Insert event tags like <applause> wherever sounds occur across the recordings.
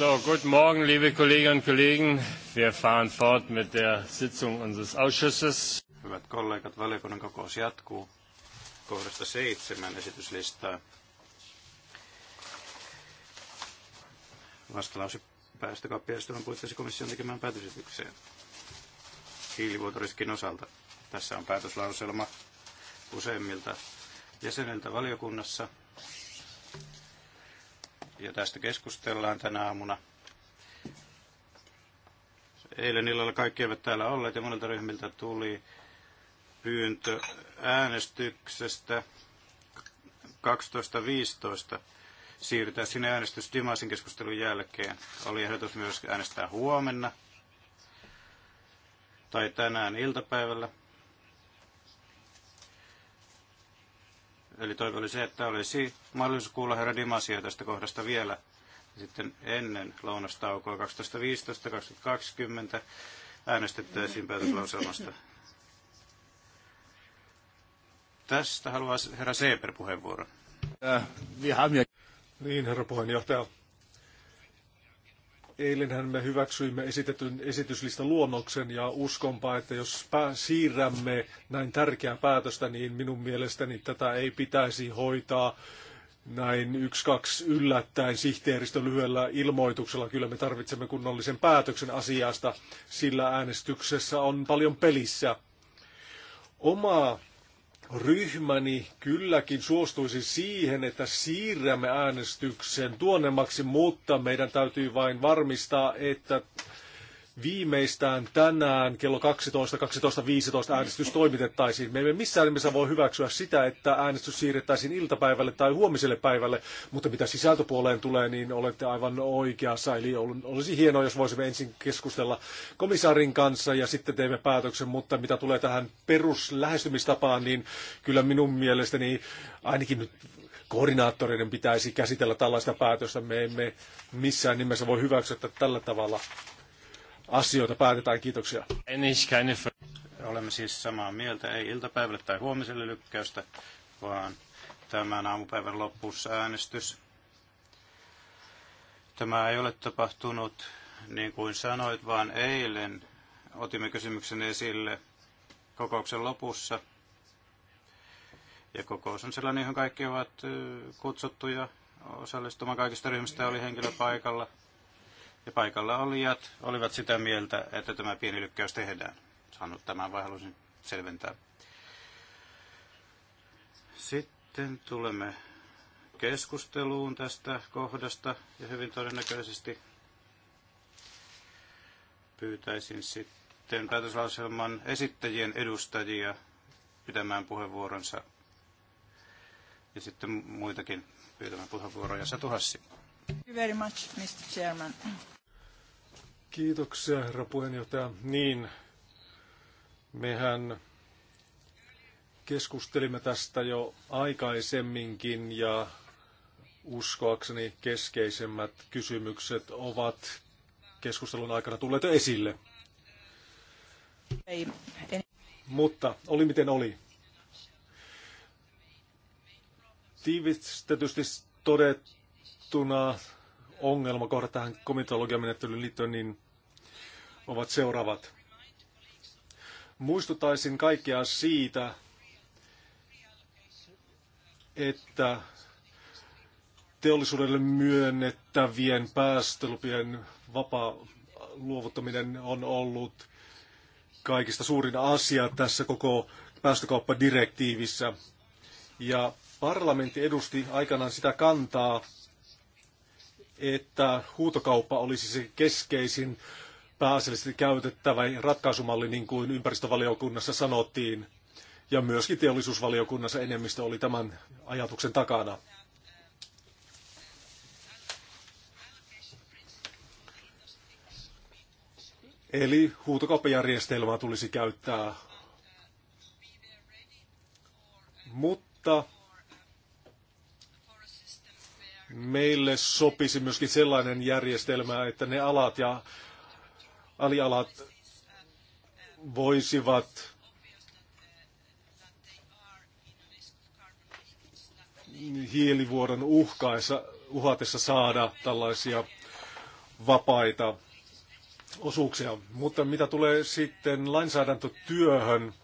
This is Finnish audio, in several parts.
So, guten Morgen, liebe Kolleginnen und Kollegen. Wir fahren fort mit der Sitzung unseres Ausschusses. Hyvät kollegat, valiokunnan kokous jatkuu kohdasta seitsemän esityslistaa. Vastalause päästökauppajärjestelmän puitteissa komission tekemään päätösitykseen hiilivuotoriskin osalta. Tässä on päätöslauselma useimmilta jäseniltä valiokunnassa – ja tästä keskustellaan tänä aamuna. Eilen illalla kaikki eivät täällä olleet ja monelta ryhmiltä tuli pyyntö äänestyksestä 12.15 siirtää sinne äänestys Dimasin keskustelun jälkeen. Oli ehdotus myös äänestää huomenna tai tänään iltapäivällä. Eli toive oli se, että olisi mahdollisuus kuulla herra Dimasia tästä kohdasta vielä sitten ennen lounastaukoa 2015-2020 äänestettäisiin päätöslauselmasta. Tästä haluaisi herra Seeper puheenvuoron. Äh, niin, herra puheenjohtaja. Eilenhän me hyväksyimme esitetyn esityslistan luonnoksen ja uskonpa, että jos siirrämme näin tärkeää päätöstä, niin minun mielestäni tätä ei pitäisi hoitaa näin yksi kaksi yllättäen sihteeristön lyhyellä ilmoituksella. Kyllä me tarvitsemme kunnollisen päätöksen asiasta, sillä äänestyksessä on paljon pelissä. Oma ryhmäni kylläkin suostuisi siihen, että siirrämme äänestyksen tuonnemmaksi, mutta meidän täytyy vain varmistaa, että viimeistään tänään kello 12.12.15 äänestys toimitettaisiin. Me emme missään nimessä voi hyväksyä sitä, että äänestys siirrettäisiin iltapäivälle tai huomiselle päivälle, mutta mitä sisältöpuoleen tulee, niin olette aivan oikeassa. Eli olisi hienoa, jos voisimme ensin keskustella komissaarin kanssa ja sitten teemme päätöksen, mutta mitä tulee tähän peruslähestymistapaan, niin kyllä minun mielestäni ainakin nyt koordinaattoreiden pitäisi käsitellä tällaista päätöstä. Me emme missään nimessä voi hyväksyä tällä tavalla asioita päätetään. Kiitoksia. Olemme siis samaa mieltä, ei iltapäivälle tai huomiselle lykkäystä, vaan tämän aamupäivän lopussa äänestys. Tämä ei ole tapahtunut niin kuin sanoit, vaan eilen otimme kysymyksen esille kokouksen lopussa. Ja kokous on sellainen, johon kaikki ovat kutsuttuja osallistumaan. Kaikista ryhmistä oli henkilö paikalla. Ja paikalla olijat olivat sitä mieltä, että tämä pieni lykkäys tehdään. Saanut tämän vai halusin selventää. Sitten tulemme keskusteluun tästä kohdasta ja hyvin todennäköisesti pyytäisin sitten päätöslauselman esittäjien edustajia pitämään puheenvuoronsa ja sitten muitakin pyytämään puheenvuoroja. Satu Hassi. Very much, Mr. Chairman. Kiitoksia, herra puheenjohtaja. Niin, mehän keskustelimme tästä jo aikaisemminkin ja uskoakseni keskeisemmät kysymykset ovat keskustelun aikana tulleet esille. Ei, en... Mutta oli miten oli. Tiivistetysti todet, katsottuna ongelmakohdat tähän komitologiamenettelyyn liittyen niin ovat seuraavat. Muistutaisin kaikkea siitä, että teollisuudelle myönnettävien päästölupien vapaa luovuttaminen on ollut kaikista suurin asia tässä koko päästökauppadirektiivissä. Ja parlamentti edusti aikanaan sitä kantaa, että huutokauppa olisi se keskeisin pääasiallisesti käytettävä ratkaisumalli, niin kuin ympäristövaliokunnassa sanottiin, ja myöskin teollisuusvaliokunnassa enemmistö oli tämän ajatuksen takana. Eli huutokauppajärjestelmää tulisi käyttää, mutta Meille sopisi myöskin sellainen järjestelmä, että ne alat ja alialat voisivat hiilivuodon uhkaessa, uhatessa saada tällaisia vapaita osuuksia. Mutta mitä tulee sitten lainsäädäntötyöhön,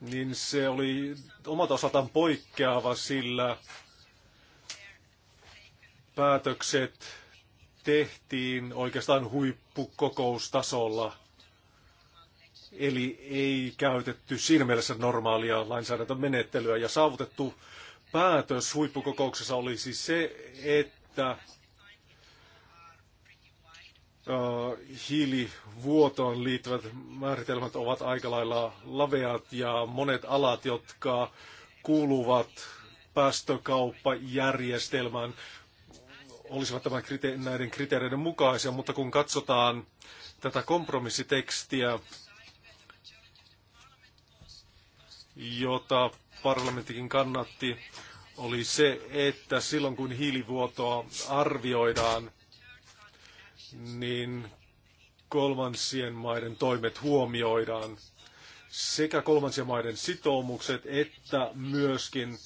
niin se oli omalta osaltaan poikkeava, sillä päätökset tehtiin oikeastaan huippukokoustasolla, eli ei käytetty siinä mielessä normaalia lainsäädäntömenettelyä. Ja saavutettu päätös huippukokouksessa oli siis se, että hiilivuotoon liittyvät määritelmät ovat aika lailla laveat ja monet alat, jotka kuuluvat päästökauppajärjestelmään, olisivat tämän krite- näiden kriteereiden mukaisia, mutta kun katsotaan tätä kompromissitekstiä, jota parlamenttikin kannatti, oli se, että silloin kun hiilivuotoa arvioidaan, niin kolmansien maiden toimet huomioidaan sekä kolmansien maiden sitoumukset että myöskin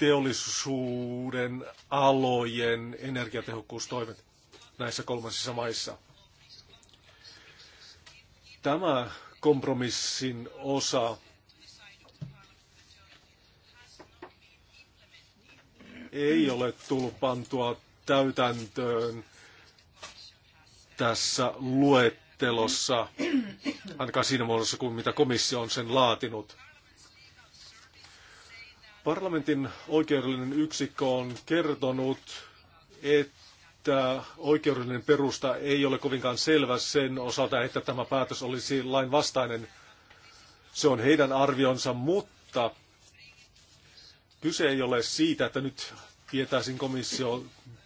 teollisuuden alojen energiatehokkuustoimet näissä kolmansissa maissa. Tämä kompromissin osa ei ole tullut pantua täytäntöön tässä luettelossa, ainakaan siinä muodossa kuin mitä komissio on sen laatinut. Parlamentin oikeudellinen yksikkö on kertonut, että oikeudellinen perusta ei ole kovinkaan selvä sen osalta, että tämä päätös olisi lainvastainen. Se on heidän arvionsa, mutta kyse ei ole siitä, että nyt tietäisin komissio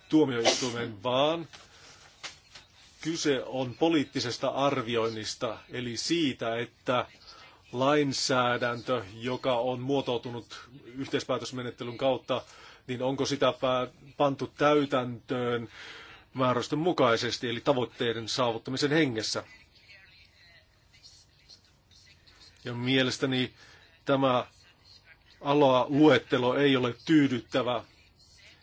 tuomioistuimen, vaan kyse on poliittisesta arvioinnista, eli siitä, että lainsäädäntö, joka on muotoutunut yhteispäätösmenettelyn kautta, niin onko sitä pantu täytäntöön määräysten mukaisesti, eli tavoitteiden saavuttamisen hengessä? Ja mielestäni tämä ala luettelo ei ole tyydyttävä.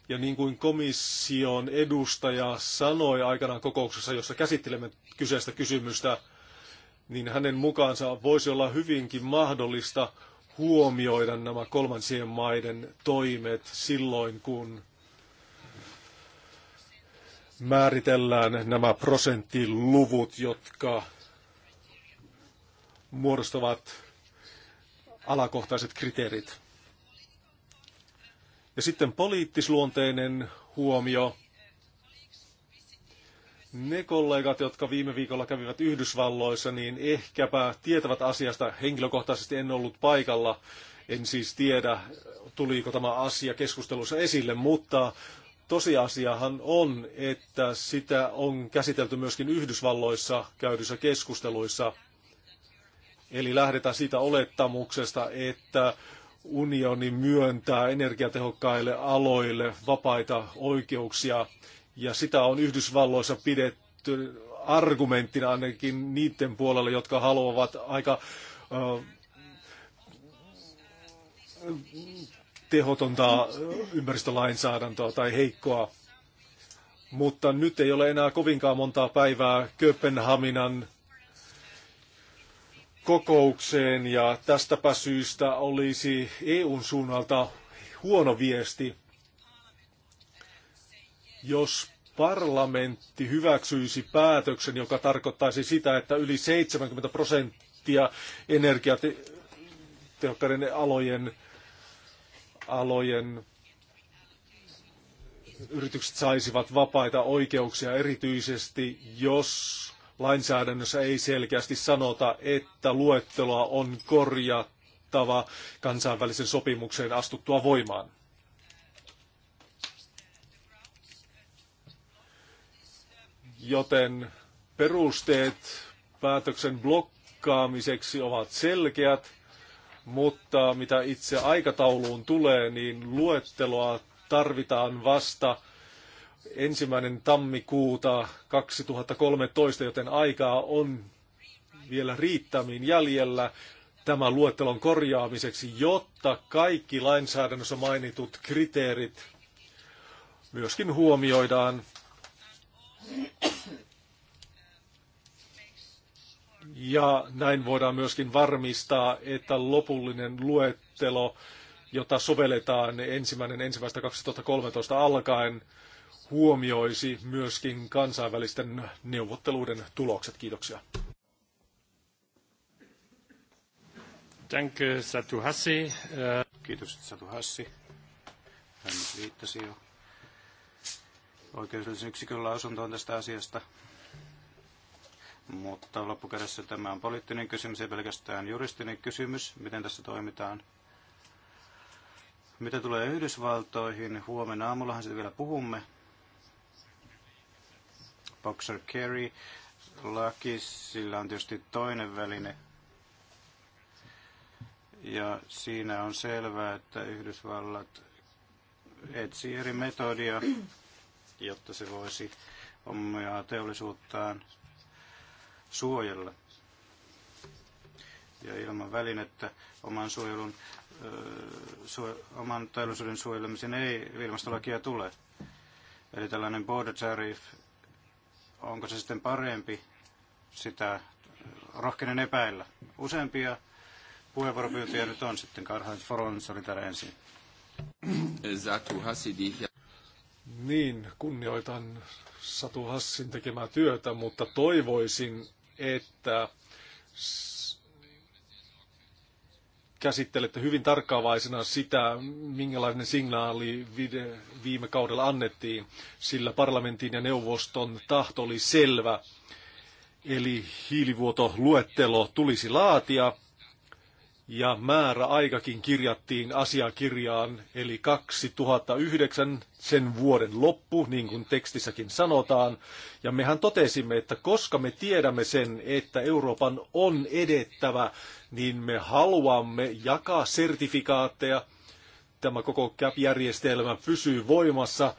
Ja niin kuin komission edustaja sanoi aikanaan kokouksessa, jossa käsittelemme kyseistä kysymystä, niin hänen mukaansa voisi olla hyvinkin mahdollista huomioida nämä kolmansien maiden toimet silloin, kun määritellään nämä prosenttiluvut, jotka muodostavat alakohtaiset kriteerit. Ja sitten poliittisluonteinen huomio. Ne kollegat, jotka viime viikolla kävivät Yhdysvalloissa, niin ehkäpä tietävät asiasta. Henkilökohtaisesti en ollut paikalla, en siis tiedä, tuliko tämä asia keskustelussa esille, mutta tosiasiahan on, että sitä on käsitelty myöskin Yhdysvalloissa käydyissä keskusteluissa. Eli lähdetään siitä olettamuksesta, että unioni myöntää energiatehokkaille aloille vapaita oikeuksia ja sitä on Yhdysvalloissa pidetty argumenttina ainakin niiden puolella, jotka haluavat aika äh, tehotonta ympäristölainsäädäntöä tai heikkoa. Mutta nyt ei ole enää kovinkaan montaa päivää Kööpenhaminan kokoukseen ja tästäpä syystä olisi EUn suunnalta huono viesti, jos parlamentti hyväksyisi päätöksen, joka tarkoittaisi sitä, että yli 70 prosenttia energiatehokkaiden alojen, alojen yritykset saisivat vapaita oikeuksia, erityisesti jos lainsäädännössä ei selkeästi sanota, että luetteloa on korjattava kansainvälisen sopimukseen astuttua voimaan. joten perusteet päätöksen blokkaamiseksi ovat selkeät, mutta mitä itse aikatauluun tulee, niin luetteloa tarvitaan vasta ensimmäinen tammikuuta 2013, joten aikaa on vielä riittämiin jäljellä tämän luettelon korjaamiseksi, jotta kaikki lainsäädännössä mainitut kriteerit myöskin huomioidaan ja näin voidaan myöskin varmistaa, että lopullinen luettelo, jota sovelletaan ensimmäinen ensimmäistä 2013 alkaen, huomioisi myöskin kansainvälisten neuvotteluiden tulokset. Kiitoksia. Danke, Satu Hassi. Kiitos, Satu Hassi. Hän viittasi jo oikeudellisen yksikön lausuntoon tästä asiasta. Mutta loppukädessä tämä on poliittinen kysymys, ei pelkästään juristinen kysymys, miten tässä toimitaan. Mitä tulee Yhdysvaltoihin, huomenna aamullahan sitä vielä puhumme. Boxer Carry laki, sillä on tietysti toinen väline. Ja siinä on selvää, että Yhdysvallat etsii eri metodia jotta se voisi omaa teollisuuttaan suojella. Ja ilman välinettä oman, suojelun, su, oman teollisuuden suojelemisen ei ilmastolakia tule. Eli tällainen border tariff, onko se sitten parempi, sitä rohkenen epäillä. Useampia puheenvuoropyyntöjä nyt on sitten. Karhain Forons oli täällä ensin. Zatu Hasidi. Niin, kunnioitan Satu Hassin tekemää työtä, mutta toivoisin, että käsittelette hyvin tarkkaavaisena sitä, minkälainen signaali viime kaudella annettiin, sillä parlamentin ja neuvoston tahto oli selvä. Eli hiilivuotoluettelo tulisi laatia ja määräaikakin kirjattiin asiakirjaan, eli 2009 sen vuoden loppu, niin kuin tekstissäkin sanotaan. Ja mehän totesimme, että koska me tiedämme sen, että Euroopan on edettävä, niin me haluamme jakaa sertifikaatteja. Tämä koko CAP-järjestelmä pysyy voimassa,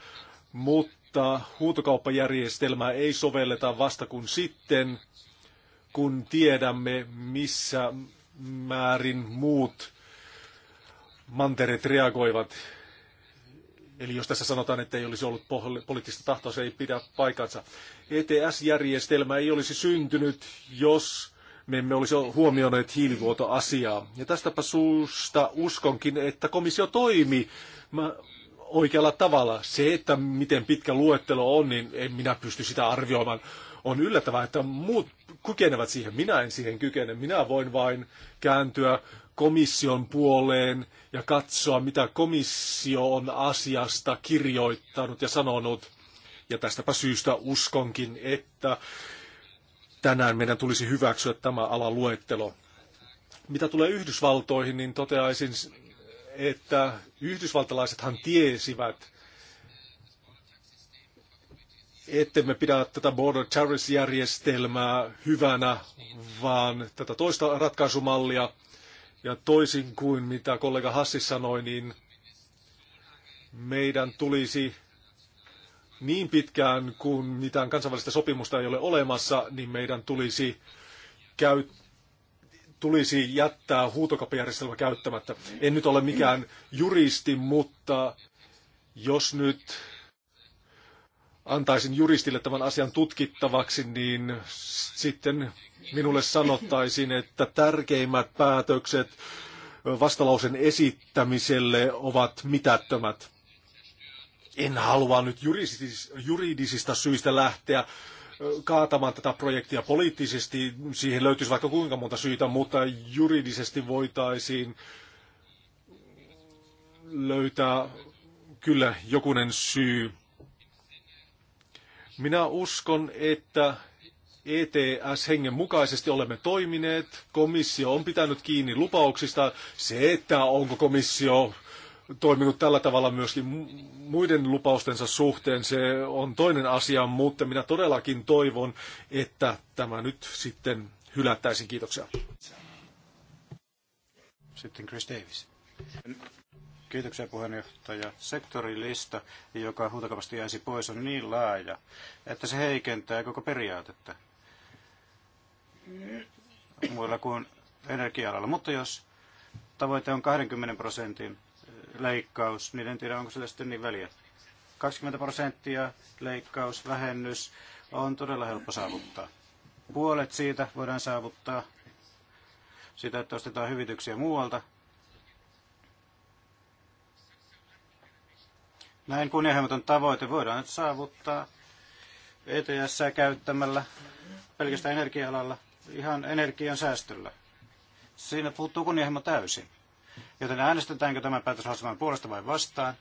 mutta huutokauppajärjestelmää ei sovelleta vasta kun sitten, kun tiedämme, missä määrin muut mantereet reagoivat. Eli jos tässä sanotaan, että ei olisi ollut poliittista tahtoa, se ei pidä paikansa. ETS-järjestelmä ei olisi syntynyt, jos me emme olisi huomioineet hiilivuotoasiaa. Ja tästäpä suusta uskonkin, että komissio toimi Mä oikealla tavalla. Se, että miten pitkä luettelo on, niin en minä pysty sitä arvioimaan. On yllättävää, että muut kykenevät siihen. Minä en siihen kykene. Minä voin vain kääntyä komission puoleen ja katsoa, mitä komissio on asiasta kirjoittanut ja sanonut. Ja tästäpä syystä uskonkin, että tänään meidän tulisi hyväksyä tämä alaluettelo. Mitä tulee Yhdysvaltoihin, niin toteaisin, että yhdysvaltalaisethan tiesivät, ettemme pidä tätä border tariffs-järjestelmää hyvänä, vaan tätä toista ratkaisumallia. Ja toisin kuin mitä kollega Hassi sanoi, niin meidän tulisi niin pitkään kuin mitään kansainvälistä sopimusta ei ole olemassa, niin meidän tulisi, käy, tulisi jättää huutokauppajärjestelmä käyttämättä. En nyt ole mikään juristi, mutta jos nyt antaisin juristille tämän asian tutkittavaksi, niin sitten minulle sanottaisiin, että tärkeimmät päätökset vastalausen esittämiselle ovat mitättömät. En halua nyt juridisista syistä lähteä kaatamaan tätä projektia poliittisesti. Siihen löytyisi vaikka kuinka monta syytä, mutta juridisesti voitaisiin löytää kyllä jokunen syy minä uskon, että ETS-hengen mukaisesti olemme toimineet. Komissio on pitänyt kiinni lupauksista. Se, että onko komissio toiminut tällä tavalla myöskin muiden lupaustensa suhteen, se on toinen asia, mutta minä todellakin toivon, että tämä nyt sitten hylättäisiin. Kiitoksia. Sitten Chris Davis. Kiitoksia puheenjohtaja. Sektorilista, joka huutakavasti jäisi pois, on niin laaja, että se heikentää koko periaatetta muilla kuin energia-alalla. Mutta jos tavoite on 20 prosentin eh, leikkaus, niin en tiedä, onko sillä sitten niin väliä. 20 prosenttia leikkaus, vähennys on todella helppo saavuttaa. Puolet siitä voidaan saavuttaa sitä, että ostetaan hyvityksiä muualta, Näin kunnianhimoton tavoite voidaan nyt saavuttaa ETS käyttämällä pelkästään energia-alalla ihan energian säästöllä. Siinä puuttuu kunnianhimo täysin. Joten äänestetäänkö tämän päätöslauselman puolesta vai vastaan?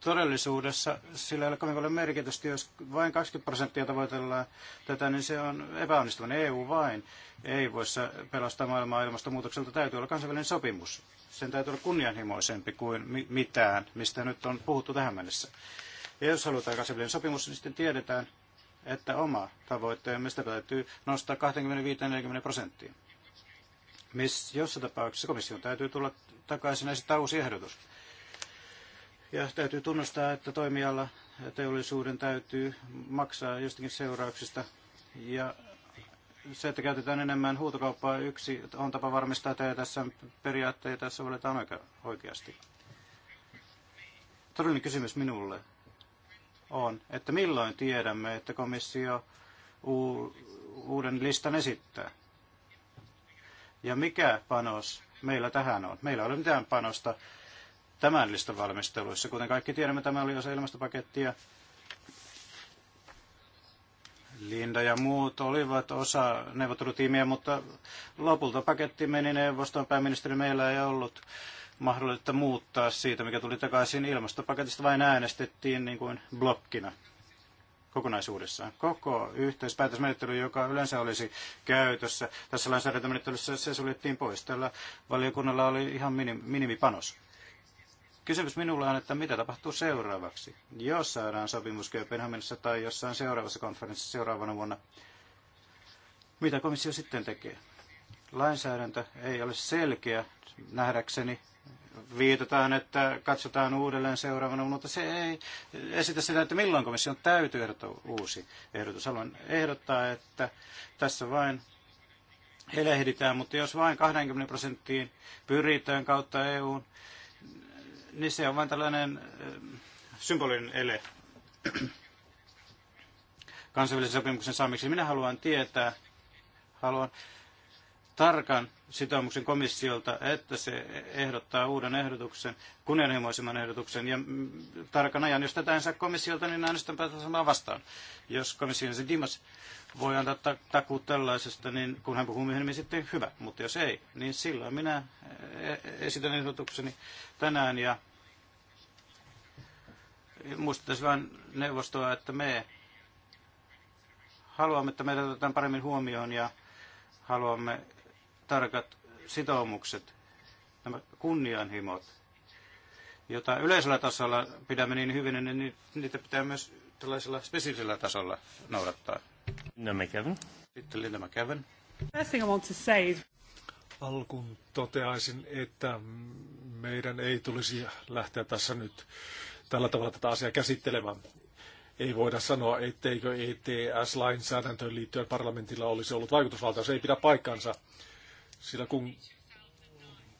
todellisuudessa sillä ei ole kovin paljon merkitystä. Jos vain 20 prosenttia tavoitellaan tätä, niin se on epäonnistuminen. EU vain ei voi pelastaa maailmaa ilmastonmuutokselta. Täytyy olla kansainvälinen sopimus. Sen täytyy olla kunnianhimoisempi kuin mitään, mistä nyt on puhuttu tähän mennessä. Ja jos halutaan kansainvälinen sopimus, niin sitten tiedetään, että oma tavoitteemme sitä täytyy nostaa 25-40 prosenttiin. Miss, jossa tapauksessa komission täytyy tulla takaisin esittää uusi ehdotus ja täytyy tunnustaa, että toimiala ja teollisuuden täytyy maksaa jostakin seurauksista. Ja se, että käytetään enemmän huutokauppaa yksi, on tapa varmistaa, että tässä periaatteita sovelletaan oikeasti. Todellinen kysymys minulle on, että milloin tiedämme, että komissio uuden listan esittää? Ja mikä panos meillä tähän on? Meillä ei ole mitään panosta tämän listan valmisteluissa. Kuten kaikki tiedämme, tämä oli osa ilmastopakettia. Linda ja muut olivat osa neuvottelutiimiä, mutta lopulta paketti meni neuvostoon. Pääministeri meillä ei ollut mahdollista muuttaa siitä, mikä tuli takaisin ilmastopaketista, vain äänestettiin niin kuin blokkina kokonaisuudessaan. Koko yhteispäätösmenettely, joka yleensä olisi käytössä tässä lainsäädäntömenettelyssä, se suljettiin pois. Tällä valiokunnalla oli ihan minimipanos. Kysymys minulle on, että mitä tapahtuu seuraavaksi, jos saadaan sopimus Kööpenhaminassa tai jossain seuraavassa konferenssissa seuraavana vuonna. Mitä komissio sitten tekee? Lainsäädäntö ei ole selkeä nähdäkseni. Viitataan, että katsotaan uudelleen seuraavana, mutta se ei esitä sitä, että milloin komissio täytyy ehdottaa uusi ehdotus. Haluan ehdottaa, että tässä vain elehditään, mutta jos vain 20 prosenttiin pyritään kautta EUn, niin se on vain tällainen eh, symbolinen ele kansainvälisen sopimuksen saamiseksi. Minä haluan tietää, haluan tarkan sitoumuksen komissiolta, että se ehdottaa uuden ehdotuksen, kunnianhimoisemman ehdotuksen. Ja mm, tarkan ajan, jos tätä en saa komissiolta, niin äänestän päätä samaa vastaan. Jos komissio se Dimas voi antaa takuut tällaisesta, niin kun hän puhuu myöhemmin niin sitten hyvä, mutta jos ei, niin silloin minä e, e, esitän ehdotukseni tänään ja muistuttaisin vain neuvostoa, että me haluamme, että meidät otetaan paremmin huomioon ja haluamme tarkat sitoumukset, nämä kunnianhimot, jota yleisellä tasolla pidämme niin hyvin, niin niitä pitää myös tällaisella spesifisellä tasolla noudattaa. Linda no, McEvan. Sitten Linda McEvan. First thing I want to say is... Alkuun toteaisin, että meidän ei tulisi lähteä tässä nyt tällä tavalla tätä asiaa käsittelemään. Ei voida sanoa, etteikö ETS-lainsäädäntöön liittyen parlamentilla olisi ollut vaikutusvalta, Se ei pidä paikkansa, sillä kun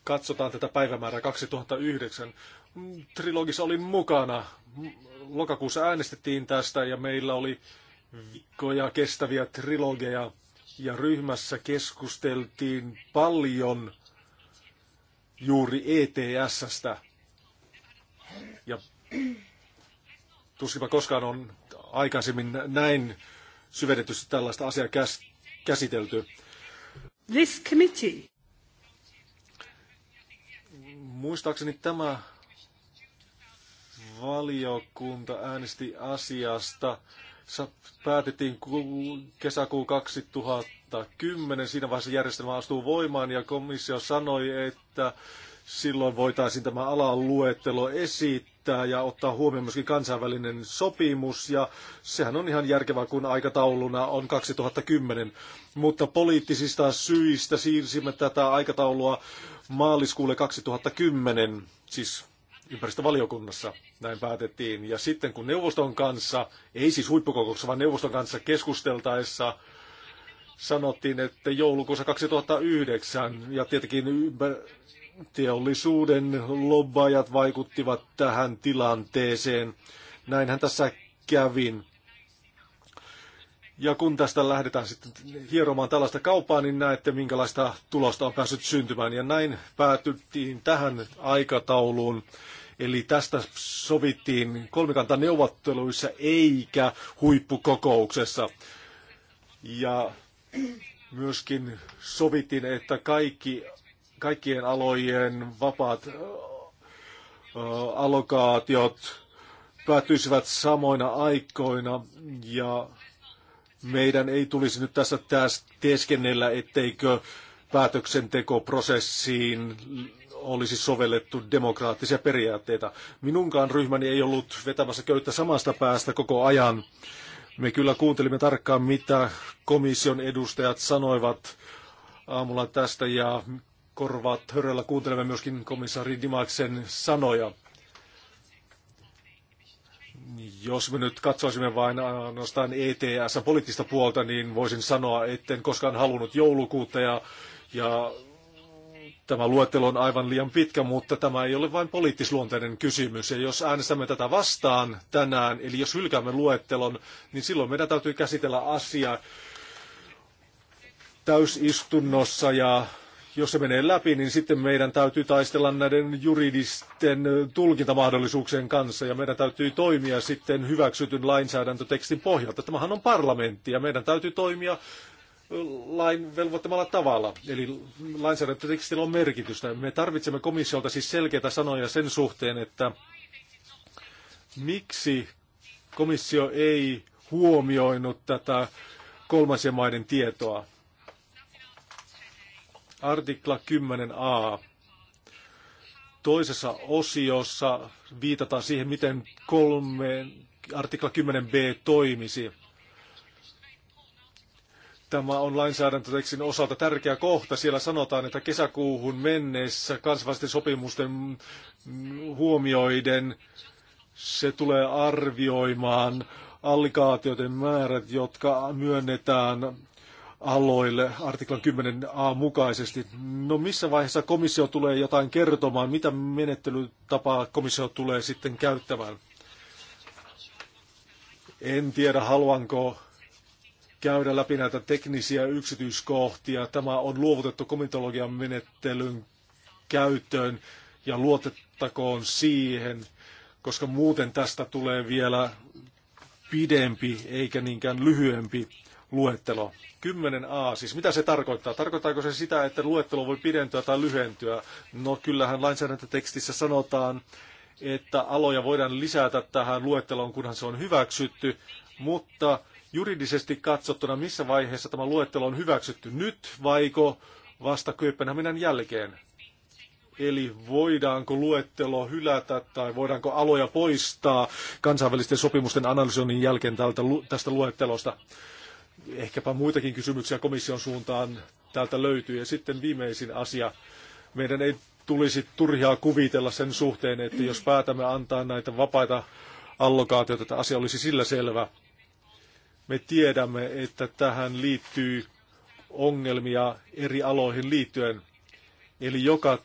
katsotaan tätä päivämäärää 2009, trilogissa olin mukana. Lokakuussa äänestettiin tästä ja meillä oli viikkoja kestäviä trilogeja ja ryhmässä keskusteltiin paljon juuri ETS-stä. Ja tuskinpa koskaan on aikaisemmin näin syvennetysti tällaista asiaa käs- käsitelty. This committee. Muistaakseni tämä valiokunta äänesti asiasta päätettiin kesäkuun 2010. Siinä vaiheessa järjestelmä astuu voimaan ja komissio sanoi, että silloin voitaisiin tämä alan luettelo esittää ja ottaa huomioon myöskin kansainvälinen sopimus. Ja sehän on ihan järkevää, kun aikatauluna on 2010. Mutta poliittisista syistä siirsimme tätä aikataulua maaliskuulle 2010, siis ympäristövaliokunnassa. Näin päätettiin. Ja sitten kun neuvoston kanssa, ei siis huippukokouksessa, vaan neuvoston kanssa keskusteltaessa sanottiin, että joulukuussa 2009 ja tietenkin ympär- teollisuuden lobbaajat vaikuttivat tähän tilanteeseen. Näinhän tässä kävin. Ja kun tästä lähdetään sitten hieromaan tällaista kauppaa, niin näette, minkälaista tulosta on päässyt syntymään. Ja näin päätyttiin tähän aikatauluun. Eli tästä sovittiin kolmikantaneuvotteluissa eikä huippukokouksessa. Ja myöskin sovittiin, että kaikki, kaikkien alojen vapaat allokaatiot päätyisivät samoina aikoina ja meidän ei tulisi nyt tässä teeskennellä, etteikö päätöksentekoprosessiin olisi sovellettu demokraattisia periaatteita. Minunkaan ryhmäni ei ollut vetämässä köyttä samasta päästä koko ajan. Me kyllä kuuntelimme tarkkaan, mitä komission edustajat sanoivat aamulla tästä ja korvaat höröllä kuuntelemme myöskin komissaari Dimaksen sanoja. Jos me nyt katsoisimme vain ainoastaan ETS poliittista puolta, niin voisin sanoa, etten koskaan halunnut joulukuuta ja, ja Tämä luettelo on aivan liian pitkä, mutta tämä ei ole vain poliittisluonteinen kysymys. Ja jos äänestämme tätä vastaan tänään, eli jos hylkäämme luettelon, niin silloin meidän täytyy käsitellä asia täysistunnossa ja jos se menee läpi, niin sitten meidän täytyy taistella näiden juridisten tulkintamahdollisuuksien kanssa ja meidän täytyy toimia sitten hyväksytyn lainsäädäntötekstin pohjalta. Tämähän on parlamentti ja meidän täytyy toimia lain velvoittamalla tavalla. Eli lainsäädäntötekstillä on merkitystä. Me tarvitsemme komissiolta siis selkeitä sanoja sen suhteen, että miksi komissio ei huomioinut tätä kolmansien maiden tietoa. Artikla 10a. Toisessa osiossa viitataan siihen, miten kolme, artikla 10b toimisi Tämä on lainsäädäntötekstin osalta tärkeä kohta. Siellä sanotaan, että kesäkuuhun mennessä kansainvälisten sopimusten huomioiden se tulee arvioimaan allikaatioiden määrät, jotka myönnetään aloille artiklan 10a mukaisesti. No missä vaiheessa komissio tulee jotain kertomaan? Mitä menettelytapaa komissio tulee sitten käyttämään? En tiedä, haluanko käydä läpi näitä teknisiä yksityiskohtia. Tämä on luovutettu komitologian menettelyn käyttöön ja luotettakoon siihen, koska muuten tästä tulee vielä pidempi eikä niinkään lyhyempi luettelo. 10a, siis mitä se tarkoittaa? Tarkoittaako se sitä, että luettelo voi pidentyä tai lyhentyä? No kyllähän lainsäädäntötekstissä sanotaan, että aloja voidaan lisätä tähän luetteloon, kunhan se on hyväksytty, mutta juridisesti katsottuna, missä vaiheessa tämä luettelo on hyväksytty nyt vaiko vasta Kööpenhaminan jälkeen? Eli voidaanko luettelo hylätä tai voidaanko aloja poistaa kansainvälisten sopimusten analysoinnin jälkeen tältä, tästä luettelosta? Ehkäpä muitakin kysymyksiä komission suuntaan täältä löytyy. Ja sitten viimeisin asia. Meidän ei tulisi turhaa kuvitella sen suhteen, että jos päätämme antaa näitä vapaita allokaatioita, että asia olisi sillä selvä. Me tiedämme, että tähän liittyy ongelmia eri aloihin liittyen. Eli joka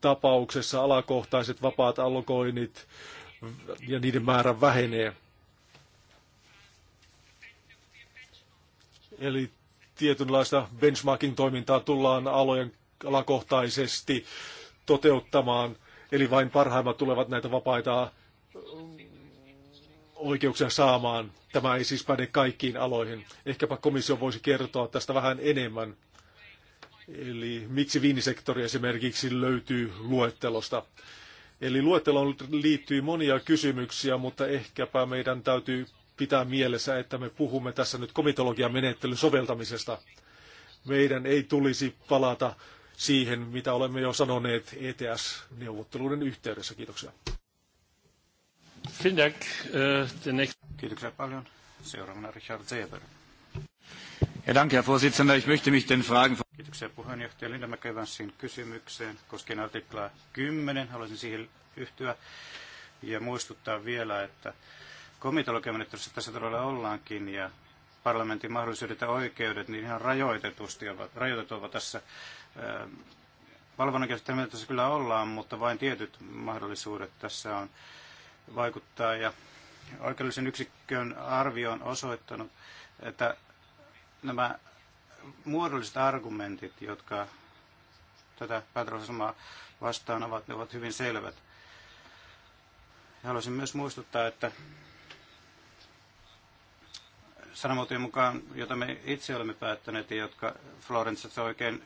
tapauksessa alakohtaiset vapaat allokoinnit ja niiden määrä vähenee. Eli tietynlaista benchmarking-toimintaa tullaan alojen alakohtaisesti toteuttamaan, eli vain parhaimmat tulevat näitä vapaita oikeuksia saamaan. Tämä ei siis päde kaikkiin aloihin. Ehkäpä komissio voisi kertoa tästä vähän enemmän. Eli miksi viinisektori esimerkiksi löytyy luettelosta. Eli luetteloon liittyy monia kysymyksiä, mutta ehkäpä meidän täytyy pitää mielessä, että me puhumme tässä nyt komitologian menettelyn soveltamisesta. Meidän ei tulisi palata siihen, mitä olemme jo sanoneet ETS-neuvotteluiden yhteydessä. Kiitoksia. Äh, Kiitoksia paljon. Seuraavana Richard Zeber. Ja danke, Herr Vorsitzender. Ich möchte mich den Fragen... Kiitoksia puheenjohtaja Linda Mäkevänssin kysymykseen koskien artiklaa 10. Haluaisin siihen yhtyä ja muistuttaa vielä, että komitologiamenettelyssä tässä todella ollaankin ja parlamentin mahdollisuudet ja oikeudet, niin ihan rajoitetusti ovat, rajoitetut ovat tässä äh, valvonnan käsittelyssä kyllä ollaan, mutta vain tietyt mahdollisuudet tässä on vaikuttaa ja oikeudellisen yksikön arvio on osoittanut, että nämä muodolliset argumentit, jotka tätä päätösasemaa vastaan ovat, ne ovat hyvin selvät. Ja haluaisin myös muistuttaa, että sanamuotojen mukaan, jota me itse olemme päättäneet ja jotka Florence oikein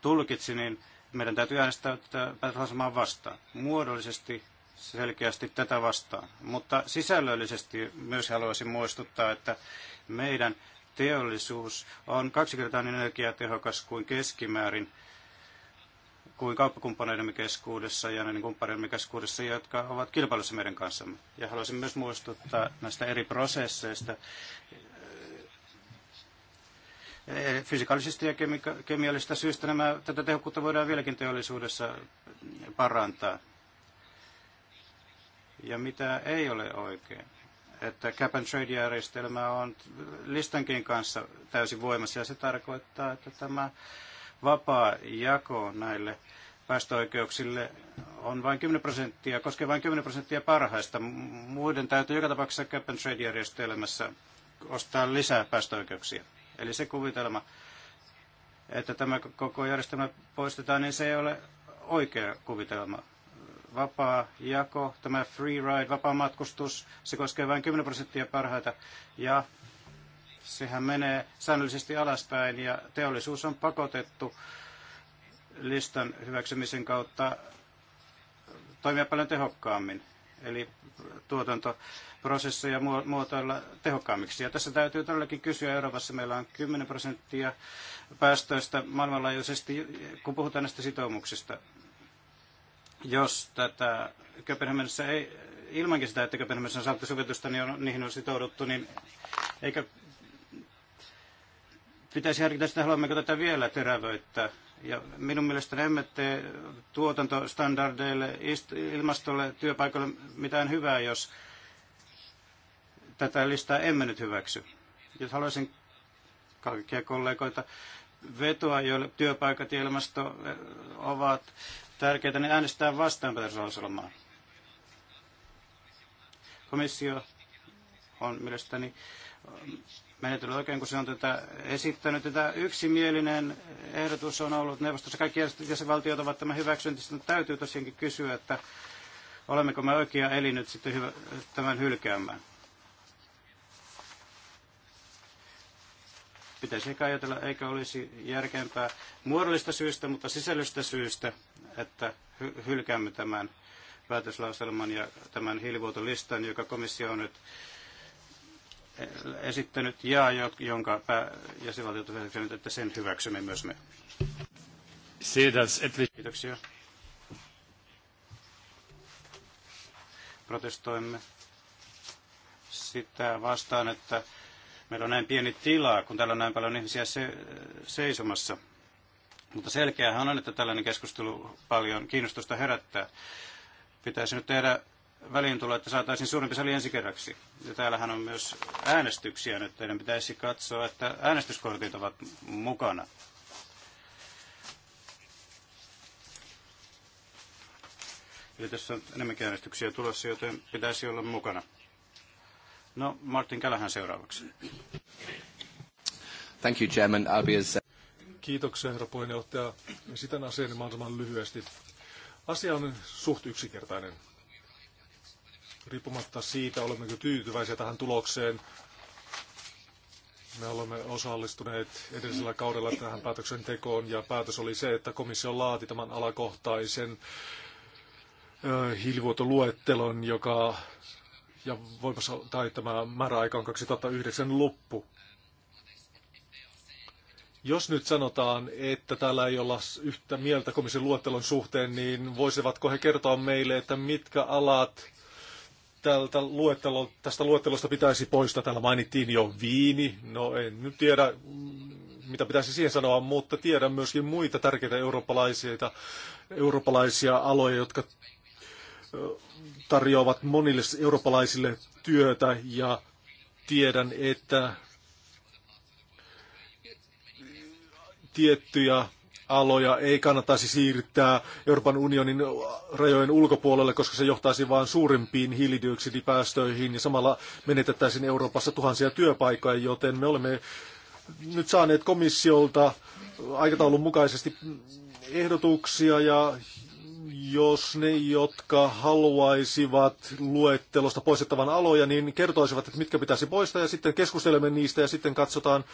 tulkitsi, niin meidän täytyy äänestää tätä päätösasemaa vastaan. Muodollisesti selkeästi tätä vastaan. Mutta sisällöllisesti myös haluaisin muistuttaa, että meidän teollisuus on kaksi kertaa niin energiatehokas kuin keskimäärin kuin kauppakumppaneidemme keskuudessa ja näiden kumppaneidemme keskuudessa, jotka ovat kilpailussa meidän kanssamme. Ja haluaisin myös muistuttaa näistä eri prosesseista, eh, Fysikaalisista ja kemiallisista syistä nämä, tätä tehokkuutta voidaan vieläkin teollisuudessa parantaa ja mitä ei ole oikein. Että cap and trade-järjestelmä on listankin kanssa täysin voimassa ja se tarkoittaa, että tämä vapaa jako näille päästöoikeuksille on vain 10 prosenttia, koskee vain 10 prosenttia parhaista. Muiden täytyy joka tapauksessa cap and trade-järjestelmässä ostaa lisää päästöoikeuksia. Eli se kuvitelma, että tämä koko järjestelmä poistetaan, niin se ei ole oikea kuvitelma vapaa jako, tämä free ride, vapaa matkustus, se koskee vain 10 prosenttia parhaita. Ja sehän menee säännöllisesti alaspäin ja teollisuus on pakotettu listan hyväksymisen kautta toimia paljon tehokkaammin. Eli tuotantoprosesseja muotoilla tehokkaammiksi. Ja tässä täytyy todellakin kysyä, Euroopassa meillä on 10 prosenttia päästöistä maailmanlaajuisesti, kun puhutaan näistä sitoumuksista. Jos tätä Köpenhaminassa ei, ilmankin sitä, että Köpenhaminassa on saatu sovitusta, niin on, niihin on sitouduttu, niin eikä pitäisi harkita sitä, haluammeko tätä vielä terävöittää. Ja minun mielestäni emme tee tuotantostandardeille, ilmastolle, työpaikoille mitään hyvää, jos tätä listaa emme nyt hyväksy. Jos haluaisin kaikkia kollegoita vetoa, joille työpaikat ja ilmasto eh, ovat tärkeää, niin äänestää vastaan päätöslauselmaa. Komissio on mielestäni ähm, menetellyt oikein, kun se on tätä esittänyt. Tätä yksimielinen ehdotus on ollut neuvostossa. Kaikki jäsenvaltiot ovat tämän hyväksynyt Sitten täytyy tosiaankin kysyä, että olemmeko me oikea elinyt sitten tämän hylkäämään. pitäisi ehkä ajatella, eikä olisi järkeämpää muodollista syystä, mutta sisällöstä syystä, että hylkäämme tämän päätöslauselman ja tämän hiilivuotolistan, joka komissio on nyt eh, esittänyt ja jonka pää- jäsenvaltiot ovat että sen hyväksymme myös me. Kiitoksia. Protestoimme sitä vastaan, että Meillä on näin pieni tila, kun täällä on näin paljon ihmisiä se, seisomassa. Mutta selkeähän on, että tällainen keskustelu paljon kiinnostusta herättää. Pitäisi nyt tehdä väliintulo, että saataisiin suurempi sali ensi kerraksi. Ja täällähän on myös äänestyksiä nyt. Teidän pitäisi katsoa, että äänestyskortit ovat mukana. Eli tässä on enemmänkin äänestyksiä tulossa, joten pitäisi olla mukana. No, Martin Kälähän seuraavaksi. Thank you, Chairman. I'll be as... Kiitoksia, herra puheenjohtaja. Esitän asian mahdollisimman lyhyesti. Asia on suht yksinkertainen. Riippumatta siitä, olemmeko tyytyväisiä tähän tulokseen, me olemme osallistuneet edellisellä kaudella tähän päätöksentekoon ja päätös oli se, että komissio laati tämän alakohtaisen hiilivuotoluettelon, joka ja voimassa, tai tämä määräaika on 2009 loppu. Jos nyt sanotaan, että täällä ei olla yhtä mieltä komission luettelon suhteen, niin voisivatko he kertoa meille, että mitkä alat tältä luettelo, tästä luettelosta pitäisi poistaa? Täällä mainittiin jo viini. No en nyt tiedä, mm, mitä pitäisi siihen sanoa, mutta tiedän myöskin muita tärkeitä eurooppalaisia, eurooppalaisia aloja, jotka tarjoavat monille eurooppalaisille työtä ja tiedän, että tiettyjä aloja ei kannattaisi siirtää Euroopan unionin rajojen ulkopuolelle, koska se johtaisi vain suurempiin hiilidioksidipäästöihin ja samalla menetettäisiin Euroopassa tuhansia työpaikkoja, joten me olemme nyt saaneet komissiolta aikataulun mukaisesti ehdotuksia ja jos ne, jotka haluaisivat luettelosta poistettavan aloja, niin kertoisivat, että mitkä pitäisi poistaa ja sitten keskustelemme niistä ja sitten katsotaan,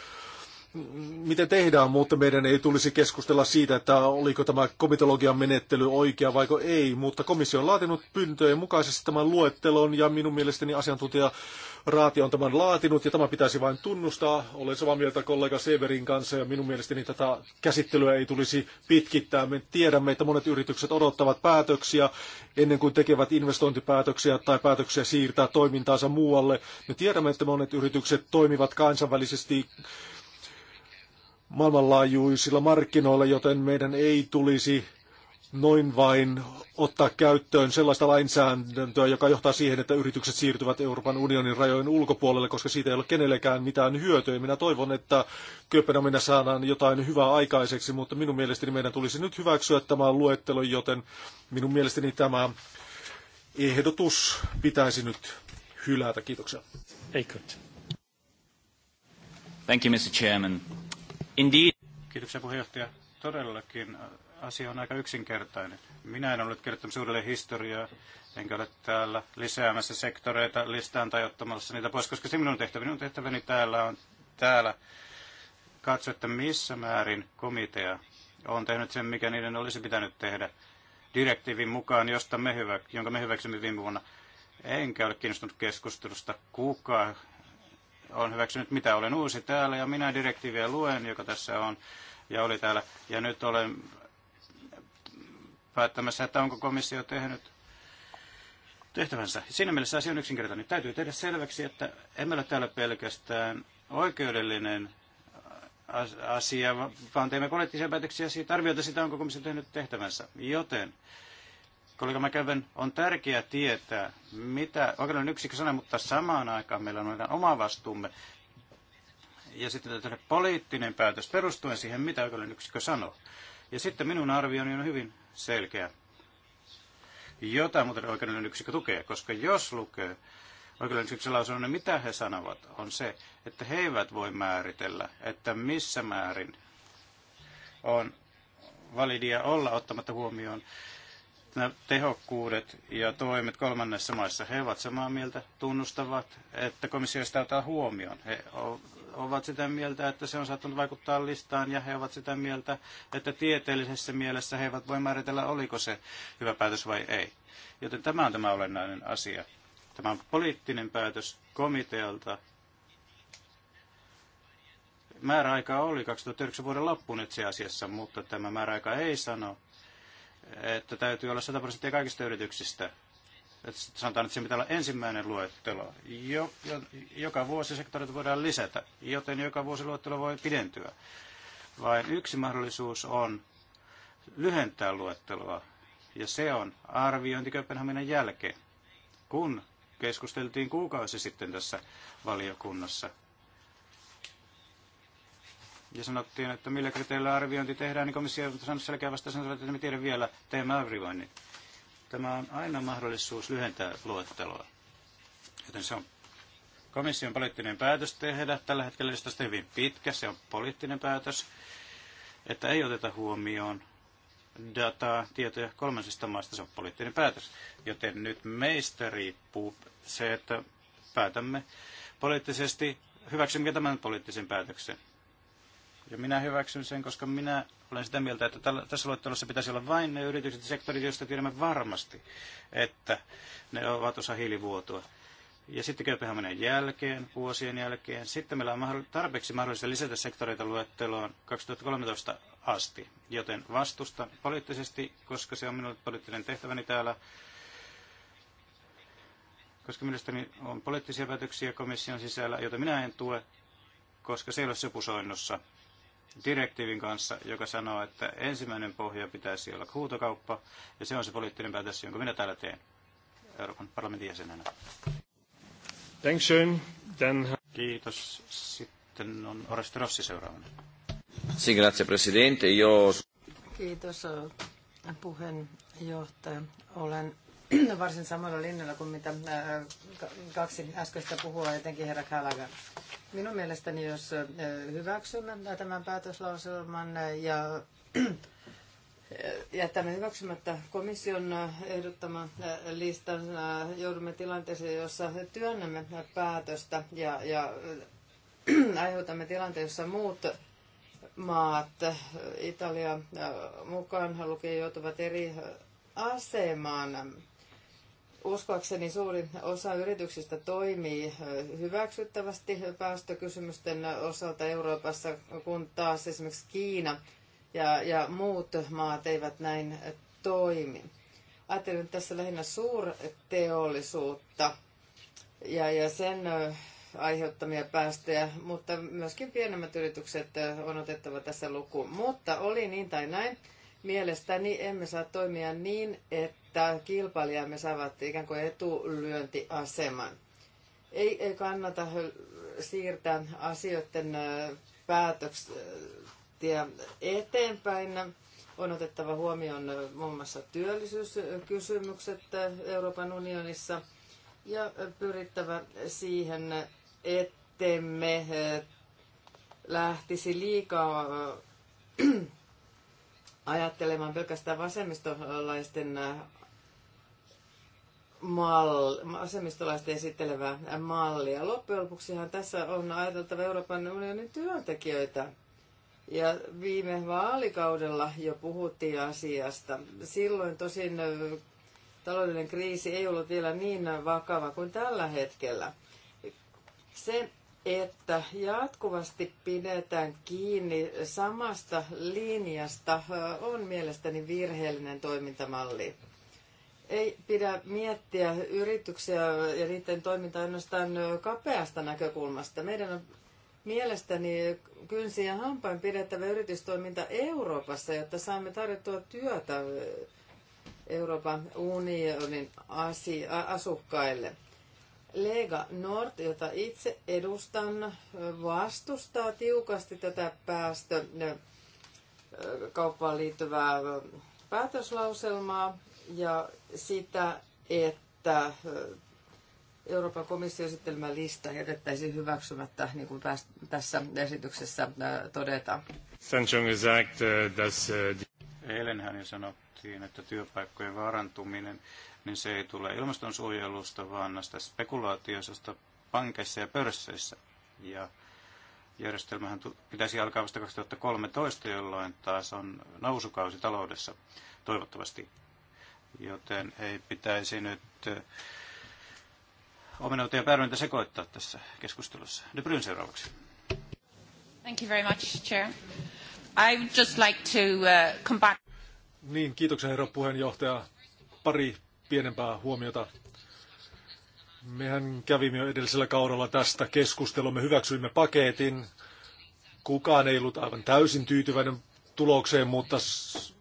miten tehdään, mutta meidän ei tulisi keskustella siitä, että oliko tämä komitologian menettely oikea vai ei, mutta komissio on laatinut pyyntöjen mukaisesti tämän luettelon ja minun mielestäni asiantuntija Raati on tämän laatinut ja tämä pitäisi vain tunnustaa. Olen samaa mieltä kollega Severin kanssa ja minun mielestäni tätä käsittelyä ei tulisi pitkittää. Me tiedämme, että monet yritykset odottavat päätöksiä ennen kuin tekevät investointipäätöksiä tai päätöksiä siirtää toimintaansa muualle. Me tiedämme, että monet yritykset toimivat kansainvälisesti maailmanlaajuisilla markkinoilla, joten meidän ei tulisi noin vain ottaa käyttöön sellaista lainsäädäntöä, joka johtaa siihen, että yritykset siirtyvät Euroopan unionin rajojen ulkopuolelle, koska siitä ei ole kenellekään mitään hyötyä. Minä toivon, että Kööpenhamina saadaan jotain hyvää aikaiseksi, mutta minun mielestäni meidän tulisi nyt hyväksyä tämä luettelo, joten minun mielestäni tämä ehdotus pitäisi nyt hylätä. Kiitoksia. Thank you, Mr. Chairman. Indeed. Kiitoksia puheenjohtaja. Todellakin äh, asia on aika yksinkertainen. Minä en ole kertomassa uudelleen historiaa, enkä ole täällä lisäämässä sektoreita listaan tai ottamassa niitä pois, koska se minun tehtäväni, minun tehtäväni täällä on täällä katsoa, että missä määrin komitea on tehnyt sen, mikä niiden olisi pitänyt tehdä direktiivin mukaan, josta me hyvä, jonka me hyväksymme viime vuonna. Enkä ole kiinnostunut keskustelusta, kuka on hyväksynyt mitä. Olen uusi täällä ja minä direktiiviä luen, joka tässä on ja oli täällä. Ja nyt olen päättämässä, että onko komissio tehnyt tehtävänsä. Siinä mielessä asia on yksinkertainen. Täytyy tehdä selväksi, että emme ole täällä pelkästään oikeudellinen asia, vaan teemme poliittisia päätöksiä siitä arvioita sitä, onko komissio tehnyt tehtävänsä. Joten kollega McEwen, on tärkeää tietää, mitä oikeudellinen yksikkö sanoo, mutta samaan aikaan meillä on meidän oma vastuumme. Ja sitten täytyy tehdä poliittinen päätös perustuen siihen, mitä oikeudellinen yksikkö sanoo. Ja sitten minun arvioni on hyvin selkeä, jota muuten oikeudellinen yksikkö tukee, koska jos lukee oikeudellinen yksikkö lausunnon, niin mitä he sanovat, on se, että he eivät voi määritellä, että missä määrin on validia olla ottamatta huomioon tehokkuudet ja toimet kolmannessa maissa. He ovat samaa mieltä, tunnustavat, että komissio sitä ottaa huomioon. He ovat sitä mieltä, että se on saattanut vaikuttaa listaan ja he ovat sitä mieltä, että tieteellisessä mielessä he eivät voi määritellä, oliko se hyvä päätös vai ei. Joten tämä on tämä olennainen asia. Tämä on poliittinen päätös komitealta. Määräaika oli 2009 vuoden loppuun itse asiassa, mutta tämä määräaika ei sano, että täytyy olla 100 prosenttia kaikista yrityksistä. Että sanotaan, että se pitää olla ensimmäinen luettelo. Jo, jo, joka vuosi sektorit voidaan lisätä, joten joka vuosi luettelo voi pidentyä. Vain yksi mahdollisuus on lyhentää luetteloa, ja se on arviointi Kööpenhaminan jälkeen, kun keskusteltiin kuukausi sitten tässä valiokunnassa ja sanottiin, että millä kriteerillä arviointi tehdään, niin komissio on saanut selkeä vastaus, että me tiedä vielä, teemme arvioinnin. Tämä on aina mahdollisuus lyhentää luetteloa. Joten se on komission poliittinen päätös tehdä. Tällä hetkellä on hyvin pitkä, se on poliittinen päätös, että ei oteta huomioon dataa, tietoja kolmansista maista, se on poliittinen päätös. Joten nyt meistä riippuu se, että päätämme poliittisesti, hyväksymme tämän poliittisen päätöksen. Ja minä hyväksyn sen, koska minä olen sitä mieltä, että tässä luettelossa pitäisi olla vain ne yritykset ja sektorit, joista tiedämme varmasti, että ne ovat osa hiilivuotoa. Ja sitten Kööpenhaminan jälkeen, vuosien jälkeen, sitten meillä on tarpeeksi mahdollista lisätä sektoreita luetteloon 2013 asti. Joten vastustan poliittisesti, koska se on minulle poliittinen tehtäväni täällä, koska mielestäni on poliittisia päätöksiä komission sisällä, joita minä en tue, koska se ei ole sopusoinnossa direktiivin kanssa, joka sanoo, että ensimmäinen pohja pitäisi olla huutokauppa, ja se on se poliittinen päätös, jonka minä täällä teen Euroopan parlamentin jäsenenä. Kiitos. Sitten on Oreste Rossi seuraavana. Sì, grazie Presidente. Io... Kiitos puheenjohtaja. Olen <clears throat> varsin samalla linjalla kuin mitä äh, kaksi äskeistä puhua, etenkin herra Gallagher. Minun mielestäni, jos äh, hyväksymme tämän päätöslauselman äh, ja <clears throat> jättämme hyväksymättä komission ehdottaman listan, joudumme tilanteeseen, jossa työnnämme päätöstä ja, ja <clears throat> aiheutamme tilanteen, jossa muut maat, Italia mukaan lukien, joutuvat eri asemaan Uskoakseni suurin osa yrityksistä toimii hyväksyttävästi päästökysymysten osalta Euroopassa, kun taas esimerkiksi Kiina ja, ja muut maat eivät näin toimi. Ajattelen tässä lähinnä suurteollisuutta ja, ja sen aiheuttamia päästöjä, mutta myöskin pienemmät yritykset on otettava tässä lukuun. Mutta oli niin tai näin, Mielestäni emme saa toimia niin, että kilpailijamme saavat ikään kuin etulyöntiaseman. Ei, ei kannata siirtää asioiden päätöksiä eteenpäin. On otettava huomioon muun mm. muassa työllisyyskysymykset Euroopan unionissa ja pyrittävä siihen, ettemme lähtisi liikaa ajattelemaan pelkästään vasemmistolaisten äh, mall, vasemmistolaisten esittelevää mallia. Loppujen lopuksihan tässä on ajateltava Euroopan unionin työntekijöitä. Ja viime vaalikaudella jo puhuttiin asiasta. Silloin tosin äh, taloudellinen kriisi ei ollut vielä niin vakava kuin tällä hetkellä. Se, että jatkuvasti pidetään kiinni samasta linjasta on mielestäni virheellinen toimintamalli. Ei pidä miettiä yrityksiä ja niiden toimintaa ainoastaan kapeasta näkökulmasta. Meidän on mielestäni kynsiä ja hampain pidettävä yritystoiminta Euroopassa, jotta saamme tarjottua työtä Euroopan unionin asukkaille. Lega Nord, jota itse edustan, vastustaa tiukasti tätä päästö kauppaan liittyvää päätöslauselmaa ja sitä, että Euroopan komission esittelemä lista jätettäisiin hyväksymättä, niin kuin tässä esityksessä todetaan. Eilenhän jo sanottiin, että työpaikkojen vaarantuminen niin se ei tule ilmastonsuojelusta, vaan näistä spekulaatioista pankeissa ja pörsseissä. Ja järjestelmähän pitäisi alkaa vasta 2013, jolloin taas on nousukausi taloudessa, toivottavasti. Joten ei pitäisi nyt eh, omenoita ja päärmintä sekoittaa tässä keskustelussa. De Bruyne seuraavaksi. Thank you very much, Chair. I would just like to uh, come back... Niin, kiitoksia herra puheenjohtaja. Pari pienempää huomiota. Mehän kävimme jo edellisellä kaudella tästä keskustelua. Me hyväksyimme paketin. Kukaan ei ollut aivan täysin tyytyväinen tulokseen, mutta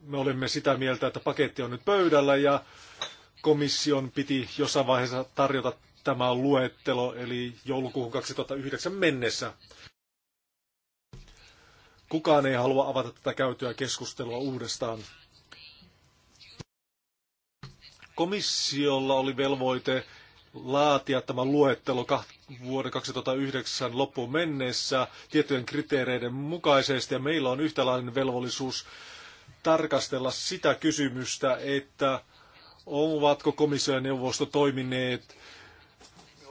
me olimme sitä mieltä, että paketti on nyt pöydällä ja komission piti jossain vaiheessa tarjota tämä luettelo, eli joulukuuhun 2009 mennessä. Kukaan ei halua avata tätä käytyä keskustelua uudestaan. Komissiolla oli velvoite laatia tämä luettelo vuoden 2009 loppuun mennessä tiettyjen kriteereiden mukaisesti, ja meillä on yhtälainen velvollisuus tarkastella sitä kysymystä, että ovatko komissio ja neuvosto toimineet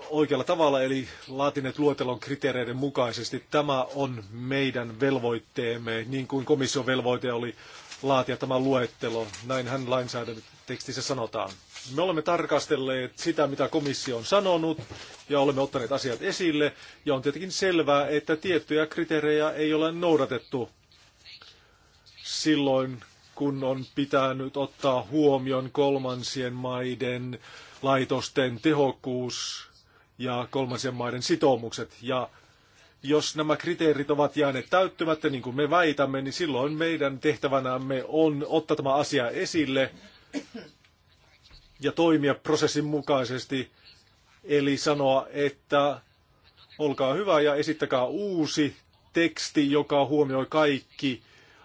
oikealla tavalla, eli laatineet luetelon kriteereiden mukaisesti. Tämä on meidän velvoitteemme, niin kuin komission velvoite oli laatia tämä luettelo. Näinhän lainsäädäntö tekstissä sanotaan. Me olemme tarkastelleet sitä, mitä komissio on sanonut, ja olemme ottaneet asiat esille, ja on tietenkin selvää, että tiettyjä kriteerejä ei ole noudatettu silloin, kun on pitänyt ottaa huomioon kolmansien maiden laitosten tehokkuus ja kolmansien maiden sitoumukset. Ja jos nämä kriteerit ovat jääneet täyttymättä, niin kuin me väitämme, niin silloin meidän tehtävänämme on ottaa tämä asia esille ja toimia prosessin mukaisesti, eli sanoa, että olkaa hyvä ja esittäkää uusi teksti, joka huomioi kaikki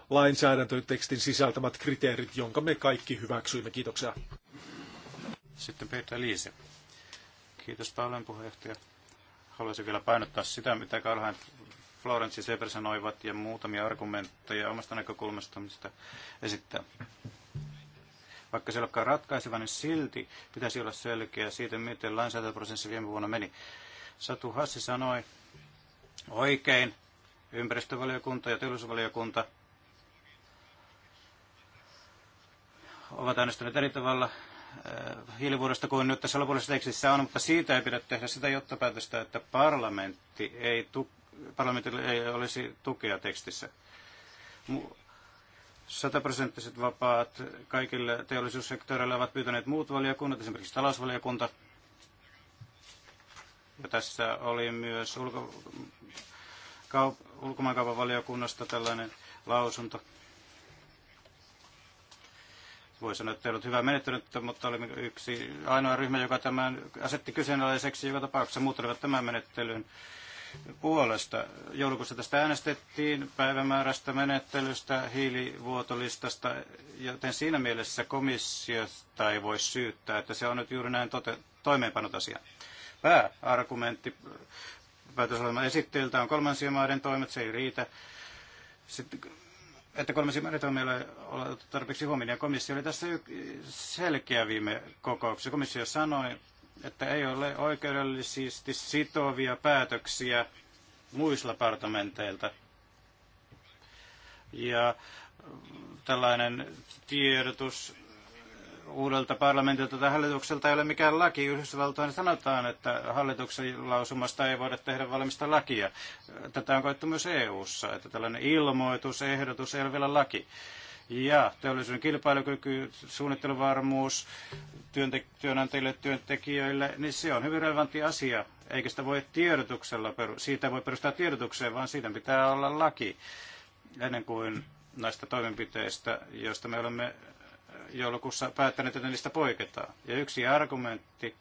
lainsäädäntötekstin sisältämät kriteerit, jonka me kaikki hyväksyimme. Kiitoksia. Sitten Peter Liise. Kiitos paljon puheenjohtaja. Haluaisin vielä painottaa sitä, mitä Karhain Florence Seber sanoivat ja muutamia argumentteja omasta näkökulmasta, mistä esittää. Vaikka se ei olekaan ratkaiseva, niin silti pitäisi olla selkeä siitä, miten lainsäädäntöprosessi viime vuonna meni. Satu Hassi sanoi oikein, ympäristövaliokunta ja teollisuusvaliokunta ovat äänestäneet eri tavalla äh, hiilivuodosta kuin nyt tässä lopullisessa tekstissä on, mutta siitä ei pidä tehdä sitä johtopäätöstä, että parlamentti ei, tu- parlamentilla ei olisi tukea tekstissä. Sataprosenttiset vapaat kaikille teollisuussektoreille ovat pyytäneet muut valiokunnat, esimerkiksi talousvaliokunta. Ja tässä oli myös ulko- kaup- ulkomaankaupan valiokunnasta tällainen lausunto. Voi sanoa, että ei ollut hyvä menettelyt, mutta oli yksi ainoa ryhmä, joka tämän asetti kyseenalaiseksi joka tapauksessa. Muut olivat tämän menettelyn puolesta. Joulukuussa tästä äänestettiin päivämäärästä menettelystä, hiilivuotolistasta, joten siinä mielessä komissiosta ei voi syyttää, että se on nyt juuri näin tote- toimeenpanut asia. Pääargumentti päätösohjelman esittäjiltä on kolmansien maiden toimet, se ei riitä. Sitten että kolmesi määritelmä ei ole tarpeeksi huomioon. Ja komissio oli tässä selkeä viime kokouksessa. Komissio sanoi, että ei ole oikeudellisesti sitovia päätöksiä muissa parlamenteilta. Ja tällainen tiedotus uudelta parlamentilta tai hallitukselta ei ole mikään laki. Yhdysvaltoihin sanotaan, että hallituksen lausumasta ei voida tehdä valmista lakia. Tätä on koettu myös EU-ssa, että tällainen ilmoitus, ehdotus ei ole vielä laki ja teollisuuden kilpailukyky, suunnitteluvarmuus työntek- työnantajille, työntekijöille, niin se on hyvin relevantti asia. Eikä sitä voi tiedotuksella, siitä voi perustaa tiedotukseen, vaan siitä pitää olla laki ennen kuin näistä toimenpiteistä, joista me olemme joulukuussa päättäneet, että niistä poiketaan. Ja yksi argumentti,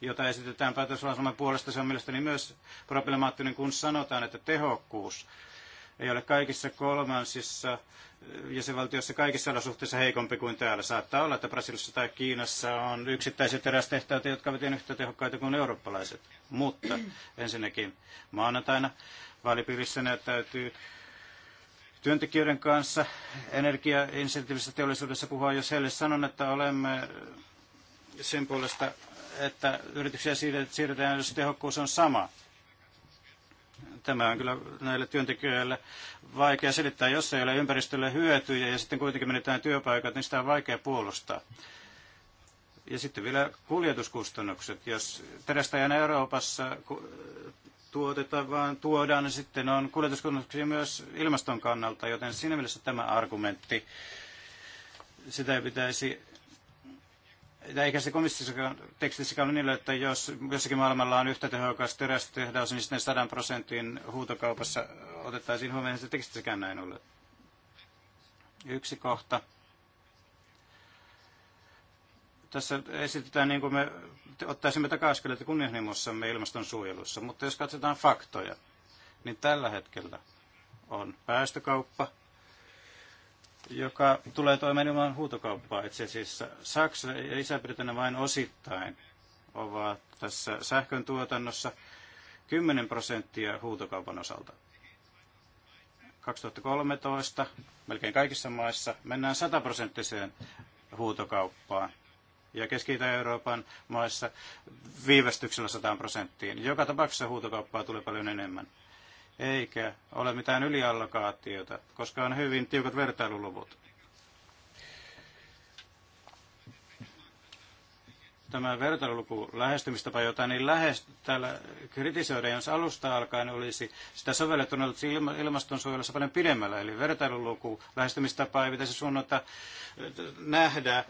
jota esitetään päätöslauselman puolesta, se on mielestäni myös problemaattinen, kun sanotaan, että tehokkuus ei ole kaikissa kolmansissa eh, jäsenvaltioissa kaikissa olosuhteissa heikompi kuin täällä. Saattaa olla, että Brasilissa tai Kiinassa on yksittäiset terästehtaita, jotka ovat yhtä tehokkaita kuin eurooppalaiset. Mutta ensinnäkin maanantaina vaalipiirissä näyttäytyy työntekijöiden kanssa energiainsensiivisessä teollisuudessa puhua, jos heille sanon, että olemme sen puolesta, että yrityksiä siirretään, jos tehokkuus on sama. Tämä on kyllä näille työntekijöille vaikea selittää, jos ei ole ympäristölle hyötyjä ja sitten kuitenkin menetään työpaikat, niin sitä on vaikea puolustaa. Ja sitten vielä kuljetuskustannukset. Jos terästä ei Euroopassa tuoteta, vaan tuodaan, niin sitten on kuljetuskustannuksia myös ilmaston kannalta, joten siinä mielessä tämä argumentti, sitä ei pitäisi eikä se komissiossakaan tekstissäkään ole niin, että jos jossakin maailmalla on yhtä tehokas terästehdaus, niin sitten 100 prosentin huutokaupassa otettaisiin huomioon, että tekstissäkään näin ole. Yksi kohta. Tässä esitetään niin kuin me ottaisimme että kunnianhimossamme ilmastonsuojelussa, mutta jos katsotaan faktoja, niin tällä hetkellä on päästökauppa, joka tulee toimeen ilman huutokauppaa itse asiassa. Saksa ja Iso-Britannia vain osittain ovat tässä sähkön tuotannossa 10 prosenttia huutokaupan osalta. 2013 melkein kaikissa maissa mennään 100 prosenttiseen huutokauppaan ja keski euroopan maissa viivästyksellä 100 prosenttiin. Joka tapauksessa huutokauppaa tulee paljon enemmän eikä ole mitään yliallokaatiota, koska on hyvin tiukat vertailuluvut. Tämä vertailuluku lähestymistapa, jota niin täällä kritisoidaan, jos alusta alkaen olisi sitä sovellettuna ilmastonsuojelussa paljon pidemmällä. Eli vertailuluku lähestymistapa ei pitäisi suunnata äh, nähdä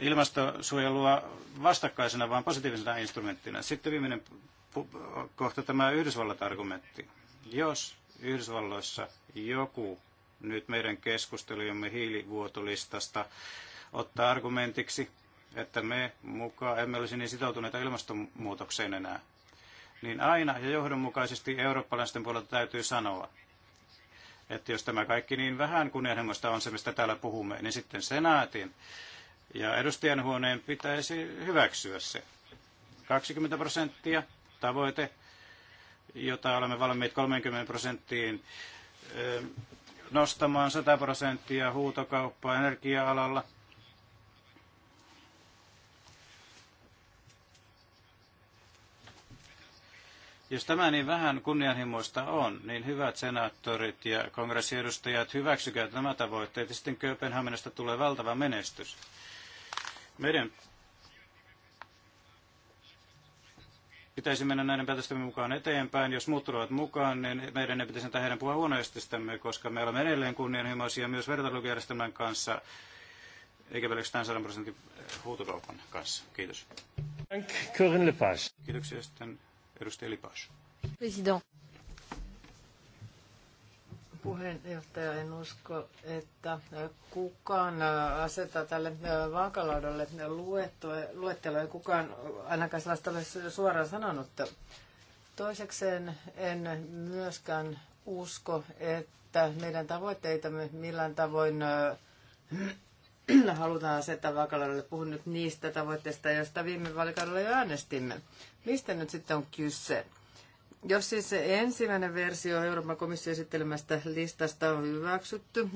ilmastosuojelua vastakkaisena, vaan positiivisena instrumenttina. Sitten viimeinen kohta tämä Yhdysvallat-argumentti. Jos Yhdysvalloissa joku nyt meidän keskustelujemme hiilivuotolistasta ottaa argumentiksi, että me mukaan emme olisi niin sitoutuneita ilmastonmuutokseen enää, niin aina ja johdonmukaisesti eurooppalaisten puolelta täytyy sanoa, että jos tämä kaikki niin vähän kunnianhimoista on se, mistä täällä puhumme, niin sitten senaatin ja edustajanhuoneen pitäisi hyväksyä se. 20 prosenttia tavoite jota olemme valmiit 30 prosenttiin nostamaan 100 prosenttia huutokauppaa energia-alalla. Jos tämä niin vähän kunnianhimoista on, niin hyvät senaattorit ja kongressiedustajat, hyväksykää nämä tavoitteet ja sitten Kööpenhaminasta tulee valtava menestys. Meidän pitäisi mennä näiden päätöstemme mukaan eteenpäin. Jos muut tulevat mukaan, niin meidän ei pitäisi antaa heidän puhua huonoististamme, koska me olemme edelleen kunnianhimoisia myös vertailujärjestelmän kanssa, eikä pelkästään 100 prosentin huutokaupan kanssa. Kiitos. Kiitoksia sitten edustaja Lipas. President puheenjohtaja, en usko, että kukaan asettaa tälle vaakalaudalle luettelua, ja kukaan ainakaan sellaista ole suoraan sanonut. Toisekseen en myöskään usko, että meidän tavoitteitamme millään tavoin äh, <clears throat> halutaan asettaa vaakalaudalle. Puhun nyt niistä tavoitteista, joista viime vaalikaudella jo äänestimme. Mistä nyt sitten on kyse? Jos siis ensimmäinen versio Euroopan komission esittelemästä listasta on hyväksytty,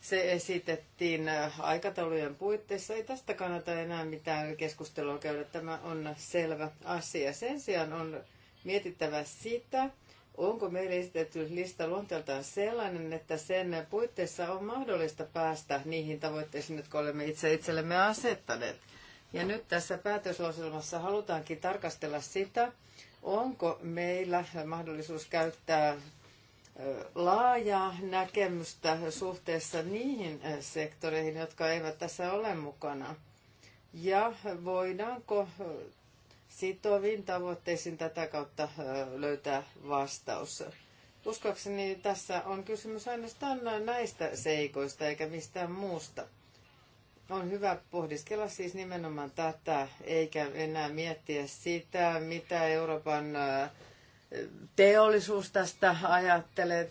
se esitettiin aikataulujen puitteissa. Ei tästä kannata enää mitään keskustelua käydä. Tämä on selvä asia. Sen sijaan on mietittävä sitä, onko meille esitetty lista luonteeltaan sellainen, että sen puitteissa on mahdollista päästä niihin tavoitteisiin, jotka olemme itse itsellemme asettaneet. Ja nyt tässä päätöslauselmassa halutaankin tarkastella sitä, Onko meillä mahdollisuus käyttää laajaa näkemystä suhteessa niihin sektoreihin, jotka eivät tässä ole mukana? Ja voidaanko sitoviin tavoitteisiin tätä kautta löytää vastaus? Uskoakseni tässä on kysymys ainoastaan näistä seikoista eikä mistään muusta on hyvä pohdiskella siis nimenomaan tätä, eikä enää miettiä sitä, mitä Euroopan teollisuus tästä ajattelee,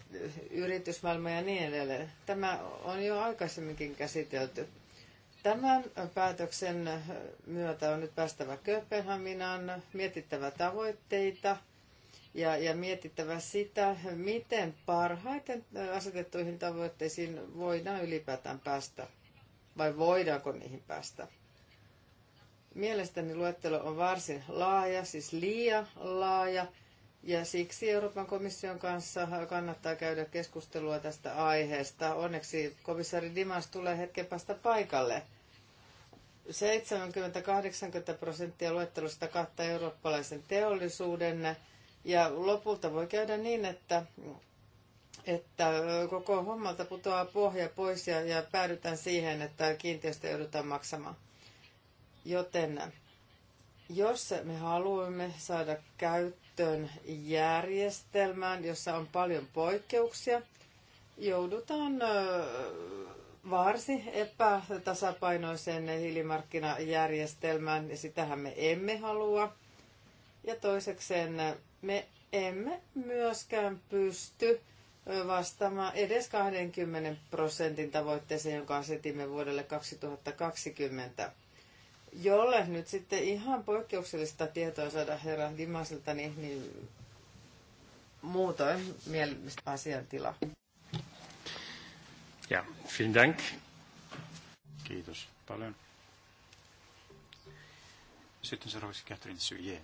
yritysmaailma ja niin edelleen. Tämä on jo aikaisemminkin käsitelty. Tämän päätöksen myötä on nyt päästävä Kööpenhaminaan, mietittävä tavoitteita ja, ja mietittävä sitä, miten parhaiten asetettuihin tavoitteisiin voidaan ylipäätään päästä vai voidaanko niihin päästä. Mielestäni luettelo on varsin laaja, siis liian laaja, ja siksi Euroopan komission kanssa kannattaa käydä keskustelua tästä aiheesta. Onneksi komissaari Dimas tulee hetken päästä paikalle. 70-80 prosenttia luettelosta kattaa eurooppalaisen teollisuuden, ja lopulta voi käydä niin, että että koko hommalta putoaa pohja pois ja, ja päädytään siihen, että kiinteistö joudutaan maksamaan. Joten jos me haluamme saada käyttöön järjestelmään, jossa on paljon poikkeuksia, joudutaan varsin epätasapainoiseen hiilimarkkinajärjestelmään, ja sitähän me emme halua. Ja toisekseen me emme myöskään pysty vastaamaan edes 20 prosentin tavoitteeseen, jonka asetimme vuodelle 2020. Jolle nyt sitten ihan poikkeuksellista tietoa saada herra Dimaselta, niin, niin muutoin mielellistä asiantila. Ja, vielen dank. Kiitos paljon. Sitten seuraavaksi Catherine Suyé.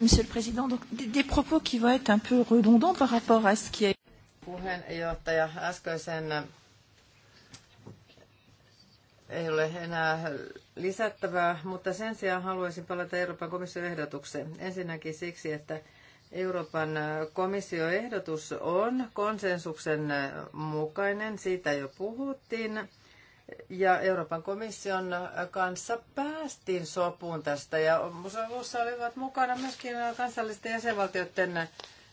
Monsieur le Président, donc des, des propos qui vont être un peu redondants par rapport à ce qui est puheenjohtaja. Äskeisen äh, ei ole enää lisättävää, mutta sen sijaan haluaisin palata Euroopan komission ehdotukseen. Ensinnäkin siksi, että Euroopan äh, komission ehdotus on konsensuksen äh, mukainen, siitä jo puhuttiin. Ja Euroopan komission kanssa päästiin sopuun tästä ja sovussa olivat mukana myöskin kansallisten jäsenvaltioiden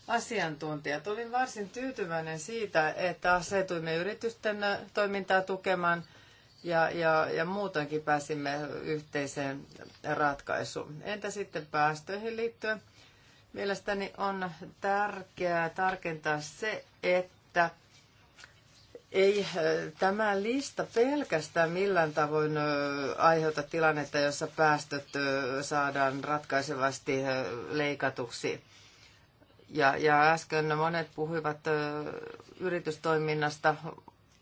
asiantuntijat. Olin varsin tyytyväinen siitä, että asetuimme yritysten toimintaa tukemaan ja, ja, ja muutenkin pääsimme yhteiseen ratkaisuun. Entä sitten päästöihin liittyen? Mielestäni on tärkeää tarkentaa se, että ei äh, tämä lista pelkästään millään tavoin äh, aiheuta tilannetta, jossa päästöt äh, saadaan ratkaisevasti leikatuksi. Ja, ja äsken monet puhuivat ö, yritystoiminnasta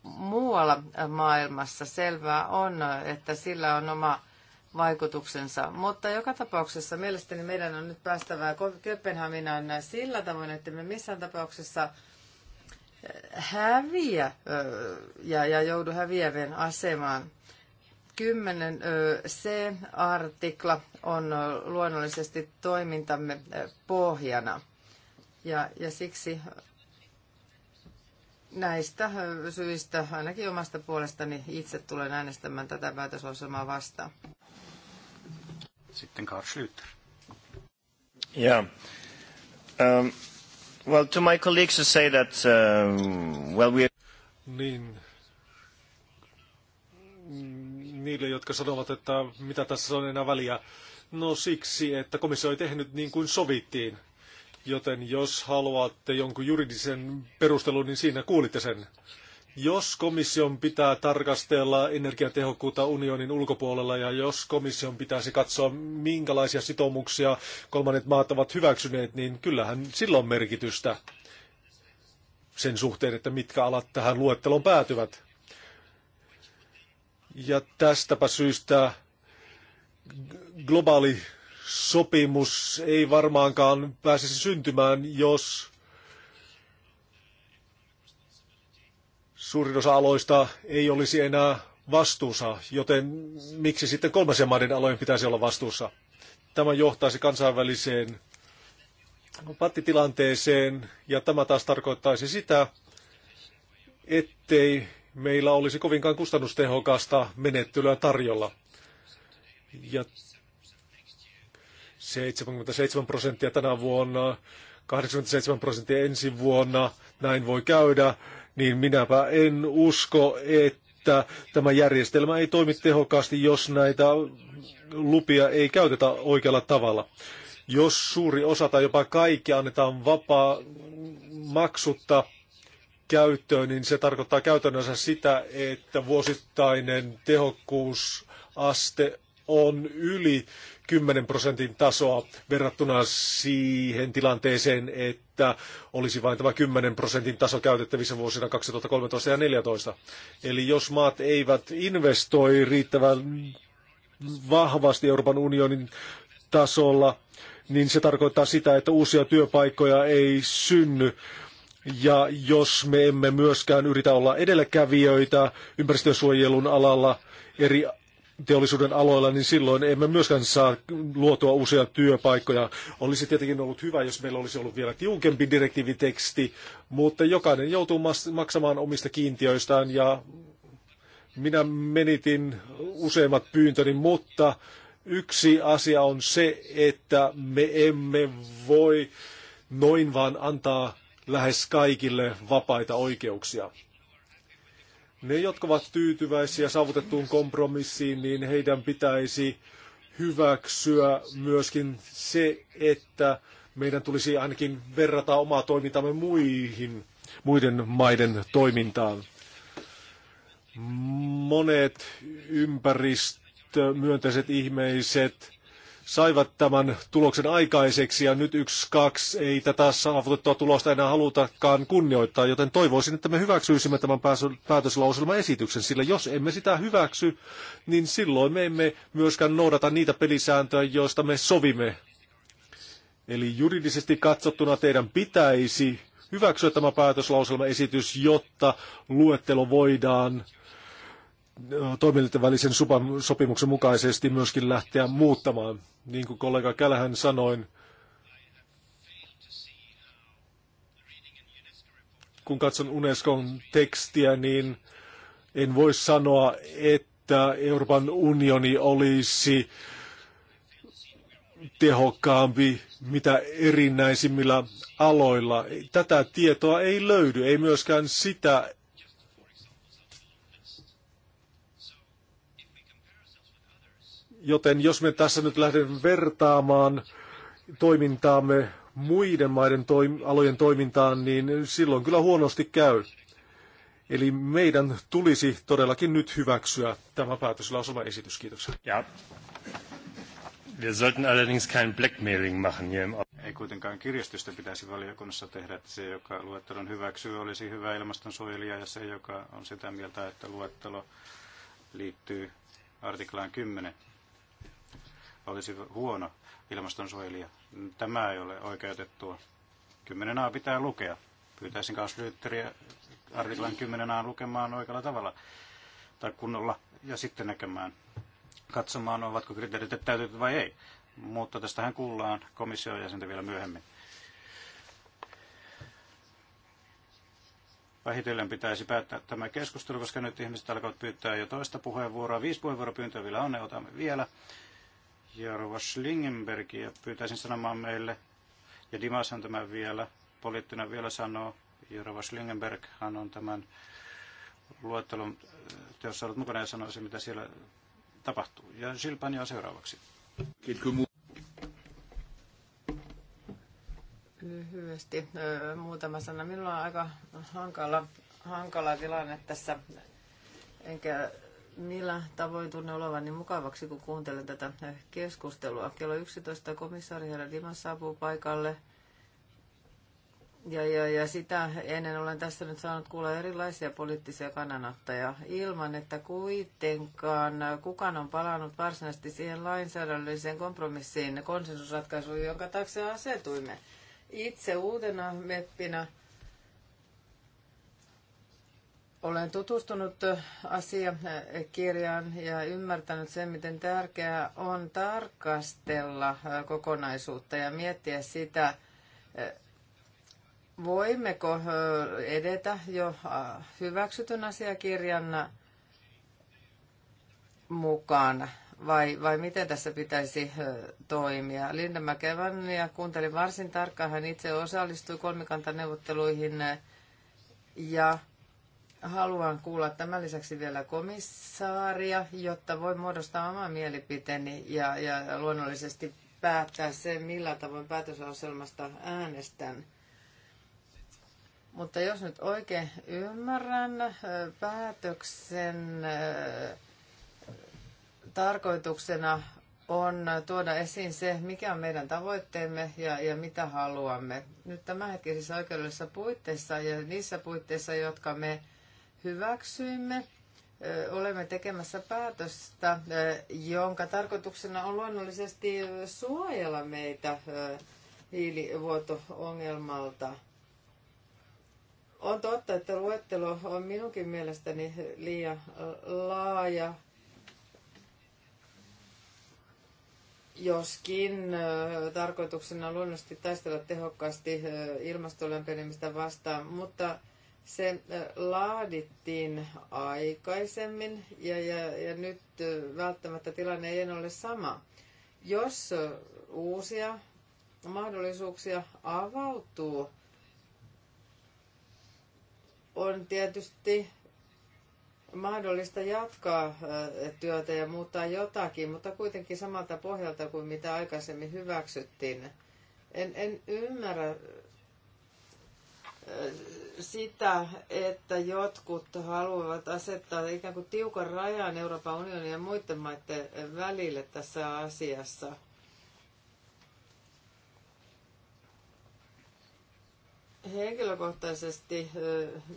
muualla maailmassa. Selvää on, että sillä on oma vaikutuksensa. Mutta joka tapauksessa mielestäni meidän on nyt päästävä Kööpenhaminaan sillä tavoin, että me missään tapauksessa häviä ja, ja joudu häviävien asemaan. 10 C-artikla on luonnollisesti toimintamme pohjana. Ja, ja siksi näistä syistä, ainakin omasta puolestani, itse tulen äänestämään tätä päätösohjelmaa vastaan. Sitten Karl Schlüter. Yeah. Um, well, to my colleagues to say that, uh, well, we... Niin, niille, jotka sanovat, että mitä tässä on enää väliä. No siksi, että komissio ei tehnyt niin kuin sovittiin. Joten jos haluatte jonkun juridisen perustelun, niin siinä kuulitte sen. Jos komission pitää tarkastella energiatehokkuutta unionin ulkopuolella ja jos komission pitäisi katsoa, minkälaisia sitoumuksia kolmannet maat ovat hyväksyneet, niin kyllähän sillä on merkitystä sen suhteen, että mitkä alat tähän luetteloon päätyvät. Ja tästäpä syystä globaali sopimus ei varmaankaan pääsisi syntymään, jos suurin osa aloista ei olisi enää vastuussa, joten miksi sitten kolmansien maiden alojen pitäisi olla vastuussa? Tämä johtaisi kansainväliseen pattitilanteeseen ja tämä taas tarkoittaisi sitä, ettei meillä olisi kovinkaan kustannustehokasta menettelyä tarjolla. Ja 77 prosenttia tänä vuonna, 87 prosenttia ensi vuonna, näin voi käydä, niin minäpä en usko, että tämä järjestelmä ei toimi tehokkaasti, jos näitä lupia ei käytetä oikealla tavalla. Jos suuri osa tai jopa kaikki annetaan vapaa maksutta käyttöön, niin se tarkoittaa käytännössä sitä, että vuosittainen tehokkuusaste on yli 10 prosentin tasoa verrattuna siihen tilanteeseen, että olisi vain tämä 10 prosentin taso käytettävissä vuosina 2013 ja 2014. Eli jos maat eivät investoi riittävän vahvasti Euroopan unionin tasolla, niin se tarkoittaa sitä, että uusia työpaikkoja ei synny. Ja jos me emme myöskään yritä olla edelläkävijöitä ympäristönsuojelun alalla eri teollisuuden aloilla, niin silloin emme myöskään saa luotua uusia työpaikkoja. Olisi tietenkin ollut hyvä, jos meillä olisi ollut vielä tiukempi direktiiviteksti, mutta jokainen joutuu maksamaan omista kiintiöistään ja minä menitin useimmat pyyntöni, mutta yksi asia on se, että me emme voi noin vaan antaa lähes kaikille vapaita oikeuksia. Ne, jotka ovat tyytyväisiä saavutettuun kompromissiin, niin heidän pitäisi hyväksyä myöskin se, että meidän tulisi ainakin verrata omaa toimintamme muihin, muiden maiden toimintaan. Monet ympäristömyönteiset ihmiset saivat tämän tuloksen aikaiseksi ja nyt yksi, kaksi ei tätä saavutettua tulosta enää halutakaan kunnioittaa, joten toivoisin, että me hyväksyisimme tämän päätöslauselmaesityksen, sillä jos emme sitä hyväksy, niin silloin me emme myöskään noudata niitä pelisääntöjä, joista me sovimme. Eli juridisesti katsottuna teidän pitäisi hyväksyä tämä päätöslauselmaesitys, jotta luettelo voidaan toimielinten välisen sopimuksen mukaisesti myöskin lähteä muuttamaan. Niin kuin kollega Kälähän sanoin, kun katson Unescon tekstiä, niin en voi sanoa, että Euroopan unioni olisi tehokkaampi mitä erinäisimmillä aloilla. Tätä tietoa ei löydy, ei myöskään sitä, Joten jos me tässä nyt lähden vertaamaan toimintaamme muiden maiden toim- alojen toimintaan, niin silloin kyllä huonosti käy. Eli meidän tulisi todellakin nyt hyväksyä tämä päätöslausuma esitys. Kiitoksia. Ja. Wir sollten allerdings kein Blackmailing machen hier im Ei kuitenkaan kirjastystä pitäisi valiokunnassa tehdä, että se, joka luettelon hyväksyy, olisi hyvä ilmastonsuojelija ja se, joka on sitä mieltä, että luettelo liittyy artiklaan 10, olisi huono ilmastonsuojelija. Tämä ei ole oikeutettua. 10a pitää lukea. Pyytäisin kanslyytteriä artiklan 10a lukemaan oikealla tavalla tai kunnolla ja sitten näkemään, katsomaan, ovatko kriteerit täytetyt vai ei. Mutta tästähän kuullaan komission jäsentä vielä myöhemmin. vähitellen pitäisi päättää tämä keskustelu, koska nyt ihmiset alkavat pyytää jo toista puheenvuoroa. Viisi puheenvuoropyyntöä vielä on, ne otamme vielä ja Rova ja pyytäisin sanomaan meille, ja Dimashan tämän vielä, poliittinen vielä sanoo, ja Schlingenberg hän on tämän luettelon äh, teossa ollut mukana ja sanoisi, mitä siellä tapahtuu. Ja Silpania seuraavaksi. Lyhyesti äh, muutama sana. Minulla on aika hankala, hankala tilanne tässä, enkä millä tavoin tunne olevani mukavaksi, kun kuuntelen tätä keskustelua. Kello 11 komissaari herra Dimas saapuu paikalle. Ja, ja, ja sitä ennen olen tässä nyt saanut kuulla erilaisia poliittisia kannanottoja ilman, että kuitenkaan kukaan on palannut varsinaisesti siihen lainsäädännölliseen kompromissiin, konsensusratkaisuun, jonka taakse asetuimme. Itse uutena meppinä olen tutustunut äh, asiakirjaan ja ymmärtänyt sen, miten tärkeää on tarkastella äh, kokonaisuutta ja miettiä sitä, äh, voimmeko edetä jo hyväksytyn asiakirjan mukaan vai, vai miten tässä pitäisi toimia? Linda Mäkevän ja kuuntelin varsin tarkkaan. Hän itse osallistui kolmikantaneuvotteluihin ja haluan kuulla tämän lisäksi vielä komissaaria, jotta voi muodostaa oman mielipiteeni ja, ja luonnollisesti päättää se, millä tavoin päätösasemasta äänestän. Mutta jos nyt oikein ymmärrän päätöksen tarkoituksena on tuoda esiin se, mikä on meidän tavoitteemme ja, ja mitä haluamme. Nyt tämänhetkisissä oikeudellisissa puitteissa ja niissä puitteissa, jotka me hyväksyimme, olemme tekemässä päätöstä, jonka tarkoituksena on luonnollisesti suojella meitä hiilivuoto-ongelmalta. On totta, että luettelo on minunkin mielestäni liian laaja, joskin tarkoituksena on luonnollisesti taistella tehokkaasti ilmastolämpenemistä vastaan, mutta – se laadittiin aikaisemmin ja, ja, ja nyt välttämättä tilanne ei ole sama. Jos uusia mahdollisuuksia avautuu, on tietysti mahdollista jatkaa työtä ja muuttaa jotakin, mutta kuitenkin samalta pohjalta kuin mitä aikaisemmin hyväksyttiin. En, en ymmärrä sitä, että jotkut haluavat asettaa ikään kuin tiukan rajan Euroopan unionin ja muiden maiden välille tässä asiassa. Henkilökohtaisesti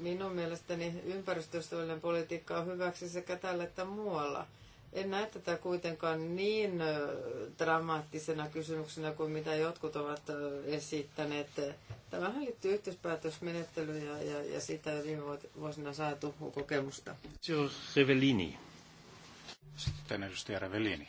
minun mielestäni ympäristöystävällinen politiikka on hyväksi sekä tällä että muualla – en näe tätä kuitenkaan niin dramaattisena kysymyksenä kuin mitä jotkut ovat esittäneet. Tämähän liittyy yhteispäätösmenettelyyn ja, ja, ja siitä viime vuosina saatu kokemusta. Revellini. Sitten edustaja Revellini.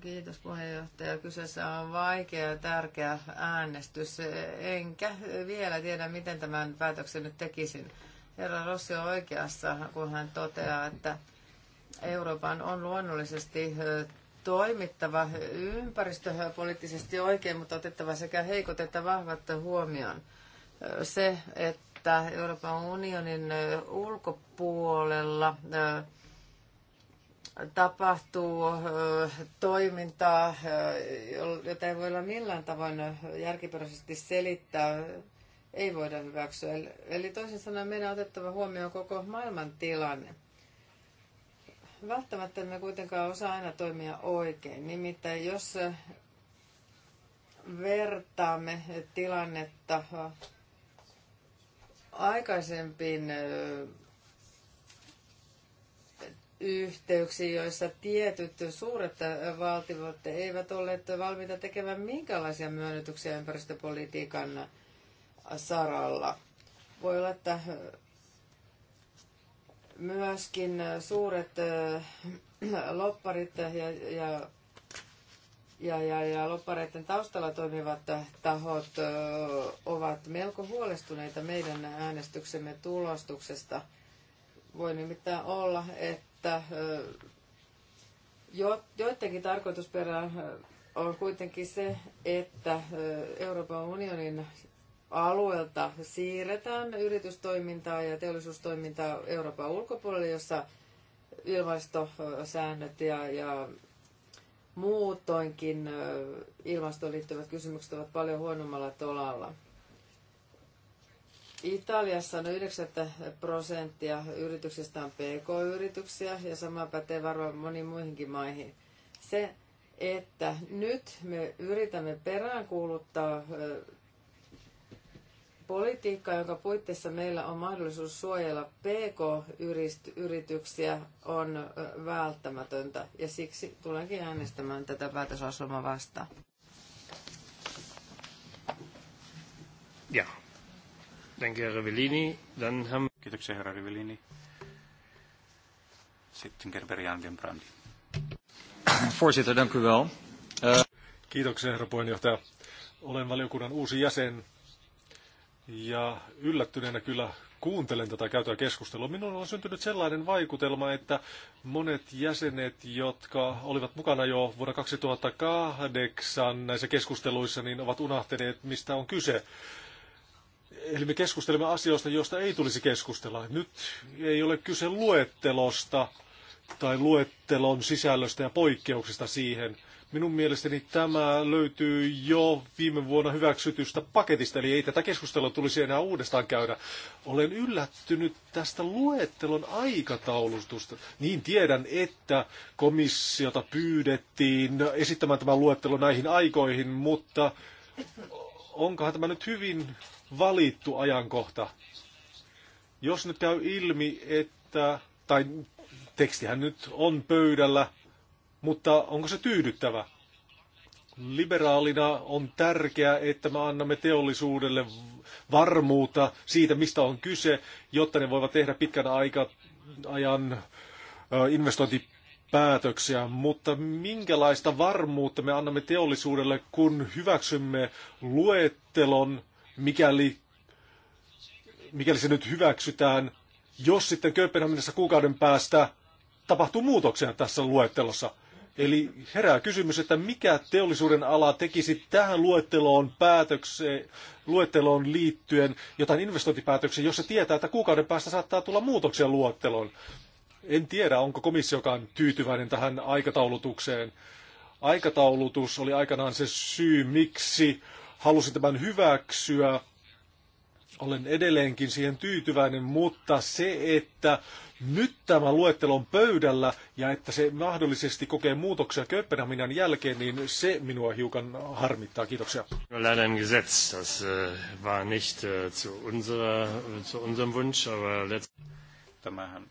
Kiitos puheenjohtaja. Kyseessä on vaikea ja tärkeä äänestys. Enkä vielä tiedä, miten tämän päätöksen nyt tekisin Herra Rossi on oikeassa, kun hän toteaa, että Euroopan on luonnollisesti toimittava ympäristöpoliittisesti oikein, mutta otettava sekä heikot että vahvat huomioon. Se, että Euroopan unionin ulkopuolella tapahtuu toimintaa, jota ei voi olla millään tavoin järkiperäisesti selittää ei voida hyväksyä. Eli toisin sanoen meidän on otettava huomioon koko maailman tilanne. Välttämättä me kuitenkaan osaa aina toimia oikein. Nimittäin jos vertaamme tilannetta aikaisempiin yhteyksiin, joissa tietyt suuret valtiot eivät olleet valmiita tekemään minkälaisia myönnytyksiä ympäristöpolitiikan saralla. Voi olla, että myöskin suuret <clears throat> lopparit ja, ja, ja, ja, ja loppareiden taustalla toimivat tahot ovat melko huolestuneita meidän äänestyksemme tulostuksesta. Voi nimittäin olla, että jo, joidenkin tarkoitusperä on kuitenkin se, että Euroopan unionin alueelta siirretään yritystoimintaa ja teollisuustoimintaa Euroopan ulkopuolelle, jossa ilmastosäännöt ja, ja muutoinkin ilmastoon liittyvät kysymykset ovat paljon huonommalla tolalla. Italiassa noin 90 prosenttia yrityksistä on pk-yrityksiä ja sama pätee varmaan moniin muihinkin maihin. Se, että nyt me yritämme peräänkuuluttaa Politiikka, jonka puitteissa meillä on mahdollisuus suojella PK-yrityksiä, on välttämätöntä ja siksi tulenkin äänestämään tätä päätöslauselmaa vastaan. Ja. Danke, Herr Rivellini. Dann Kiitoksia, Herra Rivellini. Sitten Gerber Jan Brandi. Voorzitter, dank u wel. Kiitoksia, herra puheenjohtaja. Olen valiokunnan uusi jäsen ja yllättyneenä kyllä kuuntelen tätä käytyä keskustelua. Minulla on syntynyt sellainen vaikutelma, että monet jäsenet, jotka olivat mukana jo vuonna 2008 näissä keskusteluissa, niin ovat unohtaneet, mistä on kyse. Eli me keskustelemme asioista, joista ei tulisi keskustella. Nyt ei ole kyse luettelosta tai luettelon sisällöstä ja poikkeuksista siihen – Minun mielestäni tämä löytyy jo viime vuonna hyväksytystä paketista, eli ei tätä keskustelua tulisi enää uudestaan käydä. Olen yllättynyt tästä luettelon aikataulustusta. Niin tiedän, että komissiota pyydettiin esittämään tämä luettelo näihin aikoihin, mutta onkohan tämä nyt hyvin valittu ajankohta? Jos nyt käy ilmi, että, tai tekstihän nyt on pöydällä, mutta onko se tyydyttävä? Liberaalina on tärkeää, että me annamme teollisuudelle varmuutta siitä, mistä on kyse, jotta ne voivat tehdä pitkän ajan investointipäätöksiä. Mutta minkälaista varmuutta me annamme teollisuudelle, kun hyväksymme luettelon, mikäli, mikäli se nyt hyväksytään, jos sitten Kööpenhaminassa kuukauden päästä tapahtuu muutoksia tässä luettelossa – Eli herää kysymys, että mikä teollisuuden ala tekisi tähän luetteloon, päätökseen, luetteloon liittyen jotain investointipäätöksiä, jos se tietää, että kuukauden päästä saattaa tulla muutoksia luetteloon. En tiedä, onko komissiokaan tyytyväinen tähän aikataulutukseen. Aikataulutus oli aikanaan se syy, miksi halusin tämän hyväksyä olen edelleenkin siihen tyytyväinen, mutta se, että nyt tämä luettelo on pöydällä ja että se mahdollisesti kokee muutoksia Kööpenhaminan jälkeen, niin se minua hiukan harmittaa. Kiitoksia. Leider im Gesetz, das äh, war nicht äh, zu, unserer, äh, zu unserem Wunsch, aber letzt... Tämähän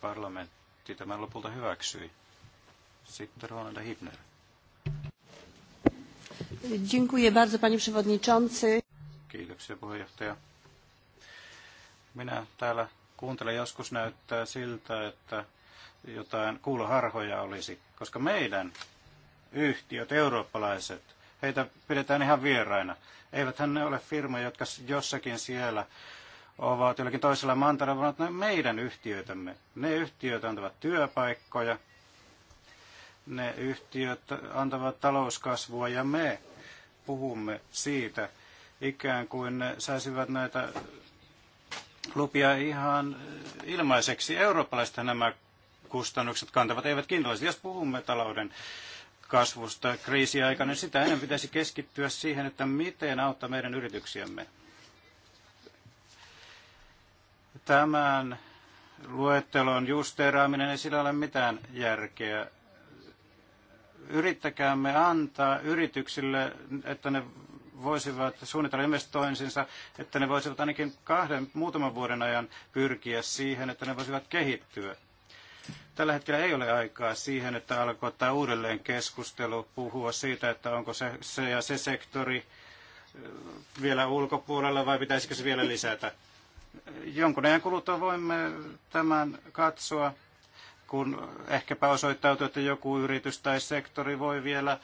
parlamentti tämän lopulta hyväksyi. Sitten Ronald Hibner. Dziękuję bardzo, panie przewodniczący. Kiitoksia, puheenjohtaja. Minä täällä kuuntelen joskus näyttää siltä, että jotain kuuloharhoja olisi, koska meidän yhtiöt, eurooppalaiset, heitä pidetään ihan vieraina. Eiväthän ne ole firmoja, jotka jossakin siellä ovat jollakin toisella mantaralla, vaan ne meidän yhtiöitämme. Ne yhtiöt antavat työpaikkoja, ne yhtiöt antavat talouskasvua ja me puhumme siitä ikään kuin ne saisivat näitä lupia ihan ilmaiseksi. Eurooppalaiset nämä kustannukset kantavat, eivät kiinalaiset. Jos puhumme talouden kasvusta kriisiaikana, niin sitä enemmän pitäisi keskittyä siihen, että miten auttaa meidän yrityksiämme. Tämän luettelon justeeraaminen ei sillä ole mitään järkeä. Yrittäkäämme antaa yrityksille, että ne voisivat suunnitella investoinsinsa, että ne voisivat ainakin kahden muutaman vuoden ajan pyrkiä siihen, että ne voisivat kehittyä. Tällä hetkellä ei ole aikaa siihen, että alkoi tämä uudelleen keskustelu, puhua siitä, että onko se, se ja se sektori eh, vielä ulkopuolella vai pitäisikö se vielä lisätä. Jonkun ajan kuluttua voimme tämän katsoa kun ehkäpä osoittautuu, että joku yritys tai sektori voi vielä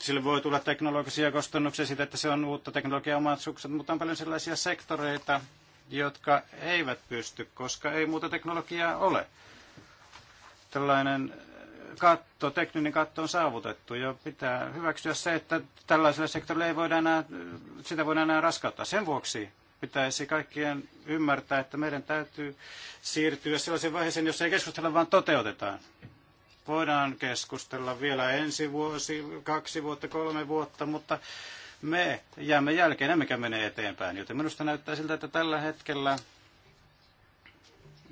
sille voi tulla teknologisia kustannuksia siitä, että se on uutta teknologiaa sukset, mutta on paljon sellaisia sektoreita, jotka eivät pysty, koska ei muuta teknologiaa ole. Tällainen katto, tekninen katto on saavutettu ja pitää hyväksyä se, että tällaisella sektorilla ei voida enää, sitä voida enää raskauttaa. Sen vuoksi pitäisi kaikkien ymmärtää, että meidän täytyy siirtyä sellaisen vaiheeseen, jossa ei keskustella, vaan toteutetaan voidaan keskustella vielä ensi vuosi, kaksi vuotta, kolme vuotta, mutta me jäämme jälkeen, emmekä mene eteenpäin. Joten minusta näyttää siltä, että tällä hetkellä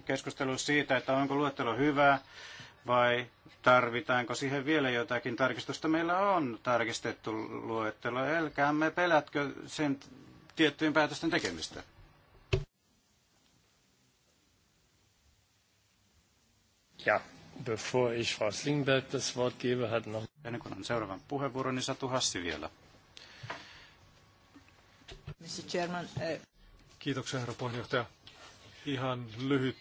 keskustelu siitä, että onko luettelo hyvä vai tarvitaanko siihen vielä jotakin tarkistusta. Meillä on tarkistettu luettelo. Älkäämme pelätkö sen tiettyjen päätösten tekemistä. Ja ich Frau Slingberg das Wort gebe, hat noch... Ennen kuin on seuraavan puheenvuoron, niin Satu Hassi vielä. Mr. Chairman, eh, Kiitoksia, herra puheenjohtaja. Ihan lyhyt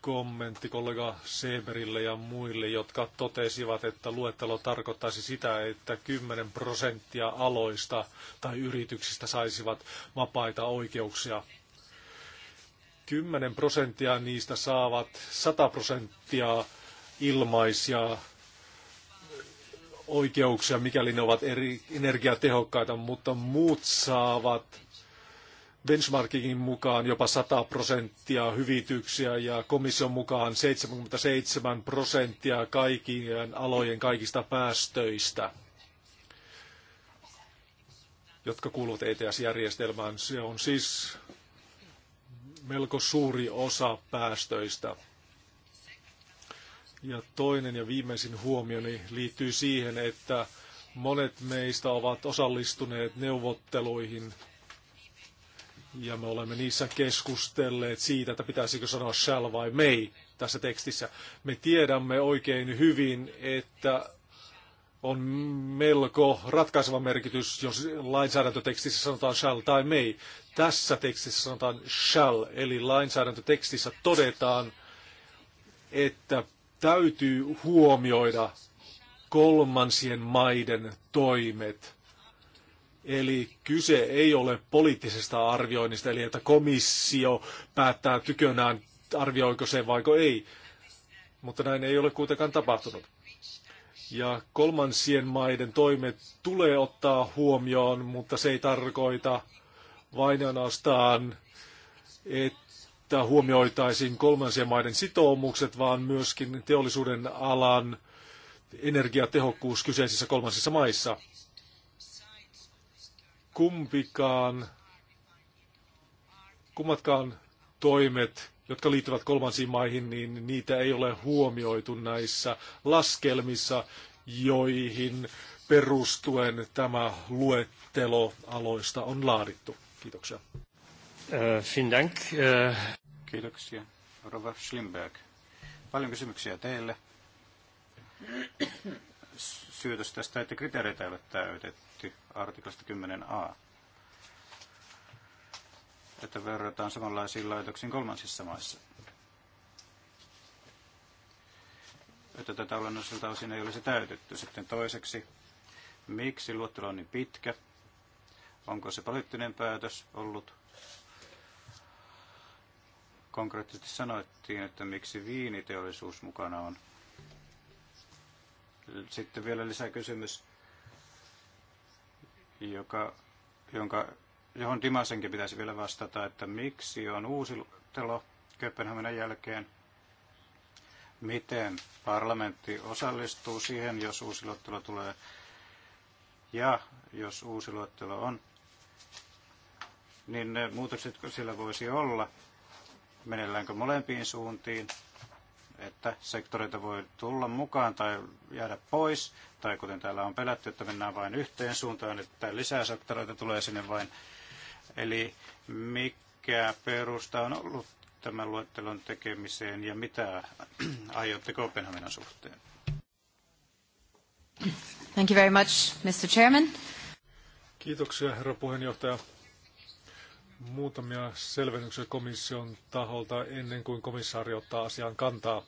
kommentti kollega Seberille ja muille, jotka totesivat, että luettelo tarkoittaisi sitä, että 10 prosenttia aloista tai yrityksistä saisivat vapaita oikeuksia. 10 prosenttia niistä saavat 100 prosenttia ilmaisia oikeuksia, mikäli ne ovat eri energiatehokkaita, mutta muut saavat benchmarkingin mukaan jopa 100 prosenttia hyvityksiä ja komission mukaan 77 prosenttia kaikkien alojen kaikista päästöistä, jotka kuuluvat ETS-järjestelmään. Se on siis melko suuri osa päästöistä. Ja toinen ja viimeisin huomioni liittyy siihen, että monet meistä ovat osallistuneet neuvotteluihin ja me olemme niissä keskustelleet siitä, että pitäisikö sanoa shall vai may tässä tekstissä. Me tiedämme oikein hyvin, että on melko ratkaiseva merkitys, jos lainsäädäntötekstissä sanotaan shall tai may. Tässä tekstissä sanotaan shall, eli lainsäädäntötekstissä todetaan, että täytyy huomioida kolmansien maiden toimet. Eli kyse ei ole poliittisesta arvioinnista, eli että komissio päättää tykönään, arvioiko se vaiko ei. Mutta näin ei ole kuitenkaan tapahtunut. Ja kolmansien maiden toimet tulee ottaa huomioon, mutta se ei tarkoita vain ainoastaan, että että huomioitaisiin kolmansien maiden sitoumukset, vaan myöskin teollisuuden alan energiatehokkuus kyseisissä kolmansissa maissa. Kumpikaan, kummatkaan toimet, jotka liittyvät kolmansiin maihin, niin niitä ei ole huomioitu näissä laskelmissa, joihin perustuen tämä luettelo aloista on laadittu. Kiitoksia. Äh, vielen Dank. Äh, Kiitoksia. Rova Schlimberg. Paljon kysymyksiä teille. Syytös tästä, että kriteereitä ei ole täytetty artiklasta 10a. Että verrataan samanlaisiin laitoksiin kolmansissa maissa. Että tätä olennaiselta osin ei olisi täytetty. Sitten toiseksi, miksi luottelu on niin pitkä? Onko se poliittinen päätös ollut konkreettisesti sanottiin, että miksi viiniteollisuus mukana on. Sitten vielä lisäkysymys, joka, jonka, johon Dimasenkin pitäisi vielä vastata, että miksi on uusi telo Kööpenhaminan jälkeen. Miten parlamentti osallistuu siihen, jos uusi luettelo tulee ja jos uusi luettelo on, niin ne muutokset siellä voisi olla menelläänkö molempiin suuntiin, että sektoreita voi tulla mukaan tai jäädä pois, tai kuten täällä on pelätty, että mennään vain yhteen suuntaan, että lisää sektoreita tulee sinne vain. Eli mikä perusta on ollut tämän luettelon tekemiseen ja mitä <clears throat> aiotte Kopenhaminan suhteen? Thank you very much, Mr. Chairman. Kiitoksia, herra puheenjohtaja. Muutamia selvennyksiä komission taholta ennen kuin komissaari ottaa asiaan kantaa.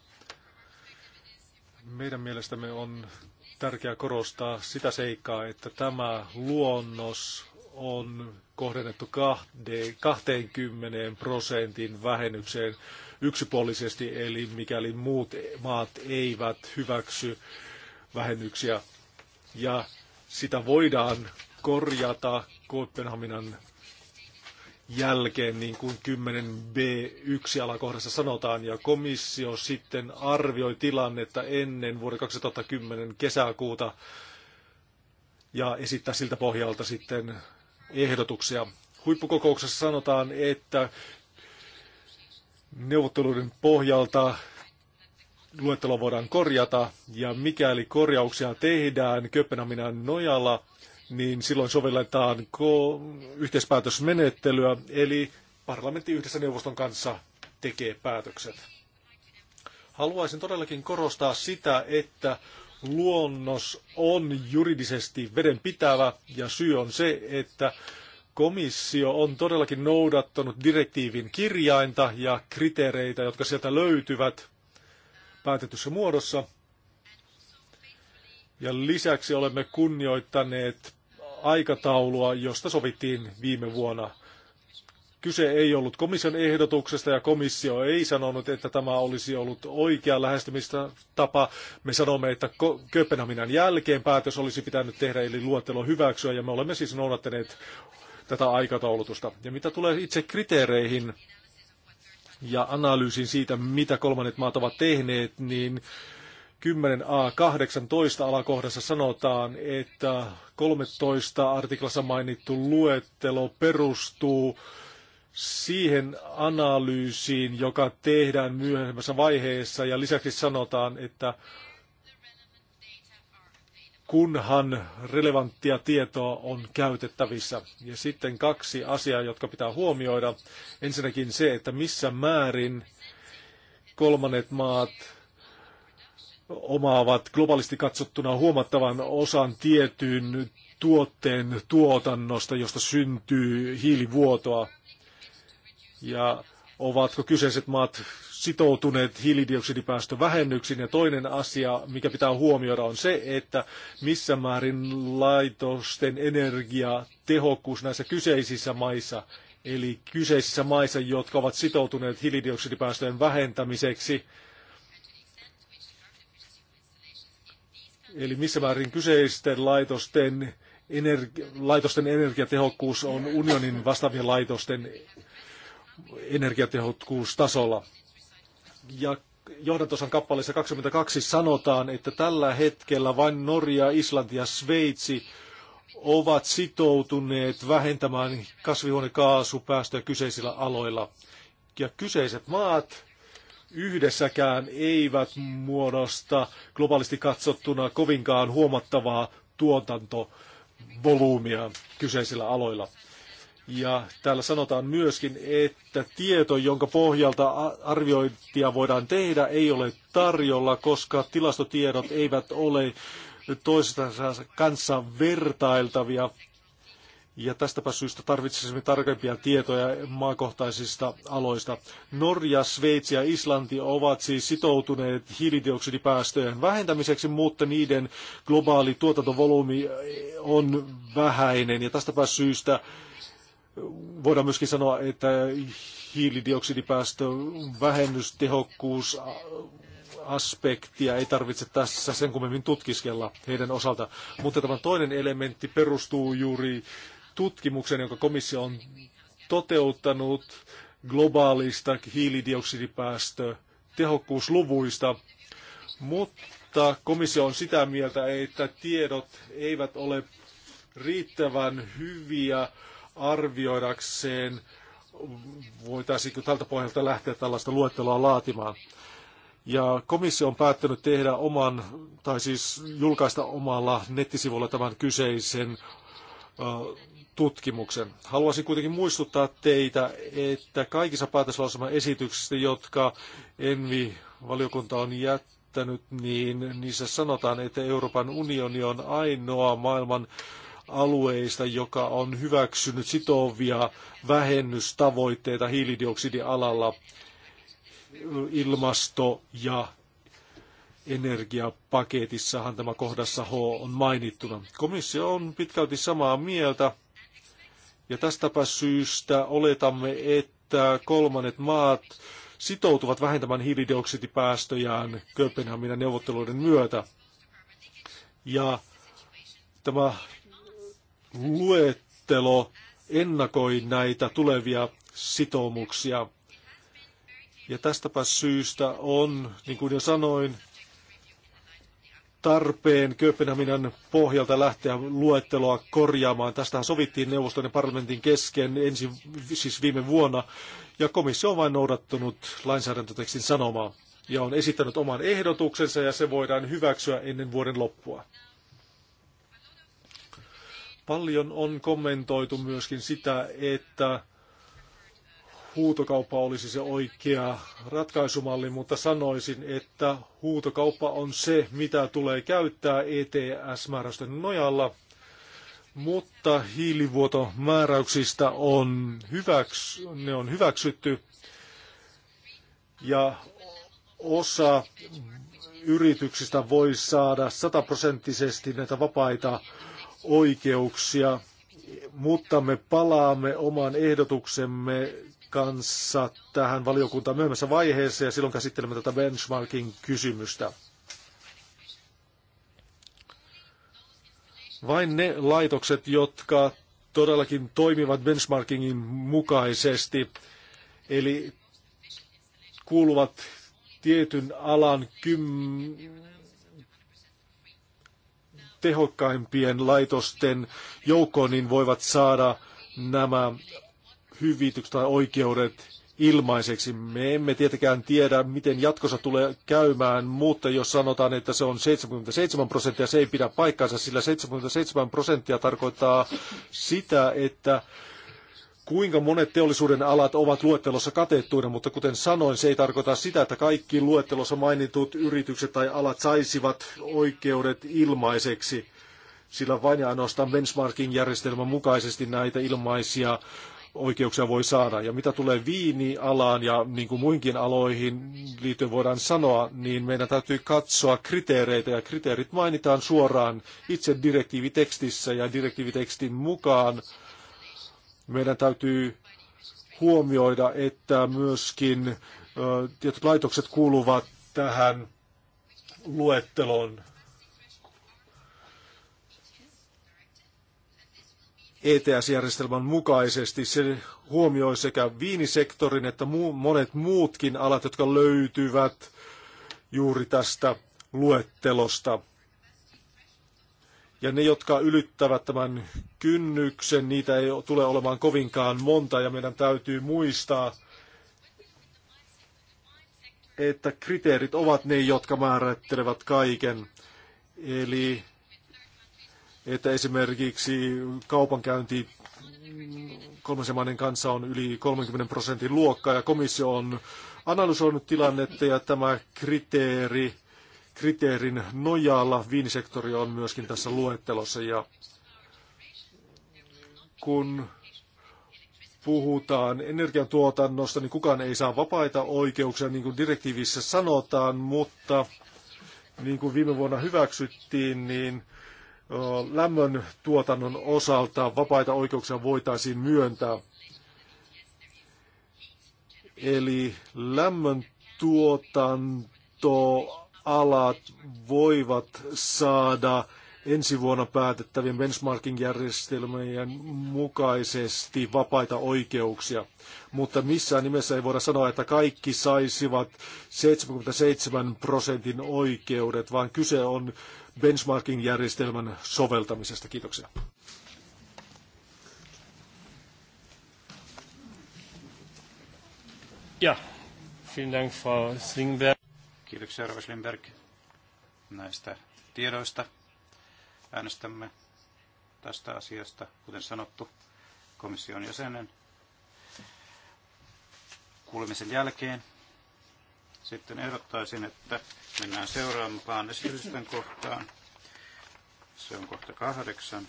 Meidän mielestämme on tärkeää korostaa sitä seikkaa, että tämä luonnos on kohdennettu 20 prosentin vähennykseen yksipuolisesti, eli mikäli muut maat eivät hyväksy vähennyksiä. Ja sitä voidaan korjata Kööpenhaminan jälkeen, niin kuin 10b1 alakohdassa sanotaan, ja komissio sitten arvioi tilannetta ennen vuoden 2010 kesäkuuta ja esittää siltä pohjalta sitten ehdotuksia. Huippukokouksessa sanotaan, että neuvotteluiden pohjalta luettelo voidaan korjata, ja mikäli korjauksia tehdään Kööpenhaminan nojalla – niin silloin sovelletaan yhteispäätösmenettelyä, eli parlamentti yhdessä neuvoston kanssa tekee päätökset. Haluaisin todellakin korostaa sitä, että luonnos on juridisesti vedenpitävä ja syy on se, että komissio on todellakin noudattanut direktiivin kirjainta ja kriteereitä, jotka sieltä löytyvät päätetyssä muodossa. Ja lisäksi olemme kunnioittaneet aikataulua, josta sovittiin viime vuonna. Kyse ei ollut komission ehdotuksesta ja komissio ei sanonut, että tämä olisi ollut oikea lähestymistapa. Me sanomme, että Kööpenhaminan jälkeen päätös olisi pitänyt tehdä, eli luettelo hyväksyä, ja me olemme siis noudattaneet tätä aikataulutusta. Ja mitä tulee itse kriteereihin ja analyysiin siitä, mitä kolmannet maat ovat tehneet, niin 10a18 alakohdassa sanotaan, että 13 artiklassa mainittu luettelo perustuu siihen analyysiin, joka tehdään myöhemmässä vaiheessa, ja lisäksi sanotaan, että kunhan relevanttia tietoa on käytettävissä. Ja sitten kaksi asiaa, jotka pitää huomioida. Ensinnäkin se, että missä määrin kolmannet maat omaavat globaalisti katsottuna huomattavan osan tietyn tuotteen tuotannosta, josta syntyy hiilivuotoa. Ja ovatko kyseiset maat sitoutuneet hiilidioksidipäästövähennyksiin. Ja toinen asia, mikä pitää huomioida, on se, että missä määrin laitosten energiatehokkuus näissä kyseisissä maissa, eli kyseisissä maissa, jotka ovat sitoutuneet hiilidioksidipäästöjen vähentämiseksi, Eli missä määrin kyseisten laitosten, energi- laitosten energiatehokkuus on unionin vastaavien laitosten energiatehokkuustasolla. Ja johdantosan kappaleessa 22 sanotaan, että tällä hetkellä vain Norja, Islanti ja Sveitsi ovat sitoutuneet vähentämään kasvihuonekaasupäästöjä kyseisillä aloilla. Ja kyseiset maat yhdessäkään eivät muodosta globaalisti katsottuna kovinkaan huomattavaa tuotantovolyymia kyseisillä aloilla. Ja täällä sanotaan myöskin, että tieto, jonka pohjalta arviointia voidaan tehdä, ei ole tarjolla, koska tilastotiedot eivät ole toistensa kanssa vertailtavia ja tästäpä syystä tarvitsisimme tarkempia tietoja maakohtaisista aloista. Norja, Sveitsi ja Islanti ovat siis sitoutuneet hiilidioksidipäästöjen vähentämiseksi, mutta niiden globaali tuotantovolyymi on vähäinen. Ja tästäpä syystä voidaan myöskin sanoa, että hiilidioksidipäästön vähennystehokkuus aspektia ei tarvitse tässä sen kummemmin tutkiskella heidän osalta. Mutta tämä toinen elementti perustuu juuri tutkimuksen, jonka komissio on toteuttanut globaalista hiilidioksidipäästötehokkuusluvuista, mutta komissio on sitä mieltä, että tiedot eivät ole riittävän hyviä arvioidakseen, voitaisiinko tältä pohjalta lähteä tällaista luetteloa laatimaan. Ja komissio on päättänyt tehdä oman, tai siis julkaista omalla nettisivulla tämän kyseisen tutkimuksen. Haluaisin kuitenkin muistuttaa teitä, että kaikissa esityksissä, jotka Envi-valiokunta on jättänyt, niin niissä sanotaan, että Euroopan unioni on ainoa maailman alueista, joka on hyväksynyt sitovia vähennystavoitteita hiilidioksidialalla ilmasto- ja energiapaketissahan tämä kohdassa H on mainittuna. Komissio on pitkälti samaa mieltä ja tästäpä syystä oletamme, että kolmannet maat sitoutuvat vähentämään hiilidioksidipäästöjään Kööpenhaminan neuvotteluiden myötä. Ja tämä luettelo ennakoi näitä tulevia sitoumuksia. Ja tästäpä syystä on, niin kuin jo sanoin, tarpeen Kööpenhaminan pohjalta lähteä luetteloa korjaamaan. Tästähän sovittiin neuvoston ja parlamentin kesken ensi, siis viime vuonna, ja komissio on vain noudattanut lainsäädäntötekstin sanomaa ja on esittänyt oman ehdotuksensa ja se voidaan hyväksyä ennen vuoden loppua. Paljon on kommentoitu myöskin sitä, että huutokauppa olisi se oikea ratkaisumalli, mutta sanoisin, että huutokauppa on se, mitä tulee käyttää ETS-määräysten nojalla, mutta hiilivuotomääräyksistä on hyväks, ne on hyväksytty ja osa yrityksistä voi saada sataprosenttisesti näitä vapaita oikeuksia, mutta me palaamme oman ehdotuksemme kanssa tähän valiokuntaan myöhemmässä vaiheessa ja silloin käsittelemme tätä benchmarkin kysymystä. Vain ne laitokset, jotka todellakin toimivat benchmarkingin mukaisesti, eli kuuluvat tietyn alan kym... tehokkaimpien laitosten joukkoon, niin voivat saada nämä hyvitykset tai oikeudet ilmaiseksi. Me emme tietenkään tiedä, miten jatkossa tulee käymään, mutta jos sanotaan, että se on 77 prosenttia, se ei pidä paikkaansa, sillä 77 prosenttia tarkoittaa sitä, että kuinka monet teollisuuden alat ovat luettelossa katettuina, mutta kuten sanoin, se ei tarkoita sitä, että kaikki luettelossa mainitut yritykset tai alat saisivat oikeudet ilmaiseksi, sillä vain ja ainoastaan benchmarking-järjestelmän mukaisesti näitä ilmaisia oikeuksia voi saada. Ja mitä tulee viinialaan ja niin kuin muinkin aloihin liittyen voidaan sanoa, niin meidän täytyy katsoa kriteereitä ja kriteerit mainitaan suoraan itse direktiivitekstissä ja direktiivitekstin mukaan. Meidän täytyy huomioida, että myöskin tietyt laitokset kuuluvat tähän luetteloon ETS-järjestelmän mukaisesti. Se huomioi sekä viinisektorin että monet muutkin alat, jotka löytyvät juuri tästä luettelosta. Ja ne, jotka ylittävät tämän kynnyksen, niitä ei tule olemaan kovinkaan monta ja meidän täytyy muistaa, että kriteerit ovat ne, jotka määrittelevät kaiken. Eli että esimerkiksi kaupankäynti kolmansien maiden kanssa on yli 30 prosentin luokkaa ja komissio on analysoinut tilannetta ja tämä kriteeri, kriteerin nojalla viinisektori on myöskin tässä luettelossa ja kun puhutaan energiantuotannosta, niin kukaan ei saa vapaita oikeuksia, niin kuin direktiivissä sanotaan, mutta niin kuin viime vuonna hyväksyttiin, niin lämmön tuotannon osalta vapaita oikeuksia voitaisiin myöntää. Eli lämmön tuotantoalat voivat saada ensi vuonna päätettävien benchmarking-järjestelmien mukaisesti vapaita oikeuksia. Mutta missään nimessä ei voida sanoa, että kaikki saisivat 77 prosentin oikeudet, vaan kyse on benchmarking-järjestelmän soveltamisesta. Kiitoksia. Ja, vielen Dank, Frau Slingberg. Kiitoksia, Rova Slingberg, näistä tiedoista. Äänestämme tästä asiasta, kuten sanottu, komission jäsenen kuulemisen jälkeen. Sitten ehdottaisin, että mennään seuraavaan esitysten kohtaan. Se on kohta kahdeksan.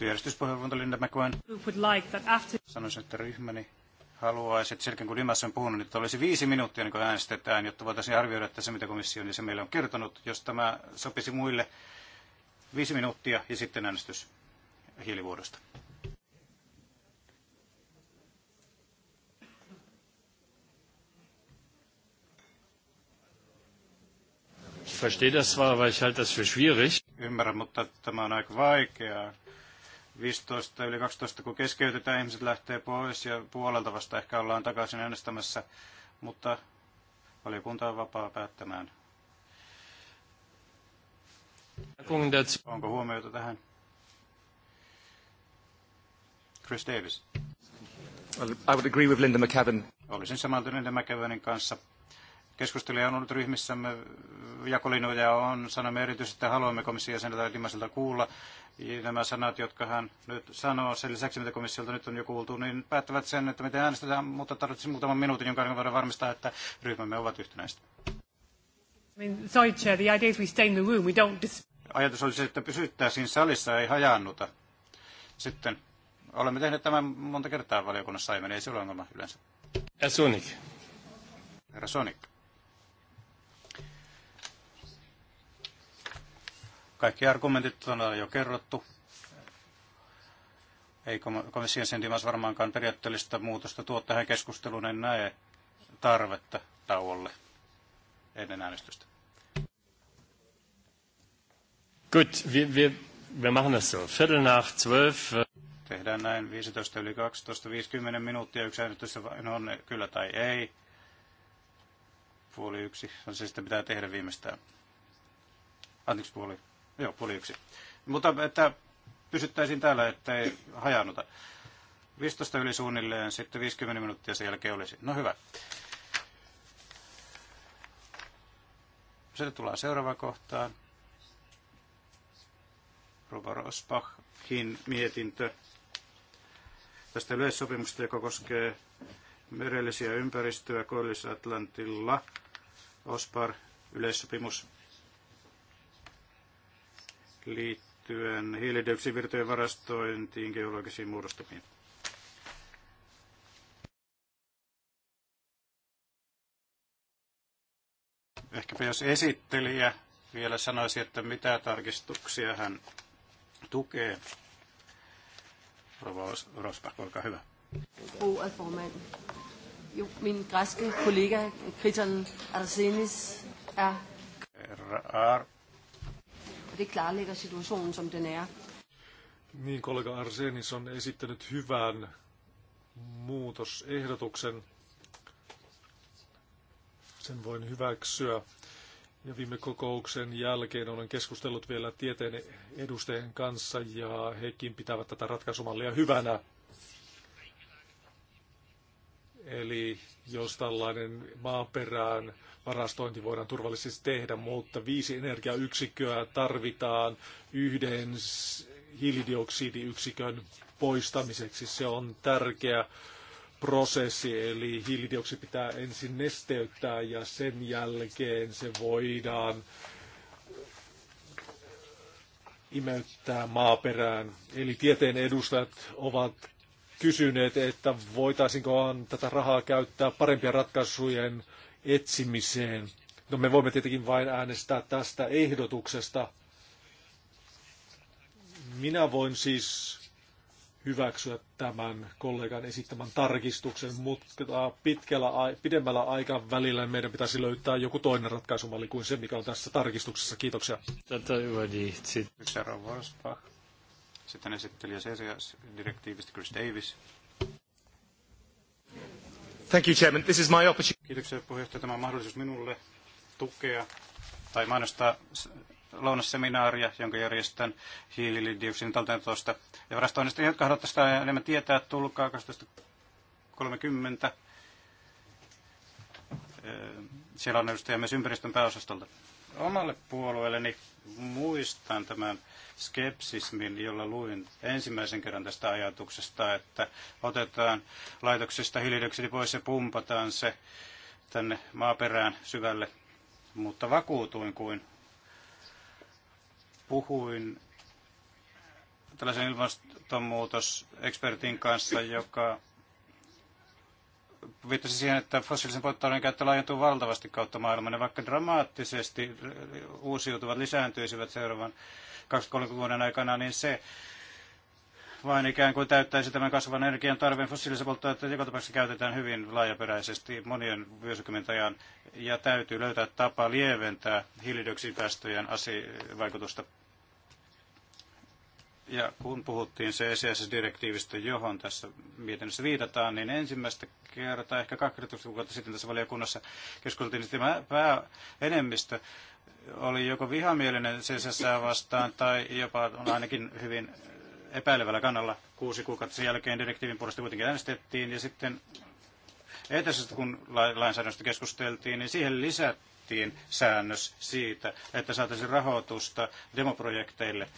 Järjestyspuheenvuoro Linda McQueen. Sanoisin, että ryhmäni haluaisi, että selkeän kun Dimas on puhunut, että olisi viisi minuuttia, niin kun äänestetään, jotta voitaisiin arvioida, että se mitä komissio niin se meille on kertonut, jos tämä sopisi muille. Viisi minuuttia ja sitten äänestys hiilivuodosta. verstehe das zwar, aber ich halte das für schwierig. Ymmärrän, mutta tämä on aika vaikeaa. 15 yli 12, kun keskeytetään, ihmiset lähtee pois ja puolelta vasta ehkä ollaan takaisin äänestämässä, mutta valiokunta on vapaa päättämään. Onko huomioita tähän? Chris Davis. I would agree with Linda McCavin. Olisin samalta Linda McCavinin kanssa Keskusteluja on ollut ryhmissämme, jakolinjoja on, sanomme erityisesti, että haluamme komission jäseneltä ylimmäiseltä kuulla nämä sanat, jotka hän nyt sanoo. Sen lisäksi, mitä komissiolta nyt on jo kuultu, niin päättävät sen, että miten äänestetään, mutta tarvitsisi muutaman minuutin, jonka voidaan varmistaa, että ryhmämme ovat yhtenäistä. Ajatus olisi, että pysyttäisiin salissa, ei hajaannuta. Sitten olemme tehneet tämän monta kertaa valiokunnassa, ei mene, ei se ole ongelma yleensä. Herra Sonic. Herra Sonic. Kaikki argumentit on jo kerrottu. Ei komission sentimas varmaankaan periaatteellista muutosta tuo tähän keskusteluun, en näe tarvetta tauolle ennen äänestystä. Gut, wir, wir, wir machen das so. Viertel nach zwölf. Äh, Tehdään näin 15 yli 12, 50 minuuttia yksi äänestys on kyllä tai ei. Puoli yksi, se sitten pitää tehdä viimeistään. Anteeksi, puoli Joo, puoli yksi. Mutta että pysyttäisiin täällä, ettei hajannuta. 15 yli suunnilleen, sitten 50 minuuttia sen jälkeen olisi. No hyvä. Sitten tullaan seuraavaan kohtaan. Ruba Rosbachin mietintö tästä yleissopimuksesta, joka koskee merellisiä ympäristöä Koillis-Atlantilla. OSPAR, yleissopimus liittyen hiilidioksidivirtojen varastointiin geologisiin muodostumiin. Ehkäpä jos esittelijä vielä sanoisi, että mitä tarkistuksia hän tukee. Rova Rosbach, olkaa hyvä. min kollega Kriton Arsenis er vi klarlægger situationen, som den er. Niin, kollega Arsenis on esittänyt hyvän muutosehdotuksen. Sen voin hyväksyä. Ja viime kokouksen jälkeen olen keskustellut vielä tieteen edustajien kanssa ja hekin pitävät tätä ratkaisumallia hyvänä. Eli jos tällainen maaperään varastointi voidaan turvallisesti tehdä, mutta viisi energiayksikköä tarvitaan yhden hiilidioksidiyksikön poistamiseksi. Se on tärkeä prosessi, eli hiilidioksidi pitää ensin nesteyttää ja sen jälkeen se voidaan imeyttää maaperään. Eli tieteen edustajat ovat kysyneet, että voitaisiinkohan tätä rahaa käyttää parempien ratkaisujen etsimiseen. No me voimme tietenkin vain äänestää tästä ehdotuksesta. Minä voin siis hyväksyä tämän kollegan esittämän tarkistuksen, mutta pitkällä, pidemmällä aikavälillä meidän pitäisi löytää joku toinen ratkaisumalli kuin se, mikä on tässä tarkistuksessa. Kiitoksia. Tätä sitten esittelijä CCS-direktiivistä Chris Davis. Thank you, Chairman. This is my opportunity. Kiitoksia puheenjohtaja. Tämä on mahdollisuus minulle tukea tai mainostaa lounasseminaaria, jonka järjestän hiilidioksidin talteenotosta ja varastoinnista. Jotka haluavat tästä enemmän tietää, tulkaa 12.30. Siellä on edustaja myös ympäristön pääosastolta omalle puolueelleni muistan tämän skepsismin, jolla luin ensimmäisen kerran tästä ajatuksesta, että otetaan laitoksesta hiilidioksidi pois ja pumpataan se tänne maaperään syvälle. Mutta vakuutuin, kuin puhuin tällaisen ilmastonmuutosekspertin kanssa, joka viittasi siihen, että fossiilisen polttoaineen käyttö laajentuu valtavasti kautta maailman, ja vaikka dramaattisesti uusiutuvat lisääntyisivät seuraavan 20-30 vuoden aikana, niin se vain ikään kuin täyttäisi tämän kasvavan energian tarpeen fossiilisen polttoaineen, joka tapauksessa käytetään hyvin laajaperäisesti monien vuosikymmenten ajan, ja täytyy löytää tapa lieventää hiilidioksidipäästöjen vaikutusta ja kun puhuttiin CCS-direktiivistä, johon tässä mietinnössä viitataan, niin ensimmäistä kertaa, ehkä 12 kuukautta sitten tässä valiokunnassa keskusteltiin, että tämä pääenemmistö oli joko vihamielinen CCS vastaan tai jopa on ainakin hyvin epäilevällä kannalla. Kuusi kuukautta sen jälkeen direktiivin puolesta kuitenkin äänestettiin ja sitten etäisestä kun lainsäädännöstä keskusteltiin, niin siihen lisättiin säännös siitä, että saataisiin rahoitusta demoprojekteille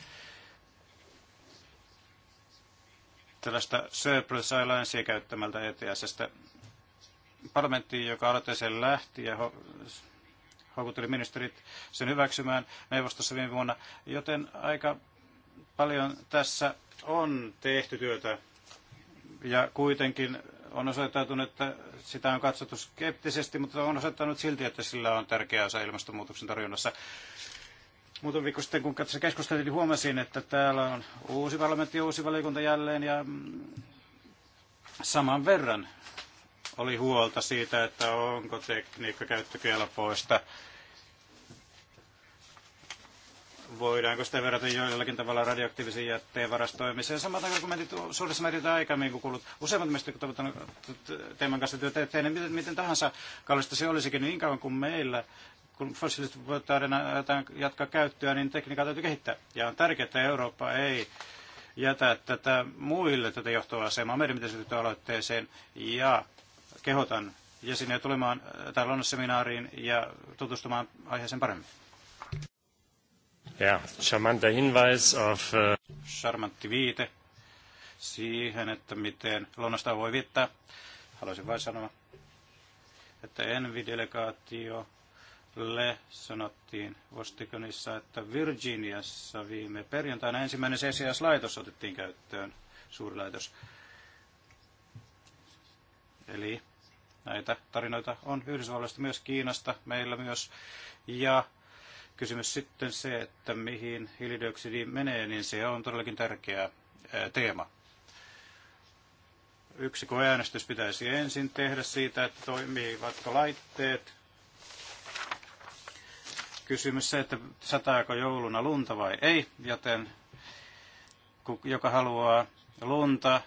tällaista surplus alliancea käyttämältä ETSstä parlamenttiin, joka aloitteeseen lähti ja houkutteli ministerit sen hyväksymään neuvostossa viime vuonna. Joten aika paljon tässä on tehty työtä ja kuitenkin on osoittautunut, että sitä on katsottu skeptisesti, mutta on osoittanut silti, että sillä on tärkeä osa ilmastonmuutoksen torjunnassa. Muutama viikko sitten, kun tässä keskusteltiin, niin huomasin, että täällä on uusi parlamentti ja uusi valiokunta jälleen ja mm, saman verran oli huolta siitä, että onko tekniikka käyttökelpoista. Voidaanko sitä verrata joillakin tavalla radioaktiivisiin jätteen varastoimiseen? Samat argumentit suuressa määrin aikaisemmin kuin kulut. Useimmat meistä, kun teeman kanssa työtä eteen, niin miten, miten tahansa kallista se olisikin, niin, niin kauan kuin meillä kun fossiiliset voidaan jatkaa käyttöä, niin tekniikkaa täytyy kehittää. Ja on tärkeää, että Eurooppa ei jätä tätä muille tätä johtoasemaa. Meidän pitäisi ryhtyä aloitteeseen ja kehotan jäseniä tulemaan äh, täällä seminaariin ja tutustumaan aiheeseen paremmin. Ja, charmante hinweis of äh, Charmantti viite siihen, että miten luonnosta voi viettää. Haluaisin vain sanoa, että Envi-delegaatio Le sanottiin Vostikonissa, että Virginiassa viime perjantaina ensimmäinen CCS-laitos otettiin käyttöön, suurlaitos. Eli näitä tarinoita on Yhdysvalloista myös Kiinasta, meillä myös. Ja kysymys sitten se, että mihin hiilidioksidi menee, niin se on todellakin tärkeä teema. Yksi koeäänestys pitäisi ensin tehdä siitä, että toimivatko laitteet kysymys se, että sataako jouluna lunta vai ei, joten joka haluaa lunta,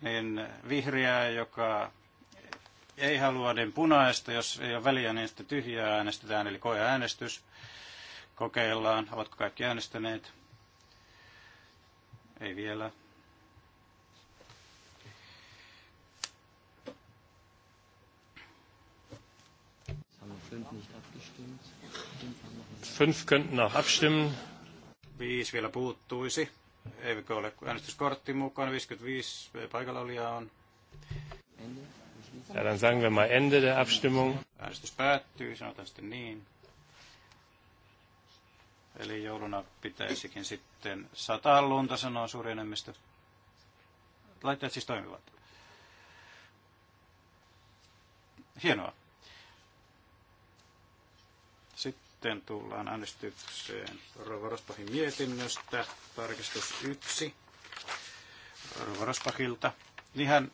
niin vihreää, joka ei halua, niin punaista, jos ei ole väliä, niin sitten tyhjää äänestetään, eli koeäänestys. Kokeillaan, ovatko kaikki äänestäneet. Ei vielä. nicht fünf könnten noch abstimmen. Viisi vielä puuttuisi. Eikö ole äänestyskortti mukaan? 55 paikalla olijaa on. Ja dann sagen wir mal Ende der Abstimmung. Äänestys päättyy, sanotaan sitten niin. Eli jouluna pitäisikin sitten sataa lunta, sanoo suuri enemmistö. Laitteet siis toimivat. Hienoa. Sitten tullaan äänestykseen Rovarospahin mietinnöstä. Tarkistus 1 Rovarospahilta. Rospahilta. Niin hän...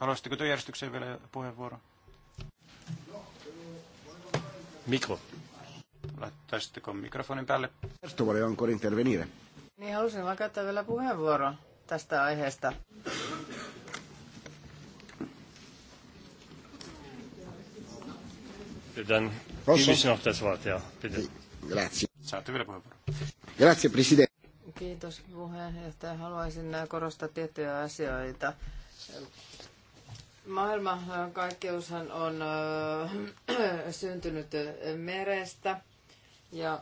Haluaisitteko vielä puheenvuoro? Mikro. Laittaisitteko mikrofonin päälle? Estuvari on intervenire. Niin halusin vaan käyttää vielä puheenvuoro tästä aiheesta. Dann Kivisin noch das Wort, ja, bitte. Grazie. Grazie, Presidente. Kiitos puheenjohtaja. Haluaisin äh, korostaa tiettyjä asioita. Maailmankaikkeushan äh, on äh, <clears throat> syntynyt merestä ja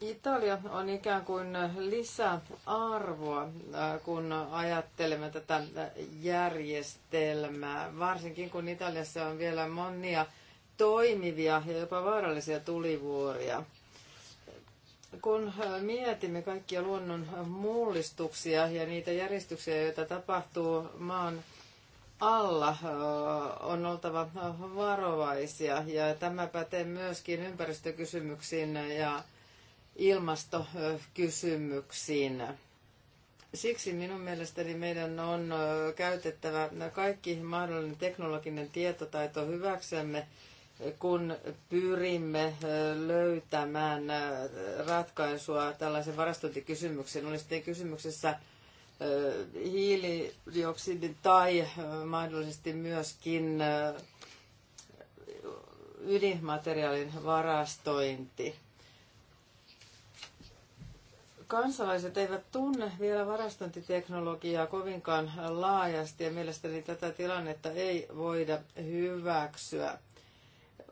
Italia on ikään kuin lisäarvoa, kun ajattelemme tätä järjestelmää, varsinkin kun Italiassa on vielä monia toimivia ja jopa vaarallisia tulivuoria. Kun mietimme kaikkia luonnon mullistuksia ja niitä järjestyksiä, joita tapahtuu maan alla, on oltava varovaisia. Ja tämä pätee myöskin ympäristökysymyksiin ja ilmastokysymyksiin. Siksi minun mielestäni meidän on käytettävä kaikki mahdollinen teknologinen tietotaito hyväksemme kun pyrimme löytämään ratkaisua tällaisen varastointikysymykseen, oli sitten kysymyksessä hiilidioksidi tai mahdollisesti myöskin ydinmateriaalin varastointi. Kansalaiset eivät tunne vielä varastointiteknologiaa kovinkaan laajasti ja mielestäni tätä tilannetta ei voida hyväksyä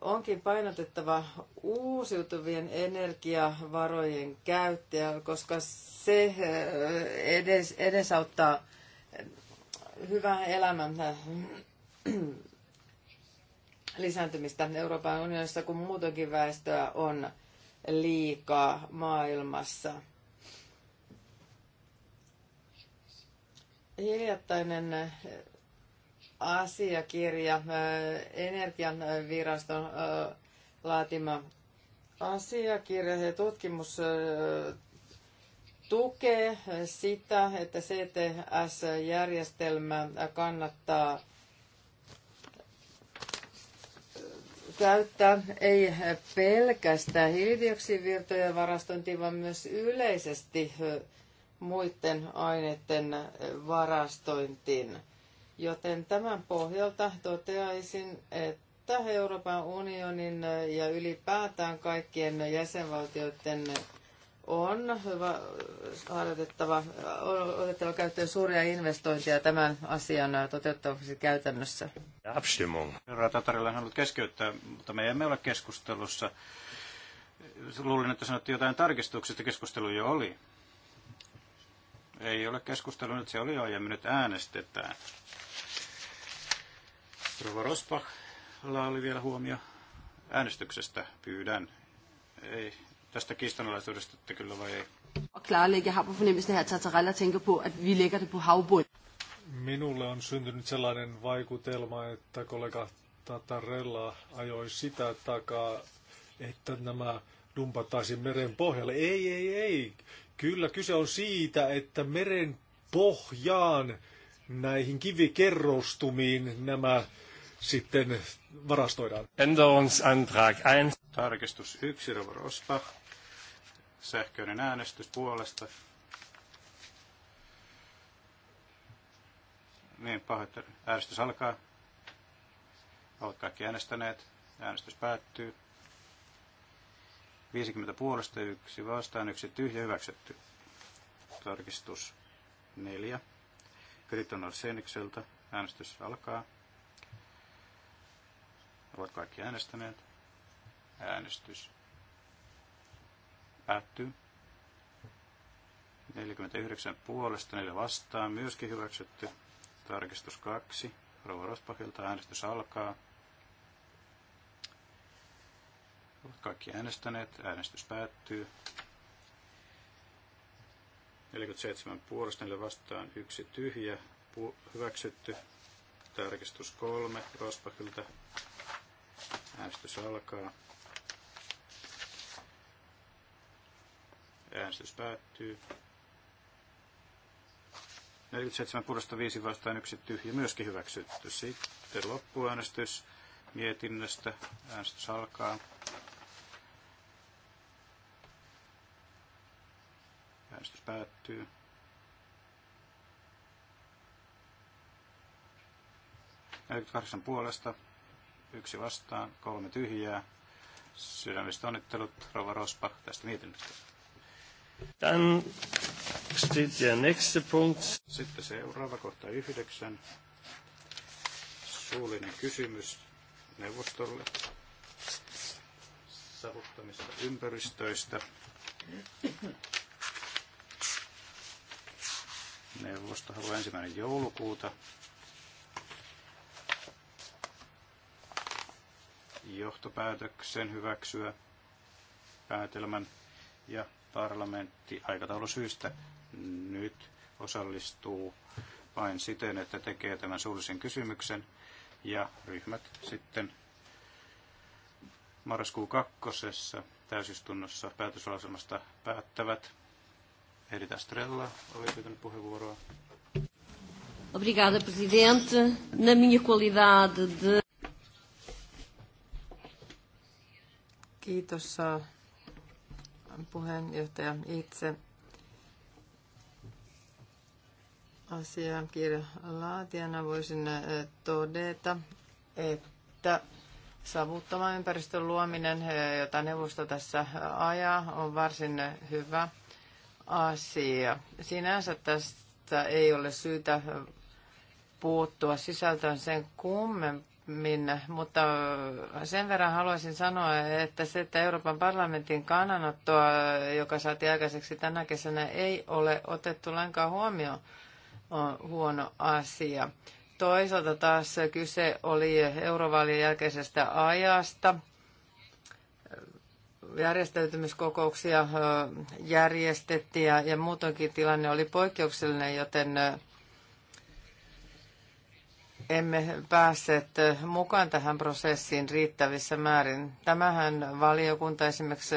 onkin painotettava uusiutuvien energiavarojen käyttöä, koska se eh, edes, edesauttaa hyvää elämän eh, lisääntymistä Euroopan unionissa, kun muutenkin väestöä on liikaa maailmassa. Hiljattainen eh, asiakirja, energianviraston laatima asiakirja ja tutkimus tukee sitä, että CTS-järjestelmä kannattaa käyttää ei pelkästään hiilidioksidivirtojen varastointiin, vaan myös yleisesti muiden aineiden varastointiin. Joten tämän pohjalta toteaisin, että Euroopan unionin ja ylipäätään kaikkien jäsenvaltioiden on hyvä, on otettava käyttöön suuria investointeja tämän asian toteuttamiseksi käytännössä. Abstimmung. Herra Tatarilla on ollut keskeyttää, mutta me emme ole keskustelussa. Luulin, että sanottiin jotain tarkistuksista, keskustelu jo oli. Ei ole keskustelu nyt, se oli aiemmin, nyt äänestetään. Rova Rospachilla oli vielä huomio äänestyksestä. Pyydän. Ei, tästä kiistanalaisuudesta että kyllä vai ei. Og klarlægge, jeg har på fornemmelsen, at Tatarella tænker på, at vi lægger det på havbund. Minulle on syntynyt sellainen vaikutelma, että kollega Tatarella ajoi sitä takaa, että nämä dumpattaisiin meren pohjalle. Ei, ei, ei. Kyllä kyse on siitä, että meren pohjaan näihin kivikerrostumiin nämä sitten varastoidaan. Änderungsantrag 1. Tarkistus 1, Rova Sähköinen äänestys puolesta. Niin, pahoittelen. Äänestys alkaa. Olet kaikki äänestäneet. Äänestys päättyy. 50 puolesta, yksi vastaan, yksi tyhjä, hyväksytty. Tarkistus 4. Kriton Arsenikselta. Äänestys alkaa. Ovat kaikki äänestäneet. Äänestys päättyy. 49 puolesta, 4 vastaan, myöskin hyväksytty. Tarkistus 2. Rova Rospakilta äänestys alkaa. Ovat kaikki äänestäneet. Äänestys päättyy. 47 puolesta, 4 vastaan, 1 tyhjä. Pu- hyväksytty. Tarkistus 3. Rospakilta Äänestys alkaa. Äänestys päättyy. 47 puolesta 5 vastaan yksi tyhjä myöskin hyväksytty. Sitten loppuäänestys mietinnöstä. Äänestys alkaa. Äänestys päättyy. kahdeksan puolesta, yksi vastaan, kolme tyhjää. Sydämistä onnittelut, Rova Rospa, tästä mietinnöstä. Dann steht der nächste Punkt. Sitten seuraava kohta yhdeksän. Suullinen kysymys neuvostolle savuttamista ympäristöistä. Neuvosto haluaa ensimmäinen joulukuuta johtopäätöksen hyväksyä päätelmän ja parlamentti aikataulusyistä nyt osallistuu vain siten, että tekee tämän suullisen kysymyksen ja ryhmät sitten marraskuun kakkosessa täysistunnossa päätöslauselmasta päättävät. Eri Strella oli pyytänyt puheenvuoroa. Obrigada, Presidente. Na minha qualidade de... Kiitos äh, puheenjohtaja itse asiakirjalaatijana voisin äh, todeta, että savuttoman ympäristön luominen, äh, jota neuvosto tässä ajaa, on varsin hyvä asia. Sinänsä tästä ei ole syytä puuttua sisältöön sen kummempaa minne, mutta sen verran haluaisin sanoa, että se, että Euroopan parlamentin kannanottoa, joka saatiin aikaiseksi tänä kesänä, ei ole otettu lainkaan huomioon, on huono asia. Toisaalta taas kyse oli eurovaalien jälkeisestä ajasta. Järjestäytymiskokouksia järjestettiin ja, ja muutoinkin tilanne oli poikkeuksellinen, joten emme päässeet mukaan tähän prosessiin riittävissä määrin. Tämähän valiokunta esimerkiksi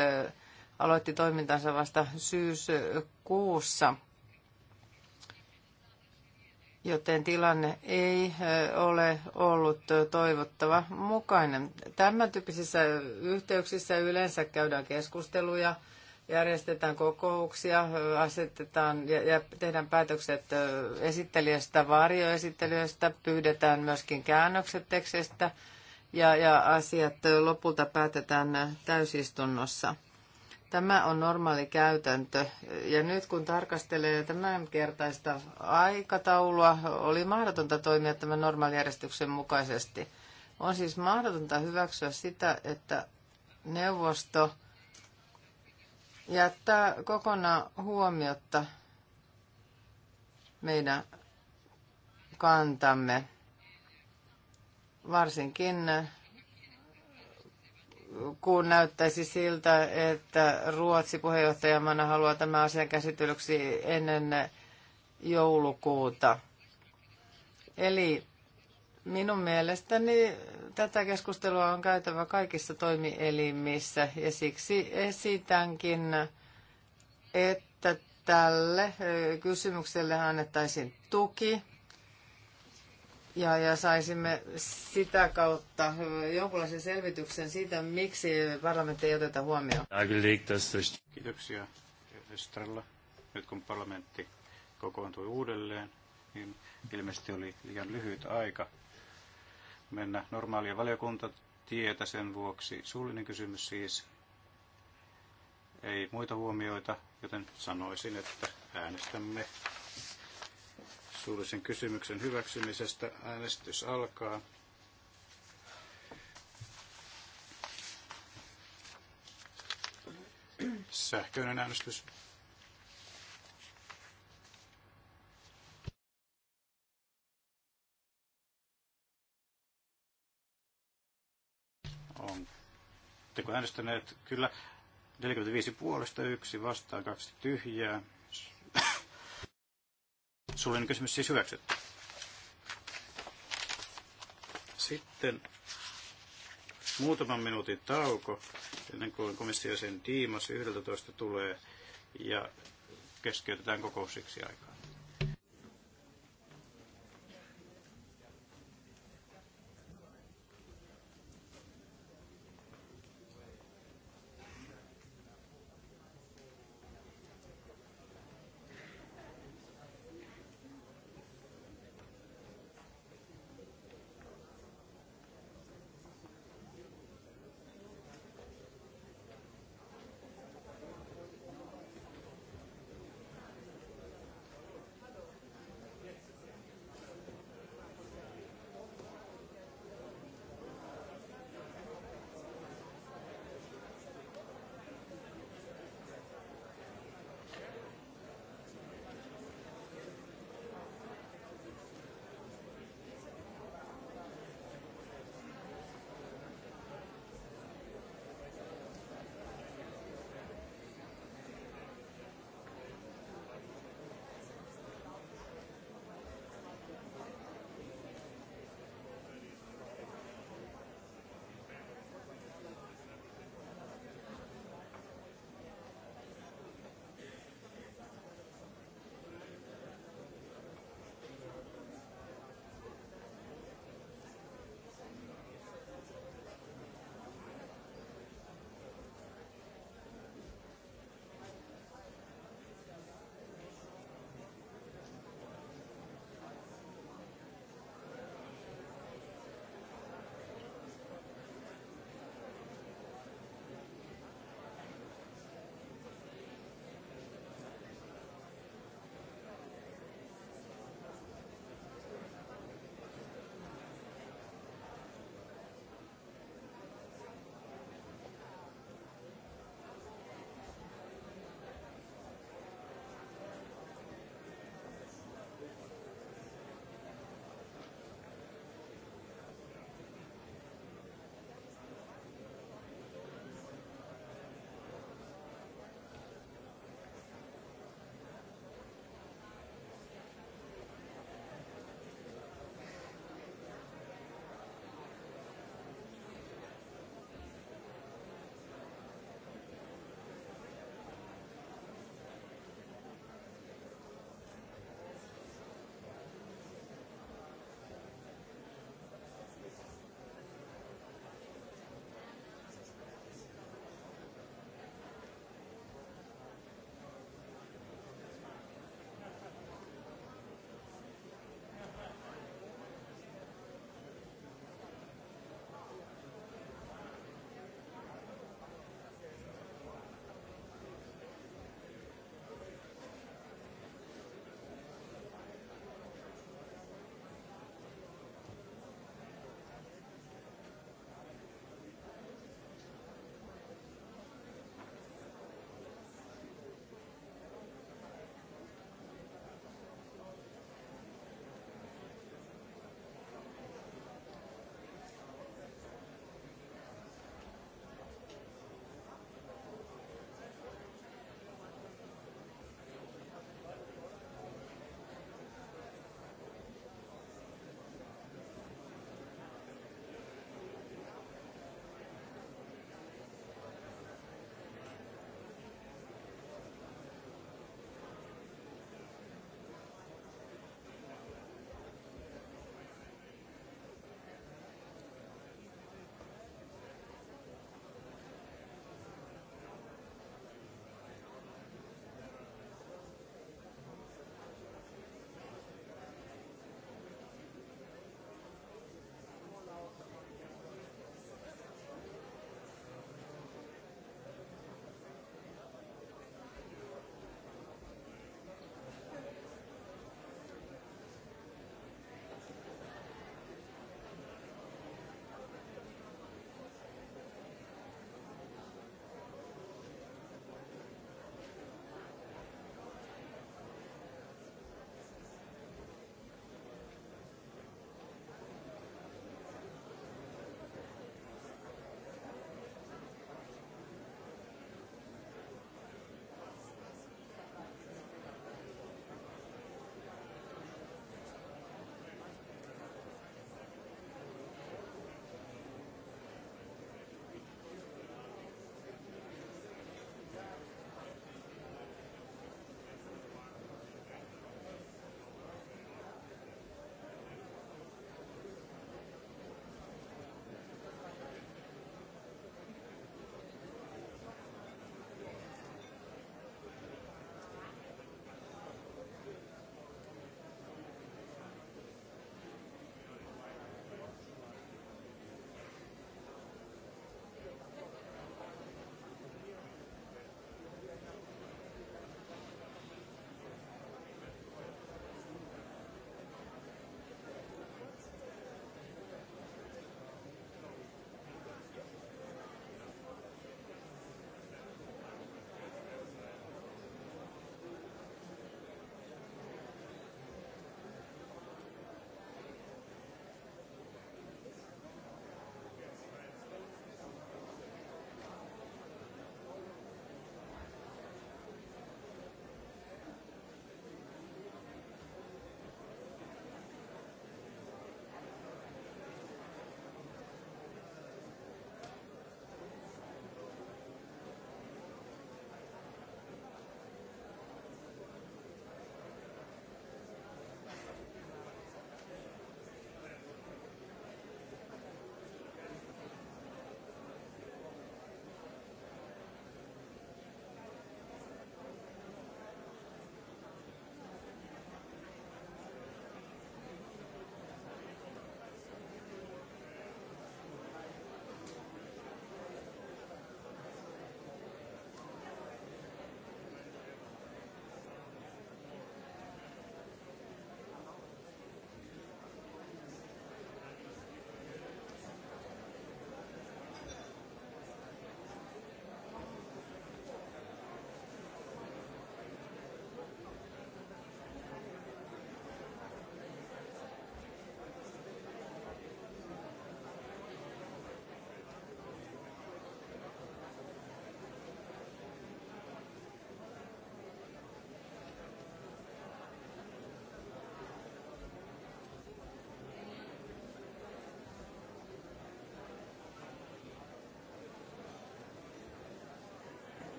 aloitti toimintansa vasta syyskuussa, joten tilanne ei ole ollut toivottava mukainen. Tämän tyyppisissä yhteyksissä yleensä käydään keskusteluja – järjestetään kokouksia, asetetaan ja, ja tehdään päätökset esittelijästä, varjoesittelijöistä, pyydetään myöskin käännökset tekstistä ja, ja asiat lopulta päätetään täysistunnossa. Tämä on normaali käytäntö. Ja nyt kun tarkastelee tämän kertaista aikataulua, oli mahdotonta toimia tämän normaalijärjestyksen mukaisesti. On siis mahdotonta hyväksyä sitä, että neuvosto – jättää kokonaan huomiotta meidän kantamme, varsinkin kun näyttäisi siltä, että Ruotsi puheenjohtajamana haluaa tämän asian käsittelyksi ennen joulukuuta. Eli minun mielestäni Tätä keskustelua on käytävä kaikissa toimielimissä ja siksi esitänkin, että tälle kysymykselle annettaisiin tuki ja, ja saisimme sitä kautta jonkunlaisen selvityksen siitä, miksi parlamentti ei oteta huomioon. Kiitoksia Estrella. Nyt kun parlamentti kokoontui uudelleen, niin ilmeisesti oli liian lyhyt aika mennä normaalia valiokuntatietä sen vuoksi. Suullinen kysymys siis. Ei muita huomioita, joten sanoisin, että äänestämme suullisen kysymyksen hyväksymisestä. Äänestys alkaa. Sähköinen äänestys Oletteko äänestäneet? Kyllä. 45 puolesta, yksi vastaan, kaksi tyhjää. <coughs> Suullinen kysymys siis hyväksytty. Sitten muutaman minuutin tauko, ennen kuin komissio sen tiimas 11 tulee ja keskeytetään kokous aikaa.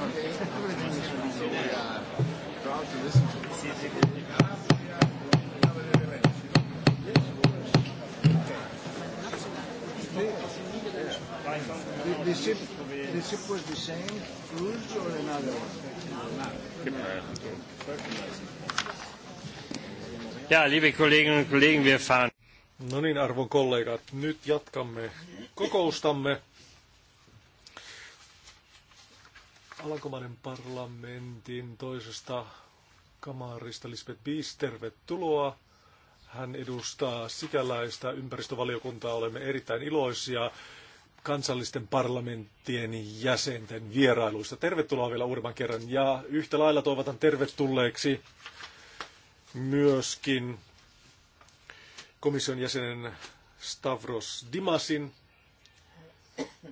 The Ja, liebe Kolleginnen und Kollegen, wir fahren. No niin, arvon kollegat, nyt jatkamme kokoustamme. Alankomaiden parlamentin toisesta kamarista Lisbeth Biis, tervetuloa. Hän edustaa sikäläistä ympäristövaliokuntaa. Olemme erittäin iloisia kansallisten parlamenttien jäsenten vierailuista. Tervetuloa vielä uudemman kerran ja yhtä lailla toivotan tervetulleeksi myöskin komission jäsenen Stavros Dimasin.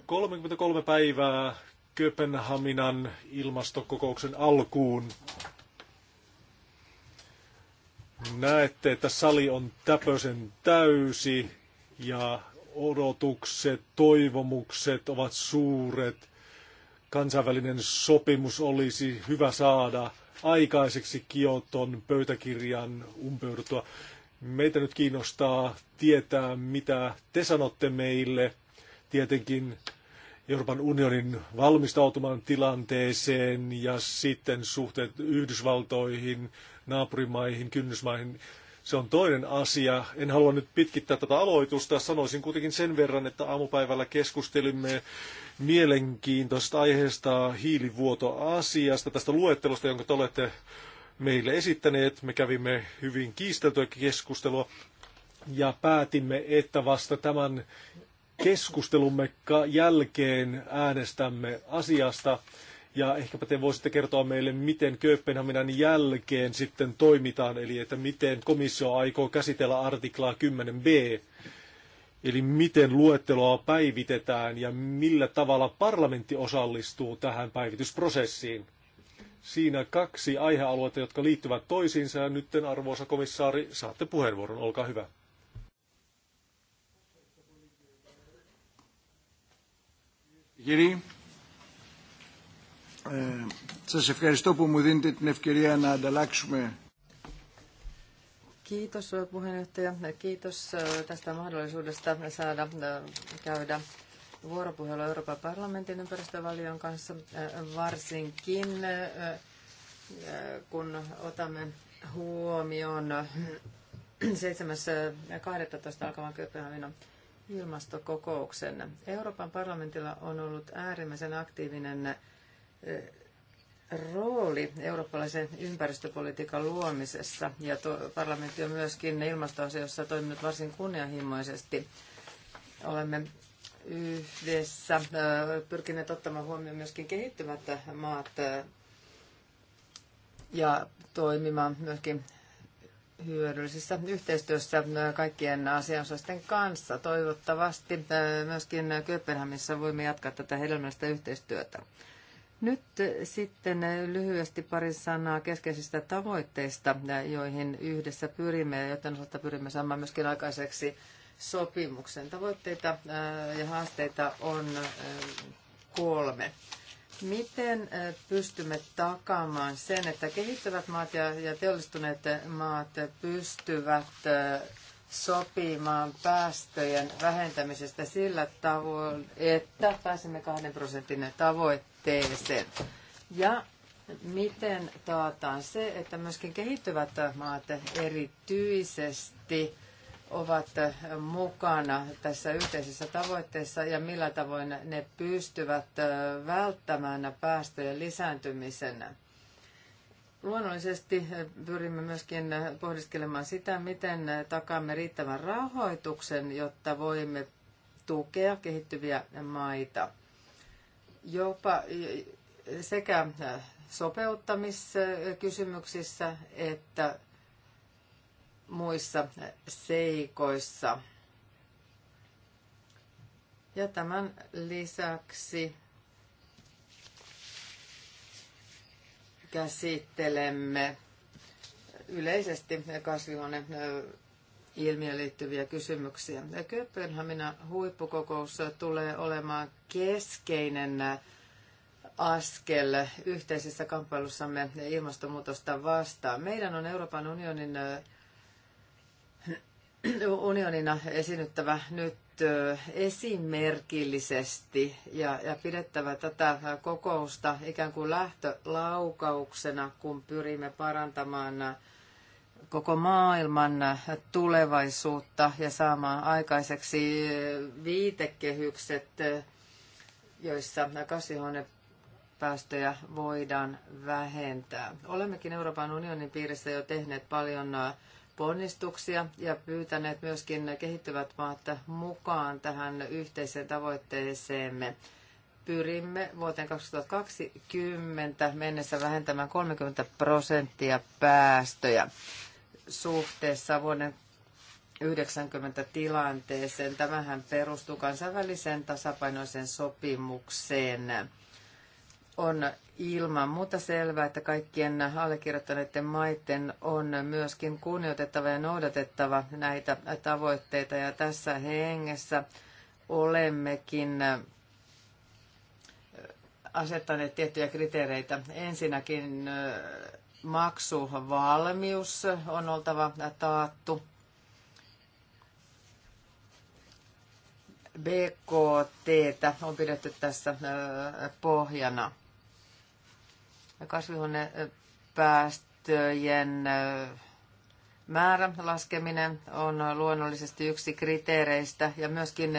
33 päivää Kööpenhaminan ilmastokokouksen alkuun. Näette, että sali on täpösen täysi ja odotukset, toivomukset ovat suuret. Kansainvälinen sopimus olisi hyvä saada aikaiseksi Kioton pöytäkirjan umpeuduttua. Meitä nyt kiinnostaa tietää, mitä te sanotte meille. Tietenkin Euroopan unionin valmistautuman tilanteeseen ja sitten suhteet Yhdysvaltoihin, naapurimaihin, kynnysmaihin. Se on toinen asia. En halua nyt pitkittää tätä aloitusta. Sanoisin kuitenkin sen verran, että aamupäivällä keskustelimme mielenkiintoisesta aiheesta hiilivuotoasiasta, tästä luettelosta, jonka te olette meille esittäneet. Me kävimme hyvin kiisteltyä keskustelua ja päätimme, että vasta tämän keskustelumme jälkeen äänestämme asiasta. Ja ehkäpä te voisitte kertoa meille, miten Kööpenhaminan jälkeen sitten toimitaan, eli että miten komissio aikoo käsitellä artiklaa 10b, eli miten luetteloa päivitetään ja millä tavalla parlamentti osallistuu tähän päivitysprosessiin. Siinä kaksi aihealuetta, jotka liittyvät toisiinsa, ja nyt arvoisa komissaari, saatte puheenvuoron, olkaa hyvä. κύριοι. Ε, σας ευχαριστώ που μου δίνετε την ευκαιρία να ανταλλάξουμε Kiitos puheenjohtaja. Kiitos tästä mahdollisuudesta saada käydä vuoropuhelu Euroopan parlamentin ympäristövalion kanssa varsinkin, kun otamme huomioon 7.12. alkavan Kööpenhaminan ilmastokokouksen. Euroopan parlamentilla on ollut äärimmäisen aktiivinen eh, rooli eurooppalaisen ympäristöpolitiikan luomisessa ja parlamentti on myöskin ilmastoasioissa toiminut varsin kunnianhimoisesti. Olemme yhdessä eh, pyrkineet ottamaan huomioon myöskin kehittymättä maat eh, ja toimimaan myöskin hyödyllisessä yhteistyössä äh, kaikkien asianosaisten kanssa. Toivottavasti äh, myöskin Kööpenhaminassa voimme jatkaa tätä hedelmällistä yhteistyötä. Nyt äh, sitten lyhyesti pari sanaa keskeisistä tavoitteista, joihin yhdessä pyrimme ja joten osalta pyrimme saamaan myöskin aikaiseksi sopimuksen. Tavoitteita ja haasteita on kolme. Miten pystymme takaamaan sen, että kehittyvät maat ja, ja teollistuneet maat pystyvät sopimaan päästöjen vähentämisestä sillä tavoin, että pääsemme kahden prosentin tavoitteeseen? Ja miten taataan se, että myöskin kehittyvät maat erityisesti ovat mukana tässä yhteisessä tavoitteessa ja millä tavoin ne pystyvät välttämään päästöjen lisääntymisen. Luonnollisesti pyrimme myöskin pohdiskelemaan sitä, miten takaamme riittävän rahoituksen, jotta voimme tukea kehittyviä maita. Jopa sekä sopeuttamiskysymyksissä että muissa seikoissa. Ja tämän lisäksi käsittelemme yleisesti kasvihuone ilmiöön liittyviä kysymyksiä. Kööpenhaminan huippukokous tulee olemaan keskeinen askel yhteisessä kamppailussamme ilmastonmuutosta vastaan. Meidän on Euroopan unionin unionina esiinnyttävä nyt esimerkillisesti ja, ja pidettävä tätä kokousta ikään kuin lähtölaukauksena, kun pyrimme parantamaan koko maailman tulevaisuutta ja saamaan aikaiseksi viitekehykset, joissa kasvihuonepäästöjä voidaan vähentää. Olemmekin Euroopan unionin piirissä jo tehneet paljon ponnistuksia ja pyytäneet myöskin kehittyvät maat mukaan tähän yhteiseen tavoitteeseemme. Pyrimme vuoteen 2020 mennessä vähentämään 30 prosenttia päästöjä suhteessa vuoden 90 tilanteeseen. Tämähän perustuu kansainväliseen tasapainoiseen sopimukseen. On ilman muuta selvää, että kaikkien allekirjoittaneiden maiden on myöskin kunnioitettava ja noudatettava näitä tavoitteita. Ja tässä hengessä olemmekin asettaneet tiettyjä kriteereitä. Ensinnäkin maksuvalmius on oltava taattu. BKT on pidetty tässä pohjana. Kasvihuonepäästöjen määrä laskeminen on luonnollisesti yksi kriteereistä ja myöskin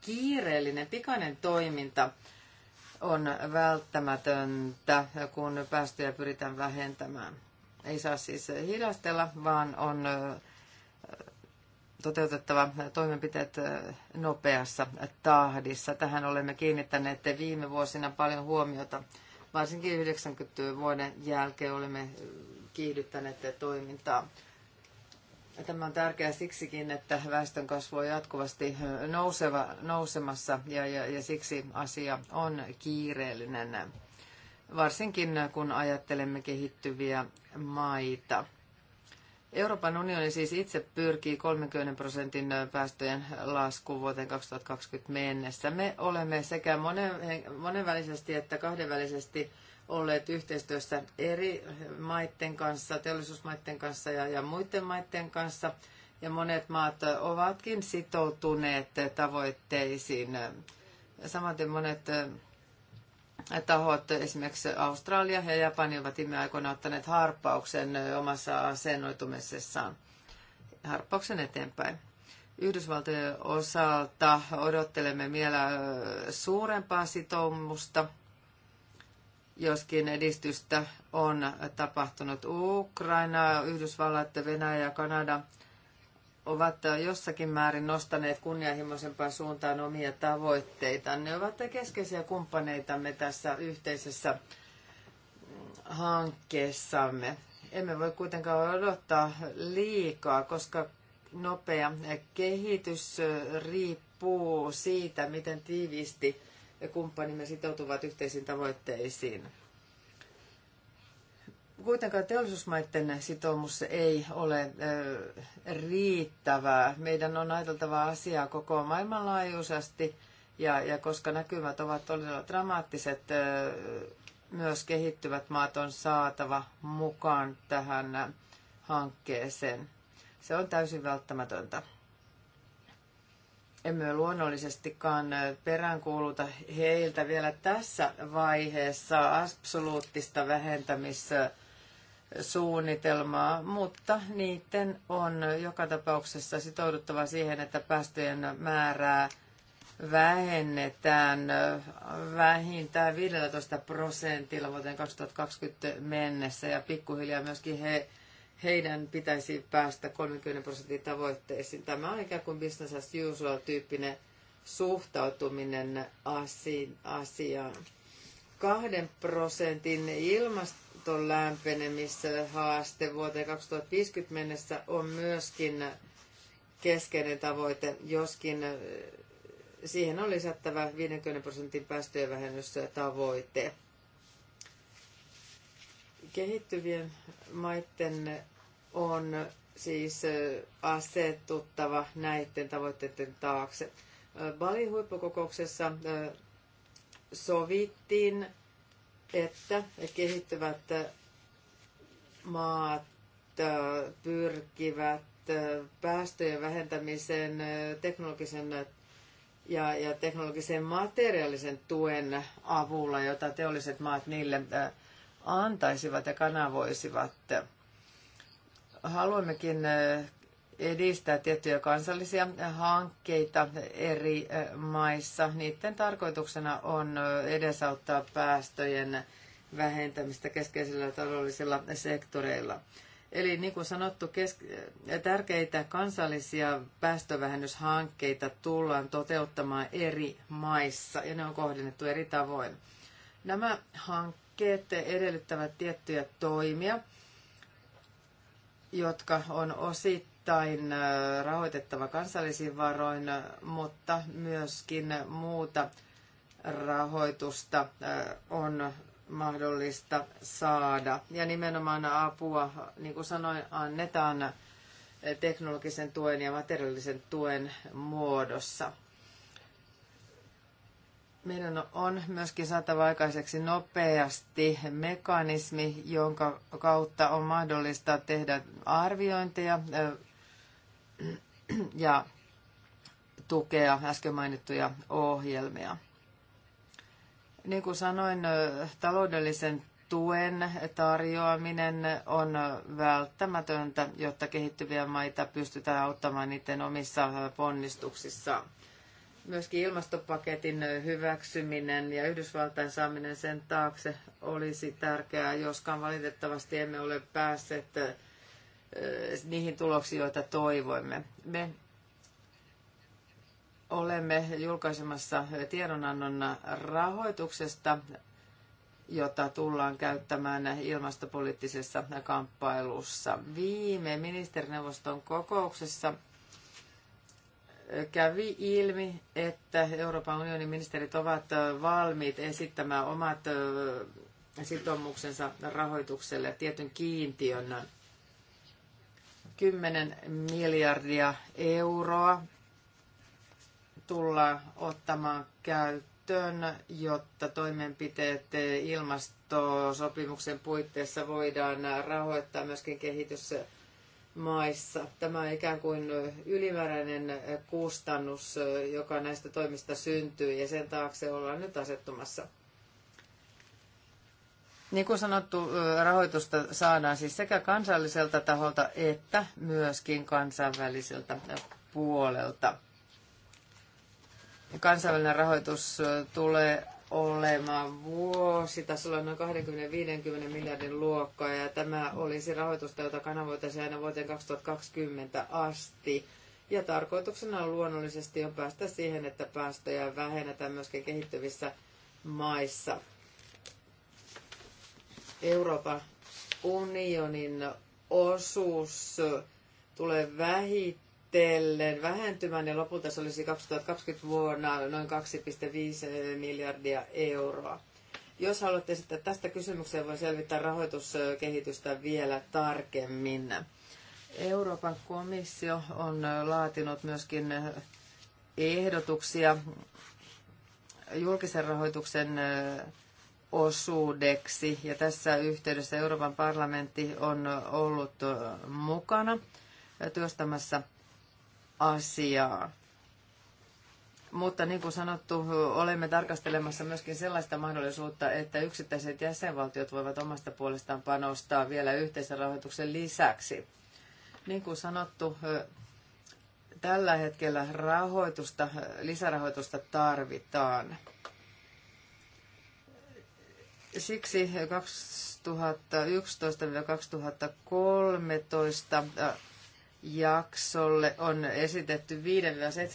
kiireellinen pikainen toiminta on välttämätöntä, kun päästöjä pyritään vähentämään. Ei saa siis hidastella, vaan on toteutettava toimenpiteet nopeassa tahdissa. Tähän olemme kiinnittäneet viime vuosina paljon huomiota. Varsinkin 90 vuoden jälkeen olemme kiihdyttäneet toimintaa. Tämä on tärkeää siksikin, että väestön kasvu on jatkuvasti nouseva, nousemassa ja, ja, ja siksi asia on kiireellinen, varsinkin kun ajattelemme kehittyviä maita. Euroopan unioni siis itse pyrkii 30 prosentin päästöjen laskuun vuoteen 2020 mennessä. Me olemme sekä monen, monenvälisesti että kahdenvälisesti olleet yhteistyössä eri maiden kanssa, teollisuusmaiden kanssa ja, ja muiden maiden kanssa. Ja monet maat ovatkin sitoutuneet tavoitteisiin. Samaten monet tahot, esimerkiksi Australia ja Japani, ovat viime aikoina ottaneet harppauksen omassa asennoitumisessaan, harppauksen eteenpäin. Yhdysvaltojen osalta odottelemme vielä suurempaa sitoumusta, joskin edistystä on tapahtunut Ukraina, Yhdysvallat, Venäjä ja Kanada – ovat jossakin määrin nostaneet kunnianhimoisempaan suuntaan omia tavoitteita. Ne ovat keskeisiä kumppaneitamme tässä yhteisessä hankkeessamme. Emme voi kuitenkaan odottaa liikaa, koska nopea kehitys riippuu siitä, miten tiiviisti kumppanimme sitoutuvat yhteisiin tavoitteisiin. Kuitenkaan teollisuusmaiden sitoumus ei ole riittävää. Meidän on ajateltava asiaa koko maailmanlaajuisesti ja, ja koska näkymät ovat todella dramaattiset, myös kehittyvät maat on saatava mukaan tähän hankkeeseen. Se on täysin välttämätöntä. Emme luonnollisestikaan peräänkuuluta heiltä vielä tässä vaiheessa absoluuttista vähentämis- suunnitelmaa, mutta niiden on joka tapauksessa sitouduttava siihen, että päästöjen määrää vähennetään vähintään 15 prosentilla vuoteen 2020 mennessä ja pikkuhiljaa myöskin he, heidän pitäisi päästä 30 prosentin tavoitteisiin. Tämä on ikään kuin business as usual tyyppinen suhtautuminen asiaan. Kahden prosentin ilmasto ilmaston haaste vuoteen 2050 mennessä on myöskin keskeinen tavoite, joskin äh, siihen on lisättävä 50 prosentin päästöjen vähennystavoite. Kehittyvien maiden on siis äh, asetuttava näiden tavoitteiden taakse. Äh, Balin huippukokouksessa sovittiin että kehittyvät äh, maat äh, pyrkivät äh, päästöjen vähentämiseen teknologisen ja, ja teknologisen materiaalisen tuen avulla, jota teolliset maat niille antaisivat ja kanavoisivat. Haluammekin edistää tiettyjä kansallisia hankkeita eri maissa. Niiden tarkoituksena on edesauttaa päästöjen vähentämistä keskeisillä taloudellisilla sektoreilla. Eli niin kuin sanottu, tärkeitä kansallisia päästövähennyshankkeita tullaan toteuttamaan eri maissa ja ne on kohdennettu eri tavoin. Nämä hankkeet edellyttävät tiettyjä toimia, jotka on osittain osittain rahoitettava kansallisin varoin, mutta myöskin muuta rahoitusta on mahdollista saada. Ja nimenomaan apua, niin kuin sanoin, annetaan teknologisen tuen ja materiaalisen tuen muodossa. Meidän on myöskin saatava aikaiseksi nopeasti mekanismi, jonka kautta on mahdollista tehdä arviointeja ja tukea äsken mainittuja ohjelmia. Niin kuin sanoin, taloudellisen tuen tarjoaminen on välttämätöntä, jotta kehittyviä maita pystytään auttamaan niiden omissa ponnistuksissaan. Myöskin ilmastopaketin hyväksyminen ja Yhdysvaltain saaminen sen taakse olisi tärkeää, joskaan valitettavasti emme ole päässeet niihin tuloksiin, joita toivoimme. Me olemme julkaisemassa tiedonannon rahoituksesta, jota tullaan käyttämään ilmastopoliittisessa kamppailussa. Viime ministerineuvoston kokouksessa kävi ilmi, että Euroopan unionin ministerit ovat valmiit esittämään omat sitoumuksensa rahoitukselle tietyn kiintiön 10 miljardia euroa tulla ottamaan käyttöön, jotta toimenpiteet ilmastosopimuksen puitteissa voidaan rahoittaa myöskin kehitysmaissa. Tämä on ikään kuin ylimääräinen kustannus, joka näistä toimista syntyy ja sen taakse ollaan nyt asettumassa. Niin kuin sanottu, rahoitusta saadaan siis sekä kansalliselta taholta että myöskin kansainväliseltä puolelta. Kansainvälinen rahoitus tulee olemaan on noin 20-50 miljardin luokkaa ja tämä olisi rahoitusta, jota kanavoitaisiin aina vuoteen 2020 asti. Ja tarkoituksena on luonnollisesti on päästä siihen, että päästöjä vähennetään myöskin kehittyvissä maissa. Euroopan unionin osuus tulee vähitellen vähentymään ja lopulta se olisi 2020 vuonna noin 2,5 miljardia euroa. Jos haluatte esittää tästä kysymykseen, voi selvittää rahoituskehitystä vielä tarkemmin. Euroopan komissio on laatinut myöskin ehdotuksia julkisen rahoituksen osuudeksi. Ja tässä yhteydessä Euroopan parlamentti on ollut mukana työstämässä asiaa. Mutta niin kuin sanottu, olemme tarkastelemassa myöskin sellaista mahdollisuutta, että yksittäiset jäsenvaltiot voivat omasta puolestaan panostaa vielä yhteisen rahoituksen lisäksi. Niin kuin sanottu, tällä hetkellä rahoitusta, lisärahoitusta tarvitaan. Siksi 2011-2013 äh, jaksolle on esitetty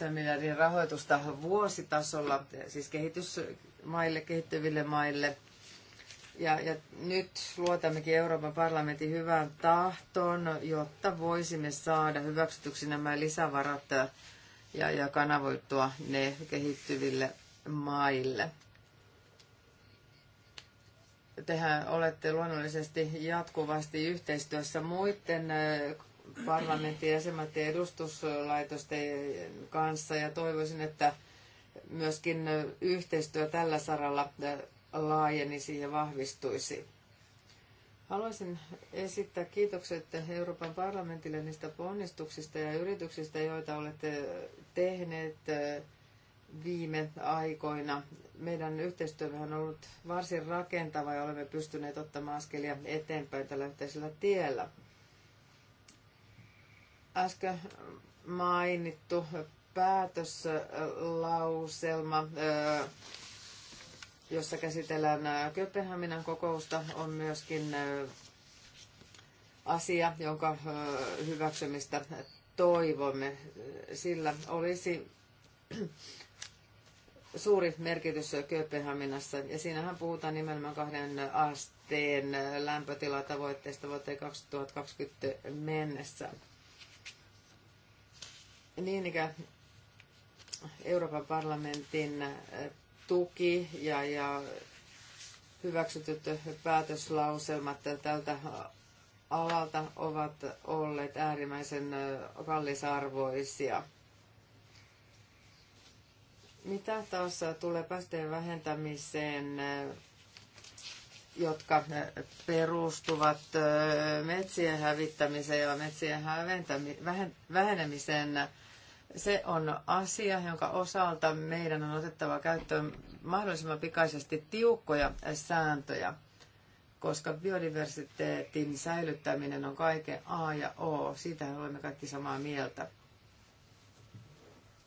5-7 miljardin rahoitusta vuositasolla, siis kehitysmaille, kehittyville maille. Ja, ja nyt luotammekin Euroopan parlamentin hyvään tahtoon, jotta voisimme saada hyväksytyksi nämä lisävarat ja, ja kanavoittua ne kehittyville maille tehän olette luonnollisesti jatkuvasti yhteistyössä muiden äh, parlamentin jäsenmaiden edustuslaitosten kanssa ja toivoisin, että myöskin äh, yhteistyö tällä saralla äh, laajenisi ja vahvistuisi. Haluaisin esittää kiitokset Euroopan parlamentille niistä ponnistuksista ja yrityksistä, joita olette tehneet viime aikoina. Meidän yhteistyömme on ollut varsin rakentava ja olemme pystyneet ottamaan askelia eteenpäin tällä yhteisellä tiellä. Äsken mainittu päätöslauselma, jossa käsitellään Kööpenhaminan kokousta, on myöskin asia, jonka hyväksymistä toivomme. Sillä olisi suuri merkitys Kööpenhaminassa. Ja siinähän puhutaan nimenomaan kahden asteen lämpötilatavoitteesta vuoteen 2020 mennessä. Niin ikä Euroopan parlamentin tuki ja, ja hyväksytyt päätöslauselmat tältä alalta ovat olleet äärimmäisen kallisarvoisia. Mitä taas tulee päästöjen vähentämiseen, jotka perustuvat metsien hävittämiseen ja metsien vähenemiseen, se on asia, jonka osalta meidän on otettava käyttöön mahdollisimman pikaisesti tiukkoja sääntöjä, koska biodiversiteetin säilyttäminen on kaiken A ja O. Siitä olemme kaikki samaa mieltä.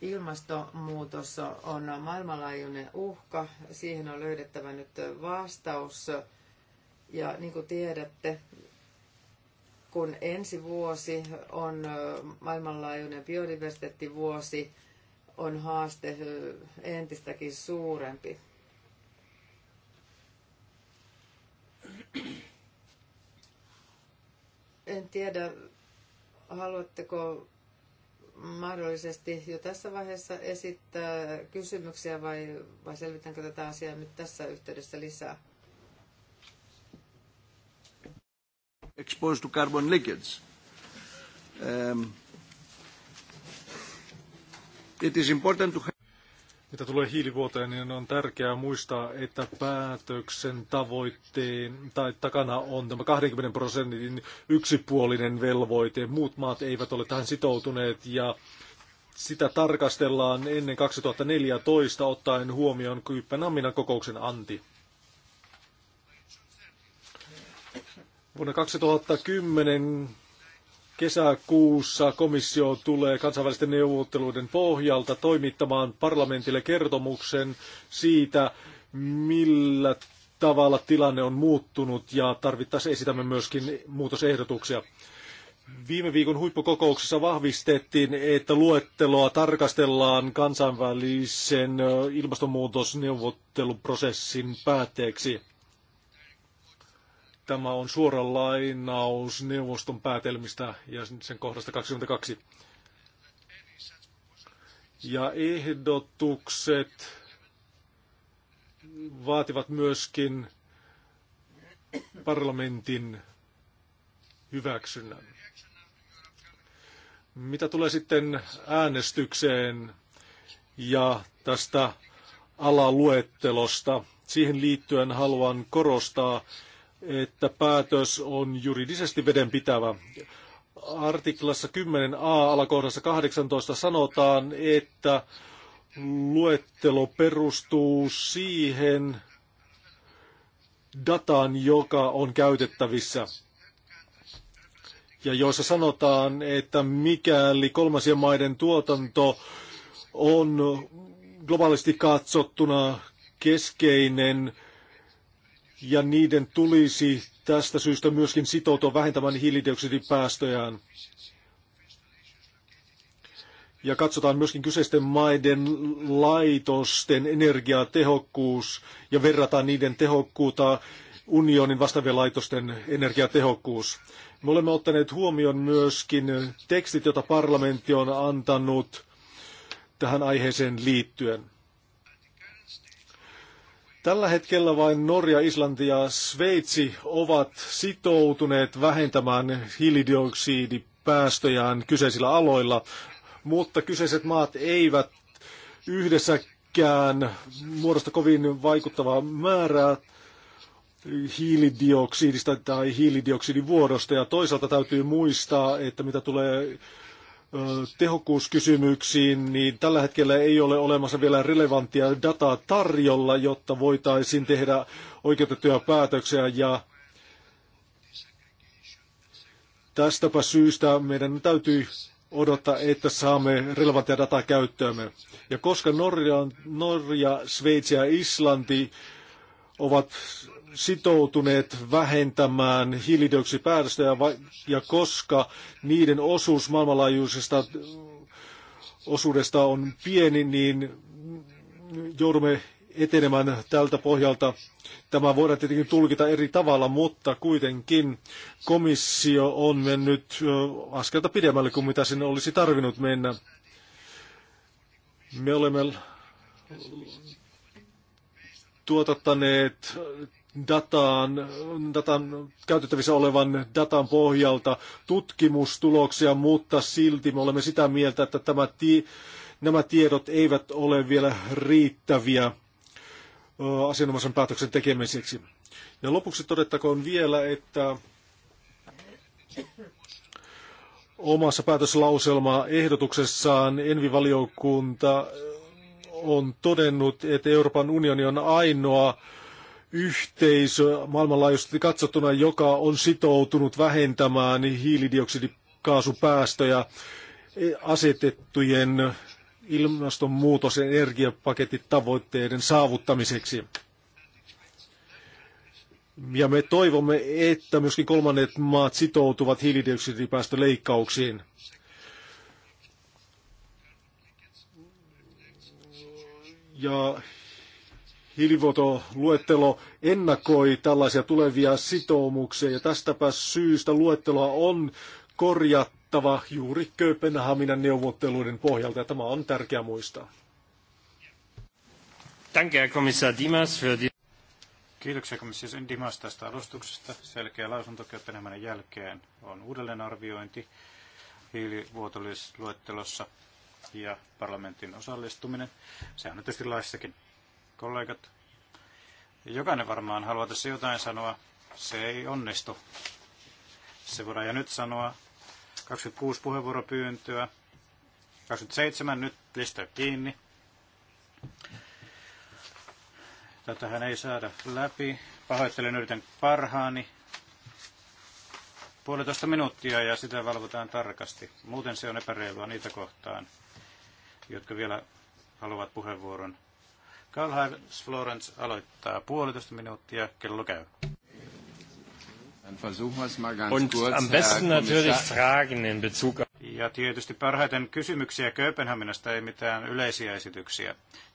Ilmastonmuutos on maailmanlaajuinen uhka. Siihen on löydettävä nyt vastaus. Ja niin kuin tiedätte, kun ensi vuosi on maailmanlaajuinen biodiversiteettivuosi, on haaste entistäkin suurempi. En tiedä, haluatteko mahdollisesti jo tässä vaiheessa esittää kysymyksiä vai, vai selvitänkö tätä asiaa nyt tässä yhteydessä lisää? Exposed to carbon leakage. Um, it is important to have mitä tulee hiilivuoteen, niin on tärkeää muistaa, että päätöksen tavoitteen tai takana on tämä 20 prosentin yksipuolinen velvoite. Muut maat eivät ole tähän sitoutuneet ja sitä tarkastellaan ennen 2014 ottaen huomioon Kyyppänamminan kokouksen anti. Vuonna 2010 Kesäkuussa komissio tulee kansainvälisten neuvotteluiden pohjalta toimittamaan parlamentille kertomuksen siitä, millä tavalla tilanne on muuttunut ja tarvittaessa esitämme myöskin muutosehdotuksia. Viime viikon huippukokouksessa vahvistettiin, että luetteloa tarkastellaan kansainvälisen ilmastonmuutosneuvotteluprosessin päätteeksi. Tämä on suora lainaus neuvoston päätelmistä ja sen kohdasta 22. Ja ehdotukset vaativat myöskin parlamentin hyväksynnän. Mitä tulee sitten äänestykseen ja tästä alaluettelosta, siihen liittyen haluan korostaa, että päätös on juridisesti vedenpitävä. Artiklassa 10a alakohdassa 18 sanotaan, että luettelo perustuu siihen dataan, joka on käytettävissä ja joissa sanotaan, että mikäli kolmansien maiden tuotanto on globaalisti katsottuna keskeinen ja niiden tulisi tästä syystä myöskin sitoutua vähentämään hiilidioksidipäästöjään. Ja katsotaan myöskin kyseisten maiden laitosten energiatehokkuus ja verrataan niiden tehokkuutta unionin vastaavien laitosten energiatehokkuus. Me olemme ottaneet huomioon myöskin tekstit, joita parlamentti on antanut tähän aiheeseen liittyen. Tällä hetkellä vain Norja, Islanti ja Sveitsi ovat sitoutuneet vähentämään hiilidioksidipäästöjään kyseisillä aloilla, mutta kyseiset maat eivät yhdessäkään muodosta kovin vaikuttavaa määrää hiilidioksidista tai hiilidioksidivuodosta. Ja toisaalta täytyy muistaa, että mitä tulee tehokkuuskysymyksiin, niin tällä hetkellä ei ole olemassa vielä relevanttia dataa tarjolla, jotta voitaisiin tehdä oikeutettuja päätöksiä ja tästäpä syystä meidän täytyy odottaa, että saamme relevanttia dataa käyttöömme. Ja koska Norja, Norja Sveitsi ja Islanti ovat sitoutuneet vähentämään hiilidioksidipäästöjä ja koska niiden osuus maailmanlaajuisesta osuudesta on pieni, niin joudumme etenemään tältä pohjalta. Tämä voidaan tietenkin tulkita eri tavalla, mutta kuitenkin komissio on mennyt askelta pidemmälle kuin mitä sinne olisi tarvinnut mennä. Me olemme tuotattaneet dataan, datan, käytettävissä olevan datan pohjalta tutkimustuloksia, mutta silti me olemme sitä mieltä, että tämä ti, nämä tiedot eivät ole vielä riittäviä asianomaisen päätöksen tekemiseksi. Ja lopuksi todettakoon vielä, että omassa päätöslauselmaa ehdotuksessaan Envivaliokunta on todennut, että Euroopan unioni on ainoa yhteisö maailmanlaajuisesti katsottuna, joka on sitoutunut vähentämään hiilidioksidikaasupäästöjä e, asetettujen ilmastonmuutos- ja energiapakettitavoitteiden saavuttamiseksi. Ja me toivomme, että myöskin kolmannet maat sitoutuvat hiilidioksidipäästöleikkauksiin. Ja hiilivuotoluettelo ennakoi tällaisia tulevia sitoumuksia ja tästäpä syystä luetteloa on korjattava juuri Kööpenhaminan neuvotteluiden pohjalta ja tämä on tärkeää muistaa. Dimas, Kiitoksia komissio Dimas tästä alustuksesta. Selkeä lausunto Kööpenhaminan jälkeen on uudelleenarviointi hiilivuotolisluettelossa ja parlamentin osallistuminen. Sehän on tietysti laissakin kollegat. Jokainen varmaan haluaa tässä jotain sanoa. Se ei onnistu. Se voidaan ja nyt sanoa. 26 puheenvuoropyyntöä. 27 nyt listaa kiinni. Tätähän ei saada läpi. Pahoittelen, yritän parhaani. Puolitoista minuuttia ja sitä valvotaan tarkasti. Muuten se on epäreilua niitä kohtaan, jotka vielä haluavat puheenvuoron. Karl-Heinz Florence aloittaa puolitoista minuuttia. Kello käy. Ja tietysti parhaiten kysymyksiä Kööpenhaminasta, ei mitään yleisiä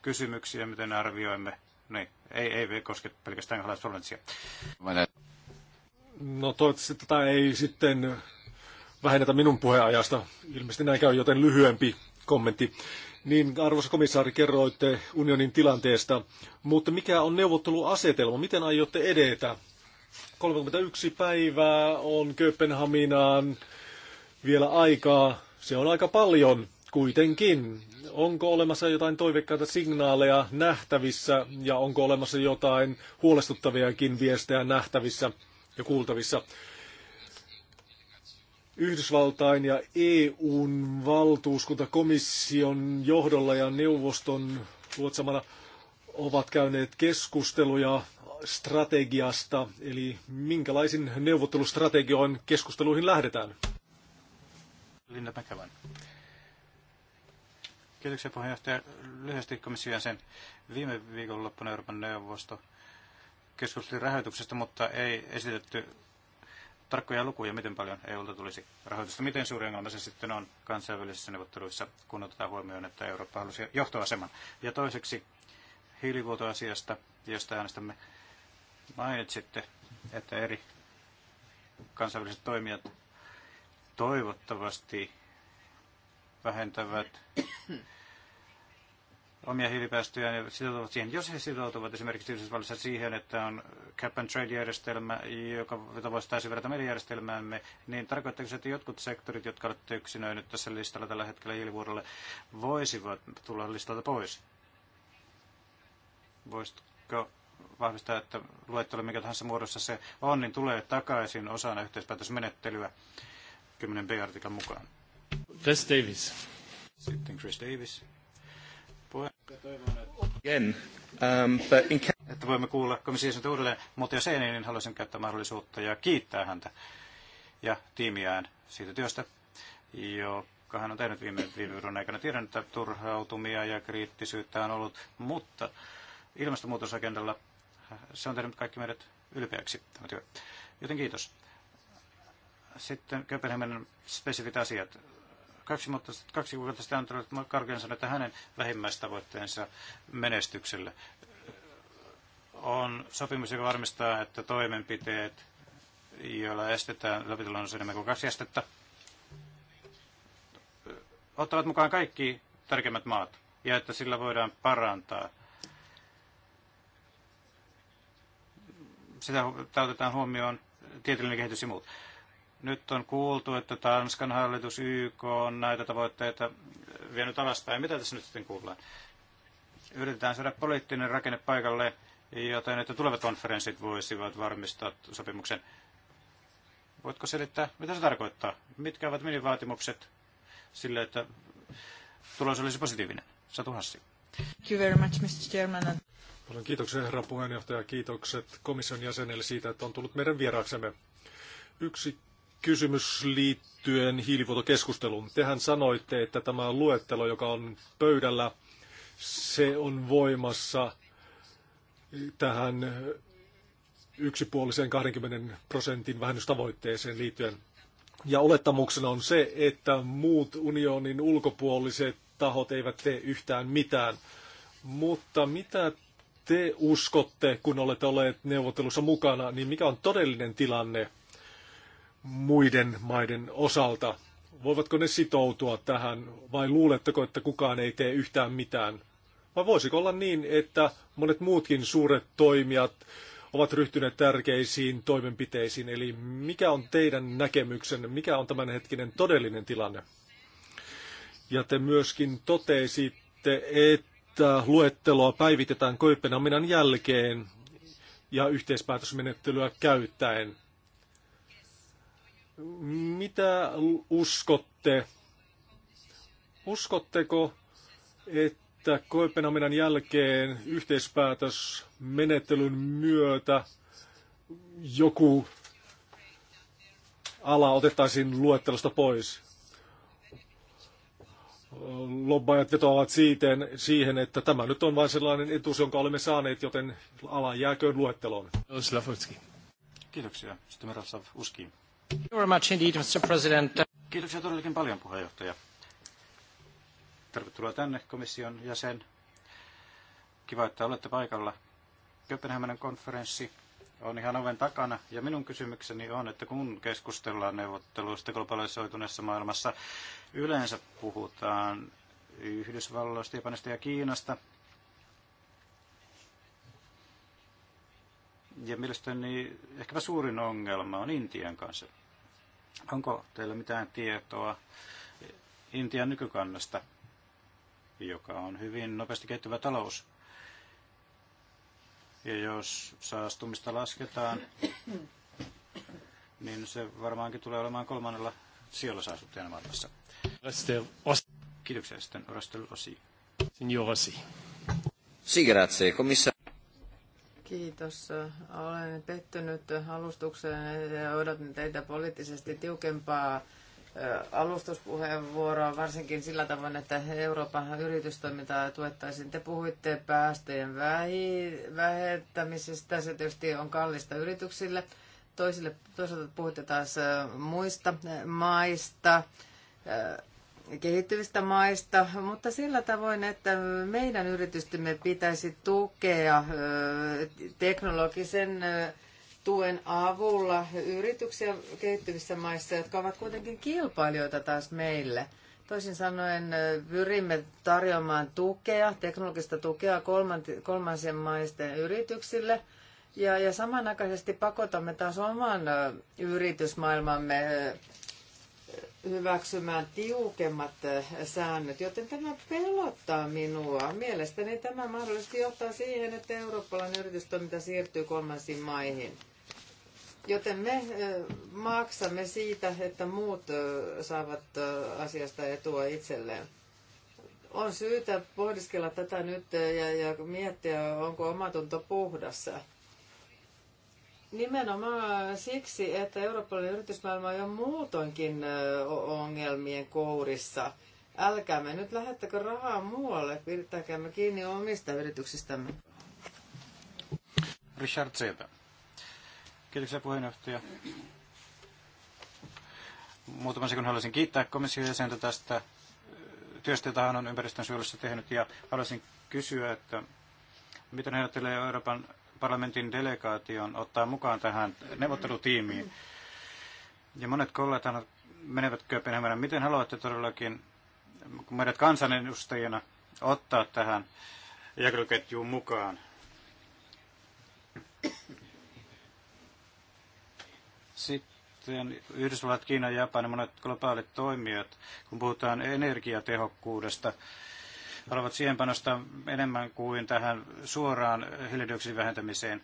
Kysymyksiä, miten arvioimme. Niin, ei, ei koske pelkästään kalastusvalmentia. No toivottavasti tätä ei sitten vähennetä minun puheajasta. Ilmeisesti näin käy, joten lyhyempi kommentti. Niin, arvoisa komissaari, kerroitte unionin tilanteesta, mutta mikä on neuvotteluasetelma? Miten aiotte edetä? 31 päivää on Kööpenhaminaan vielä aikaa. Se on aika paljon kuitenkin. Onko olemassa jotain toiveikkaita signaaleja nähtävissä ja onko olemassa jotain huolestuttaviakin viestejä nähtävissä ja kuultavissa? Yhdysvaltain ja EUn valtuuskuntakomission johdolla ja neuvoston luotsamana ovat käyneet keskusteluja strategiasta, eli minkälaisin neuvottelustrategioin keskusteluihin lähdetään? Linda Mäkävän. Kiitoksia puheenjohtaja. Lyhyesti komission sen viime viikonloppuna Euroopan neuvosto keskusteli rahoituksesta, mutta ei esitetty tarkkoja lukuja, miten paljon EUlta tulisi rahoitusta. Miten suuri ongelma se sitten on kansainvälisissä neuvotteluissa, kun otetaan huomioon, että Eurooppa halusi johtoaseman. Ja toiseksi hiilivuotoasiasta, josta äänestämme mainitsitte, että eri kansainväliset toimijat toivottavasti vähentävät omia hiilipäästöjään ja sitoutuvat siihen. Jos he sitoutuvat esimerkiksi Yhdysvalloissa siihen, että on cap and trade-järjestelmä, joka, voisi täysin verrata meidän järjestelmäämme, niin tarkoittaako se, että jotkut sektorit, jotka olette yksinöinyt tässä listalla tällä hetkellä hiilivuodolle, voisivat tulla listalta pois? Voisitko vahvistaa, että luettelo mikä tahansa muodossa se on, niin tulee takaisin osana yhteispäätösmenettelyä 10 b artikan mukaan. Chris Davis. Sitten Chris Davis. Again, um, but in... Että voimme kuulla komission uudelleen, mutta jos ei, niin, niin haluaisin käyttää mahdollisuutta ja kiittää häntä ja tiimiään siitä työstä, joka hän on tehnyt viime, viime vuoden aikana. Tiedän, että turhautumia ja kriittisyyttä on ollut, mutta ilmastonmuutosagendalla se on tehnyt kaikki meidät ylpeäksi tämä työ. Joten kiitos. Sitten Kööpenhaminan spesifit asiat. Kaksi, mutta, kaksi kuukautta sitten Antonio Karken sanoi, että hänen vähimmäistavoitteensa menestykselle on sopimus, joka varmistaa, että toimenpiteet, joilla estetään läpitulon enemmän kuin kaksi estettä, ottavat mukaan kaikki tärkeimmät maat ja että sillä voidaan parantaa. Sitä otetaan huomioon tieteellinen kehitys ja muut. Nyt on kuultu, että Tanskan hallitus, YK on näitä tavoitteita vienyt alaspäin. Mitä tässä nyt sitten kuullaan? Yritetään saada poliittinen rakenne paikalle, joten että tulevat konferenssit voisivat varmistaa sopimuksen. Voitko selittää, mitä se tarkoittaa? Mitkä ovat minivaatimukset sille, että tulos olisi positiivinen? Satu Hassi. Thank you very much, Mr. Chairman. Paljon kiitoksia herra puheenjohtaja. Kiitokset komission jäsenelle siitä, että on tullut meidän vieraaksemme. Yksi kysymys liittyen hiilivuotokeskusteluun. Tehän sanoitte, että tämä luettelo, joka on pöydällä, se on voimassa tähän yksipuoliseen 20 prosentin vähennystavoitteeseen liittyen. Ja olettamuksena on se, että muut unionin ulkopuoliset tahot eivät tee yhtään mitään. Mutta mitä te uskotte, kun olette olleet neuvottelussa mukana, niin mikä on todellinen tilanne? muiden maiden osalta? Voivatko ne sitoutua tähän vai luuletteko, että kukaan ei tee yhtään mitään? Vai voisiko olla niin, että monet muutkin suuret toimijat ovat ryhtyneet tärkeisiin toimenpiteisiin? Eli mikä on teidän näkemyksenne? Mikä on tämänhetkinen todellinen tilanne? Ja te myöskin totesitte, että luetteloa päivitetään Kööpenhaminan jälkeen ja yhteispäätösmenettelyä käyttäen. Mitä uskotte? Uskotteko, että Koepenaminan jälkeen menettelyn myötä joku ala otettaisiin luettelosta pois? lobbajat vetoavat siihen, siihen, että tämä nyt on vain sellainen etuus, jonka olemme saaneet, joten ala jääköön luetteloon. Kiitoksia. Sitten Miroslav Uski. Kiitoksia todellakin paljon, puheenjohtaja. Tervetuloa tänne komission jäsen. Kiva, että olette paikalla. Kööpenhaminan konferenssi on ihan oven takana. Ja minun kysymykseni on, että kun keskustellaan neuvotteluista globalisoituneessa maailmassa, yleensä puhutaan Yhdysvalloista, Japanista ja Kiinasta. Ja mielestäni ehkäpä suurin ongelma on Intian kanssa. Onko teillä mitään tietoa Intian nykykannasta, joka on hyvin nopeasti kehittyvä talous? Ja jos saastumista lasketaan, niin se varmaankin tulee olemaan kolmannella siellä saastuttajana maailmassa. Kiitoksia sitten Rastel Osi. Signor Osi. Sì, grazie, commissario. Kiitos. Olen pettynyt alustukseen ja odotan teitä poliittisesti tiukempaa alustuspuheenvuoroa, varsinkin sillä tavoin, että Euroopan yritystoimintaa tuettaisiin. Te puhuitte päästöjen vähentämisestä, se tietysti on kallista yrityksille. Toisille, toisaalta puhutte taas muista maista, kehittyvistä maista, mutta sillä tavoin, että meidän yritystymme pitäisi tukea teknologisen tuen avulla yrityksiä kehittyvissä maissa, jotka ovat kuitenkin kilpailijoita taas meille. Toisin sanoen pyrimme tarjoamaan tukea, teknologista tukea kolmansien maisten yrityksille ja, ja samanaikaisesti pakotamme taas oman yritysmaailmamme hyväksymään tiukemmat eh, säännöt, joten tämä pelottaa minua. Mielestäni tämä mahdollisesti johtaa siihen, että eurooppalainen yritystoiminta siirtyy kolmansiin maihin. Joten me eh, maksamme siitä, että muut eh, saavat asiasta etua itselleen. On syytä pohdiskella tätä nyt ja, ja miettiä, onko omatunto puhdassa Nimenomaan siksi, että Euroopan yritysmaailma on jo muutoinkin ongelmien kourissa. Älkäämme nyt lähettäkö rahaa muualle, pitäkäämme kiinni omista yrityksistämme. Richard Zeta. Kiitoksia puheenjohtaja. Muutaman sekunnin haluaisin kiittää komission jäsentä tästä työstä, jota hän on ympäristönsuojelussa tehnyt, ja haluaisin kysyä, että miten ajattelee Euroopan parlamentin delegaation ottaa mukaan tähän neuvottelutiimiin. Ja monet kollegat menevät Kööpenhaminan. Miten haluatte todellakin meidät kansanedustajina ottaa tähän jakeluketjuun mukaan? Sitten Yhdysvallat, Kiina, Japani, monet globaalit toimijat, kun puhutaan energiatehokkuudesta, haluavat siihen panostaa enemmän kuin tähän suoraan hiilidioksidin vähentämiseen.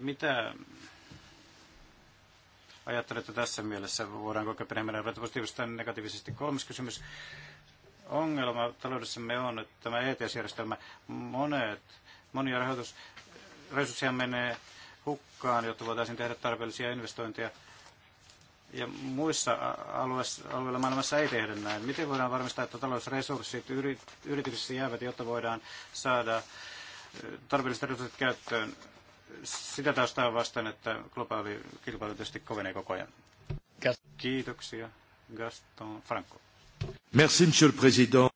Mitä ajattelette tässä mielessä? Voidaanko mennä positiivisesti tai negatiivisesti? Kolmas kysymys. Ongelma taloudessamme on, että tämä ETS-järjestelmä, monet, monia rahoitusresursseja menee hukkaan, jotta voitaisiin tehdä tarpeellisia investointeja – ja muissa alueilla maailmassa ei tehdä näin. Miten voidaan varmistaa, että talousresurssit yrityksissä jäävät, jotta voidaan saada tarpeelliset resurssit käyttöön sitä taustaa vastaan, että globaali kilpailu tietysti kovenee koko ajan. Kiitoksia. Gaston Franco. Merci, monsieur le président.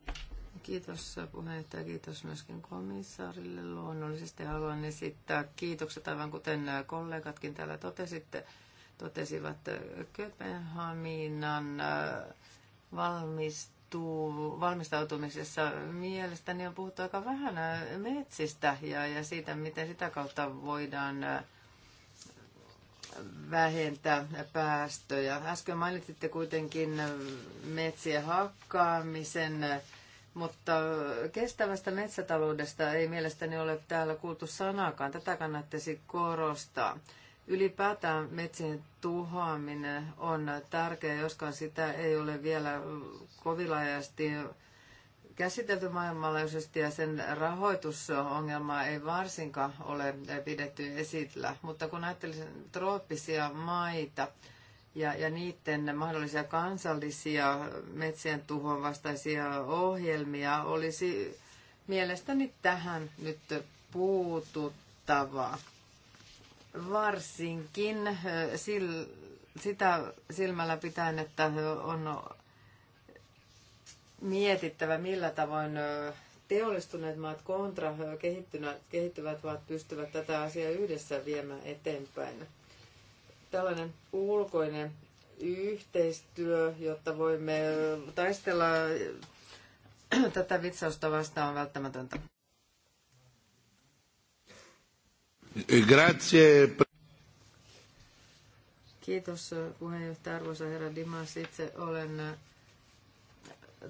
Kiitos puheenjohtaja, kiitos myöskin komissaarille. Luonnollisesti haluan esittää kiitokset, aivan kuten kollegatkin täällä totesitte, totesivat äh, Kööpenhaminan äh, valmistuu, valmistautumisessa mielestäni on puhuttu aika vähän äh, metsistä ja, ja siitä, miten sitä kautta voidaan vähentää päästöjä. Äsken mainitsitte kuitenkin metsien hakkaamisen, mutta kestävästä metsätaloudesta ei mielestäni ole täällä kuultu sanaakaan. Tätä kannattaisi korostaa. Ylipäätään metsien tuhoaminen on tärkeää, joskaan sitä ei ole vielä kovin laajasti käsitelty maailmanlaajuisesti ja sen rahoitusongelmaa ei varsinkaan ole pidetty esillä. Mutta kun ajattelisin trooppisia maita ja, ja niiden mahdollisia kansallisia metsien tuhon vastaisia ohjelmia, olisi mielestäni tähän nyt puututtavaa varsinkin sil, sitä silmällä pitäen, että on mietittävä, millä tavoin teollistuneet maat kontra kehittyvät maat pystyvät tätä asiaa yhdessä viemään eteenpäin. Tällainen ulkoinen yhteistyö, jotta voimme taistella tätä vitsausta vastaan on välttämätöntä. Grazie. Kiitos äh, puheenjohtaja arvoisa herra Dimas. Itse olen äh,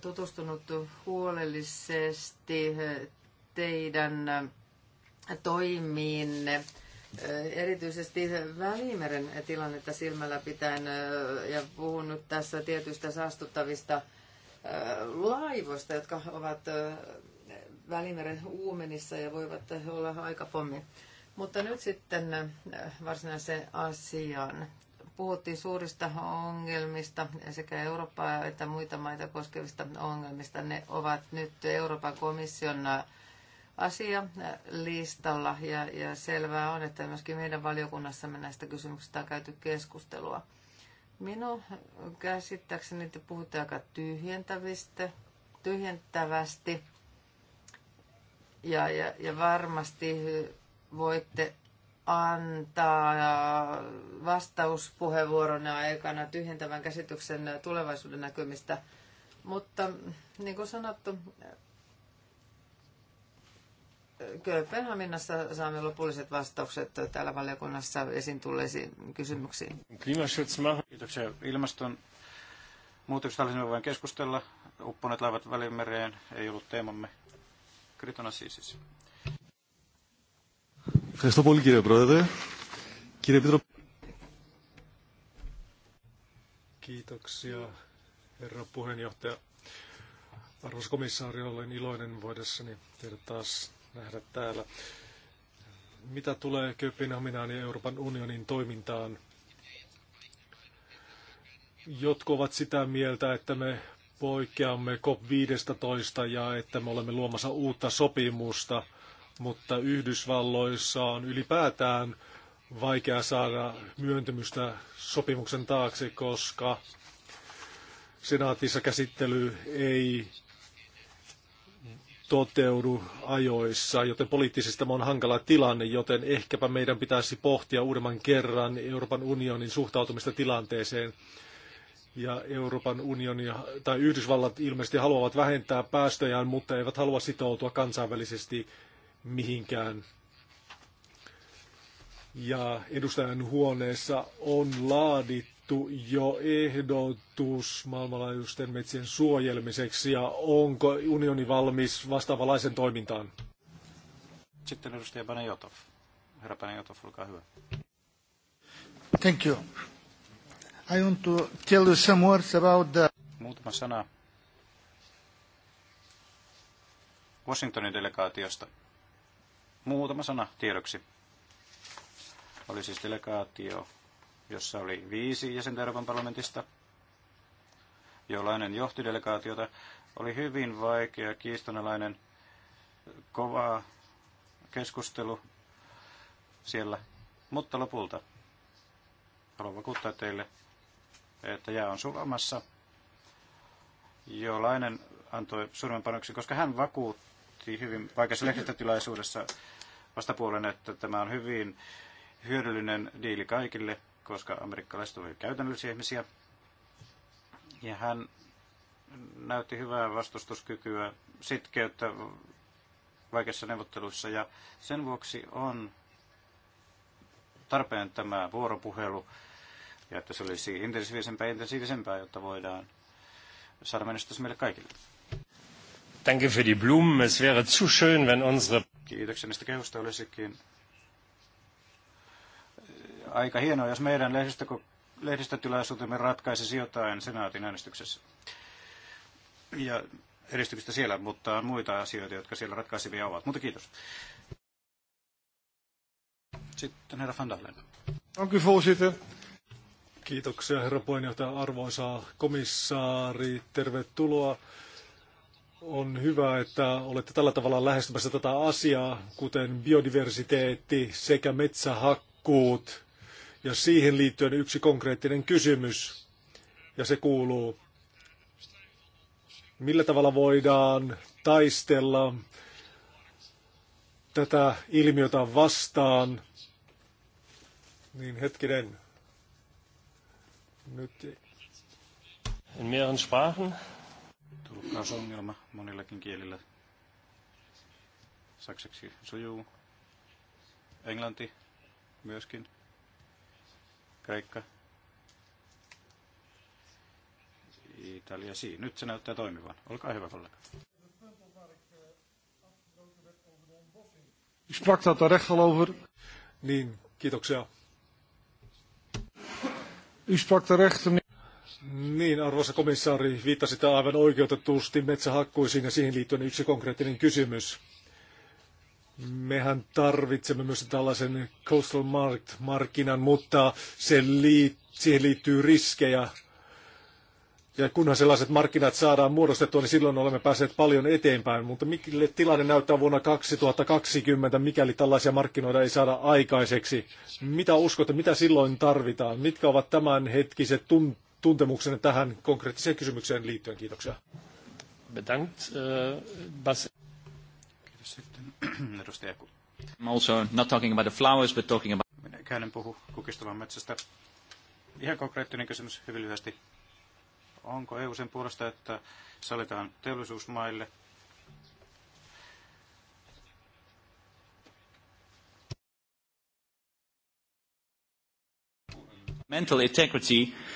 tutustunut huolellisesti äh, teidän toimiinne. Erityisesti Välimeren tilannetta silmällä pitäen, ja puhun nyt tässä tietystä saastuttavista laivoista, jotka ovat Välimeren uumenissa ja voivat olla aika pommi mutta nyt sitten äh, varsinaiseen asiaan. Puhuttiin suurista ongelmista sekä Eurooppaa että muita maita koskevista ongelmista. Ne ovat nyt Euroopan komission äh, asia listalla ja, ja selvää on, että myöskin meidän valiokunnassamme näistä kysymyksistä on käyty keskustelua. Minun käsittääkseni te puhutte aika tyhjentävistä, tyhjentävästi ja, ja, ja varmasti voitte antaa vastauspuheenvuoron aikana tyhjentävän käsityksen tulevaisuuden näkymistä. Mutta niin kuin sanottu, Kööpenhaminassa saamme lopulliset vastaukset täällä valiokunnassa esiin tulleisiin kysymyksiin. Kiitoksia ilmaston muutoksesta olisimme vain keskustella. Uppuneet laivat välimereen ei ollut teemamme. Kritona siis. Ευχαριστώ πολύ κύριε Πρόεδρε. Κύριε Επίτροπε. Kiitoksia, herra puheenjohtaja. Arvoisa komissaari, olen iloinen voidessani tehdä taas nähdä täällä. Mitä tulee Kööpenhaminaan ja Euroopan unionin toimintaan? Jotkut ovat sitä mieltä, että me poikkeamme COP15 ja että me olemme luomassa uutta sopimusta – mutta Yhdysvalloissa on ylipäätään vaikea saada myöntymystä sopimuksen taakse, koska senaatissa käsittely ei toteudu ajoissa, joten poliittisesti tämä on hankala tilanne, joten ehkäpä meidän pitäisi pohtia uudemman kerran Euroopan unionin suhtautumista tilanteeseen. Ja Euroopan unioni tai Yhdysvallat ilmeisesti haluavat vähentää päästöjään, mutta eivät halua sitoutua kansainvälisesti mihinkään. Ja edustajan huoneessa on laadittu jo ehdotus maailmanlaajuisten metsien suojelmiseksi ja onko unioni valmis vastaavalaisen toimintaan? Sitten edustaja Panajotov. Herra Panajotov, olkaa hyvä. Thank you. I want to tell you some words about the... Muutama sana Washingtonin delegaatiosta. Muutama sana tiedoksi. Oli siis delegaatio, jossa oli viisi jäsentä Euroopan parlamentista. Jollainen johti delegaatiota. Oli hyvin vaikea, kiistanalainen, kova keskustelu siellä. Mutta lopulta haluan vakuuttaa teille, että jää on sulamassa. Jollainen antoi suurimman panoksen, koska hän vakuutti, todisti hyvin vaikeassa lehdistötilaisuudessa vastapuolen, että tämä on hyvin hyödyllinen diili kaikille, koska amerikkalaiset olivat käytännöllisiä ihmisiä. Ja hän näytti hyvää vastustuskykyä, sitkeyttä vaikeissa neuvotteluissa ja sen vuoksi on tarpeen tämä vuoropuhelu ja että se olisi intensiivisempää ja intensiivisempää, jotta voidaan saada menestys meille kaikille. Danke für die Blumen. Es wäre zu schön, wenn unsere... Kiitoksia niistä kehusta olisikin aika hienoa, jos meidän lehdistö, lehdistötilaisuutemme ratkaisisi jotain senaatin äänestyksessä. Ja edistymistä siellä, mutta on muita asioita, jotka siellä ratkaisivia ovat. Mutta kiitos. Sitten herra Van Dalen. Dank voorzitter. Kiitoksia herra puheenjohtaja, arvoisa komissaari. Tervetuloa on hyvä, että olette tällä tavalla lähestymässä tätä asiaa, kuten biodiversiteetti sekä metsähakkuut. Ja siihen liittyen yksi konkreettinen kysymys, ja se kuuluu, millä tavalla voidaan taistella tätä ilmiötä vastaan. Niin hetkinen. Nyt. In mehreren Sprachen tulkkausongelma monillakin kielillä. Saksaksi sujuu. Englanti myöskin. Kreikka. Italia. Siinä nyt se näyttää toimivan. Olkaa hyvä kollega. U sprak daar er al over. Niin, kiitoksia. U sprak meneer. Niin, arvoisa komissaari, viittasitte aivan oikeutetusti metsähakkuisiin ja siihen liittyen yksi konkreettinen kysymys. Mehän tarvitsemme myös tällaisen coastal market markkinan, mutta se liit, siihen liittyy riskejä. Ja kunhan sellaiset markkinat saadaan muodostettua, niin silloin olemme päässeet paljon eteenpäin. Mutta mille tilanne näyttää vuonna 2020, mikäli tällaisia markkinoita ei saada aikaiseksi? Mitä uskotte, mitä silloin tarvitaan? Mitkä ovat tämänhetkiset tunt- tuntemuksenne tähän konkreettiseen kysymykseen liittyen. Kiitoksia. Bedankt. Eh, Bas. Kiitos sitten <clears throat> edustaja I'm also not talking about the flowers, but talking about... Minä käyn puhu kukistavan metsästä. Ihan konkreettinen kysymys hyvin lyhyesti. Onko EU sen puolesta, että salitaan teollisuusmaille mental integrity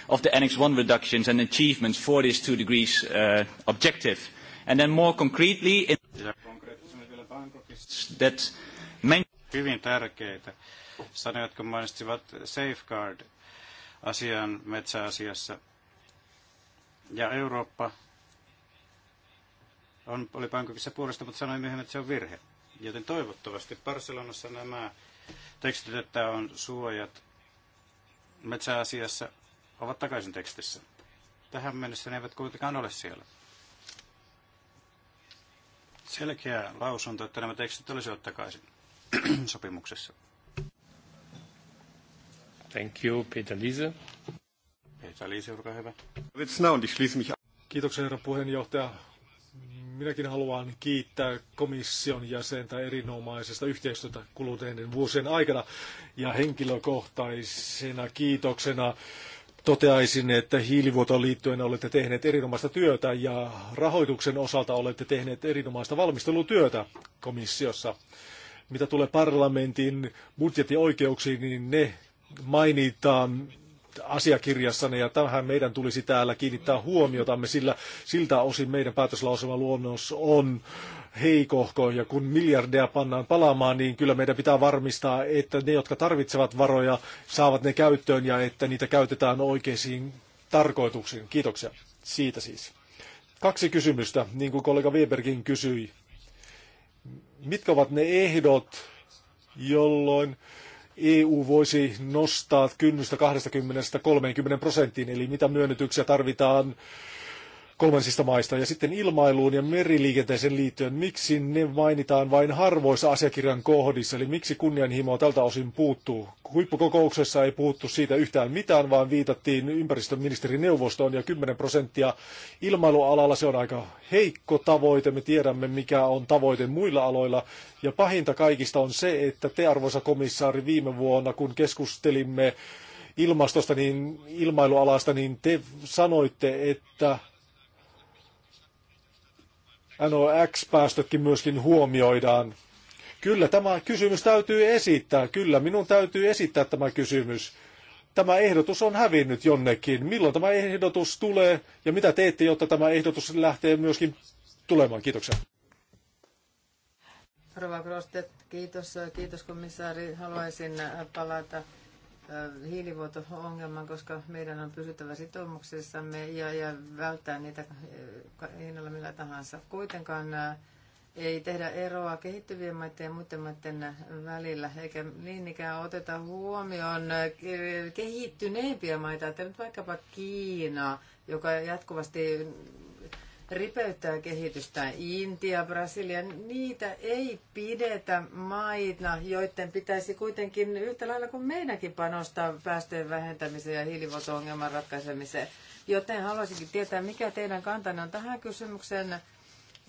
of the Annex I reductions and achievements for this two degrees uh, objective. And then more concretely... In that Hyvin tärkeitä sanoja, jotka mainitsivat safeguard-asian metsäasiassa. Ja Eurooppa on, oli pankokissa puolesta, mutta sanoi myöhemmin, että se on virhe. Joten toivottavasti Barcelonassa nämä tekstit, että on suojat metsäasiassa ovat takaisin tekstissä. Tähän mennessä ne eivät kuitenkaan ole siellä. Selkeä lausunto, että nämä tekstit olisivat takaisin <clears throat> sopimuksessa. Thank you, Peter Liese. Peter Liese, olkaa hyvä. Kiitoksia, herra puheenjohtaja. Minäkin haluan kiittää komission jäsentä erinomaisesta yhteistyötä kuluneiden vuosien aikana ja henkilökohtaisena kiitoksena toteaisin, että hiilivuotoon liittyen olette tehneet erinomaista työtä ja rahoituksen osalta olette tehneet erinomaista valmistelutyötä komissiossa. Mitä tulee parlamentin budjettioikeuksiin, niin ne mainitaan asiakirjassanne ja tähän meidän tulisi täällä kiinnittää huomiotamme, sillä siltä osin meidän päätöslausema luonnos on heikohko ja kun miljardeja pannaan palaamaan, niin kyllä meidän pitää varmistaa, että ne, jotka tarvitsevat varoja, saavat ne käyttöön ja että niitä käytetään oikeisiin tarkoituksiin. Kiitoksia siitä siis. Kaksi kysymystä, niin kuin kollega Weberkin kysyi. Mitkä ovat ne ehdot, jolloin EU voisi nostaa kynnystä 20-30 prosenttiin, eli mitä myönnytyksiä tarvitaan kolmansista maista. Ja sitten ilmailuun ja meriliikenteeseen liittyen, miksi ne mainitaan vain harvoissa asiakirjan kohdissa, eli miksi kunnianhimoa tältä osin puuttuu. Huippukokouksessa ei puhuttu siitä yhtään mitään, vaan viitattiin ympäristöministerineuvostoon ja 10 prosenttia ilmailualalla. Se on aika heikko tavoite, me tiedämme mikä on tavoite muilla aloilla. Ja pahinta kaikista on se, että te arvoisa komissaari viime vuonna, kun keskustelimme ilmastosta, niin ilmailualasta, niin te sanoitte, että NOx-päästötkin myöskin huomioidaan. Kyllä tämä kysymys täytyy esittää. Kyllä minun täytyy esittää tämä kysymys. Tämä ehdotus on hävinnyt jonnekin. Milloin tämä ehdotus tulee ja mitä teette, jotta tämä ehdotus lähtee myöskin tulemaan? Kiitoksia. Rova Grostet, kiitos. Kiitos komissaari. Haluaisin palata hiilivuoto-ongelman, koska meidän on pysyttävä sitoumuksessamme ja, ja välttää niitä hinnalla millä tahansa. Kuitenkaan ei tehdä eroa kehittyvien maiden ja muiden maiden välillä, eikä niin ikään oteta huomioon kehittyneempiä maita, että nyt vaikkapa Kiina, joka jatkuvasti ripeyttää kehitystä. Intia, Brasilia, niitä ei pidetä maina, joiden pitäisi kuitenkin yhtä lailla kuin meidänkin panostaa päästöjen vähentämiseen ja hiilivuoto-ongelman ratkaisemiseen. Joten haluaisinkin tietää, mikä teidän kantanne on tähän kysymykseen.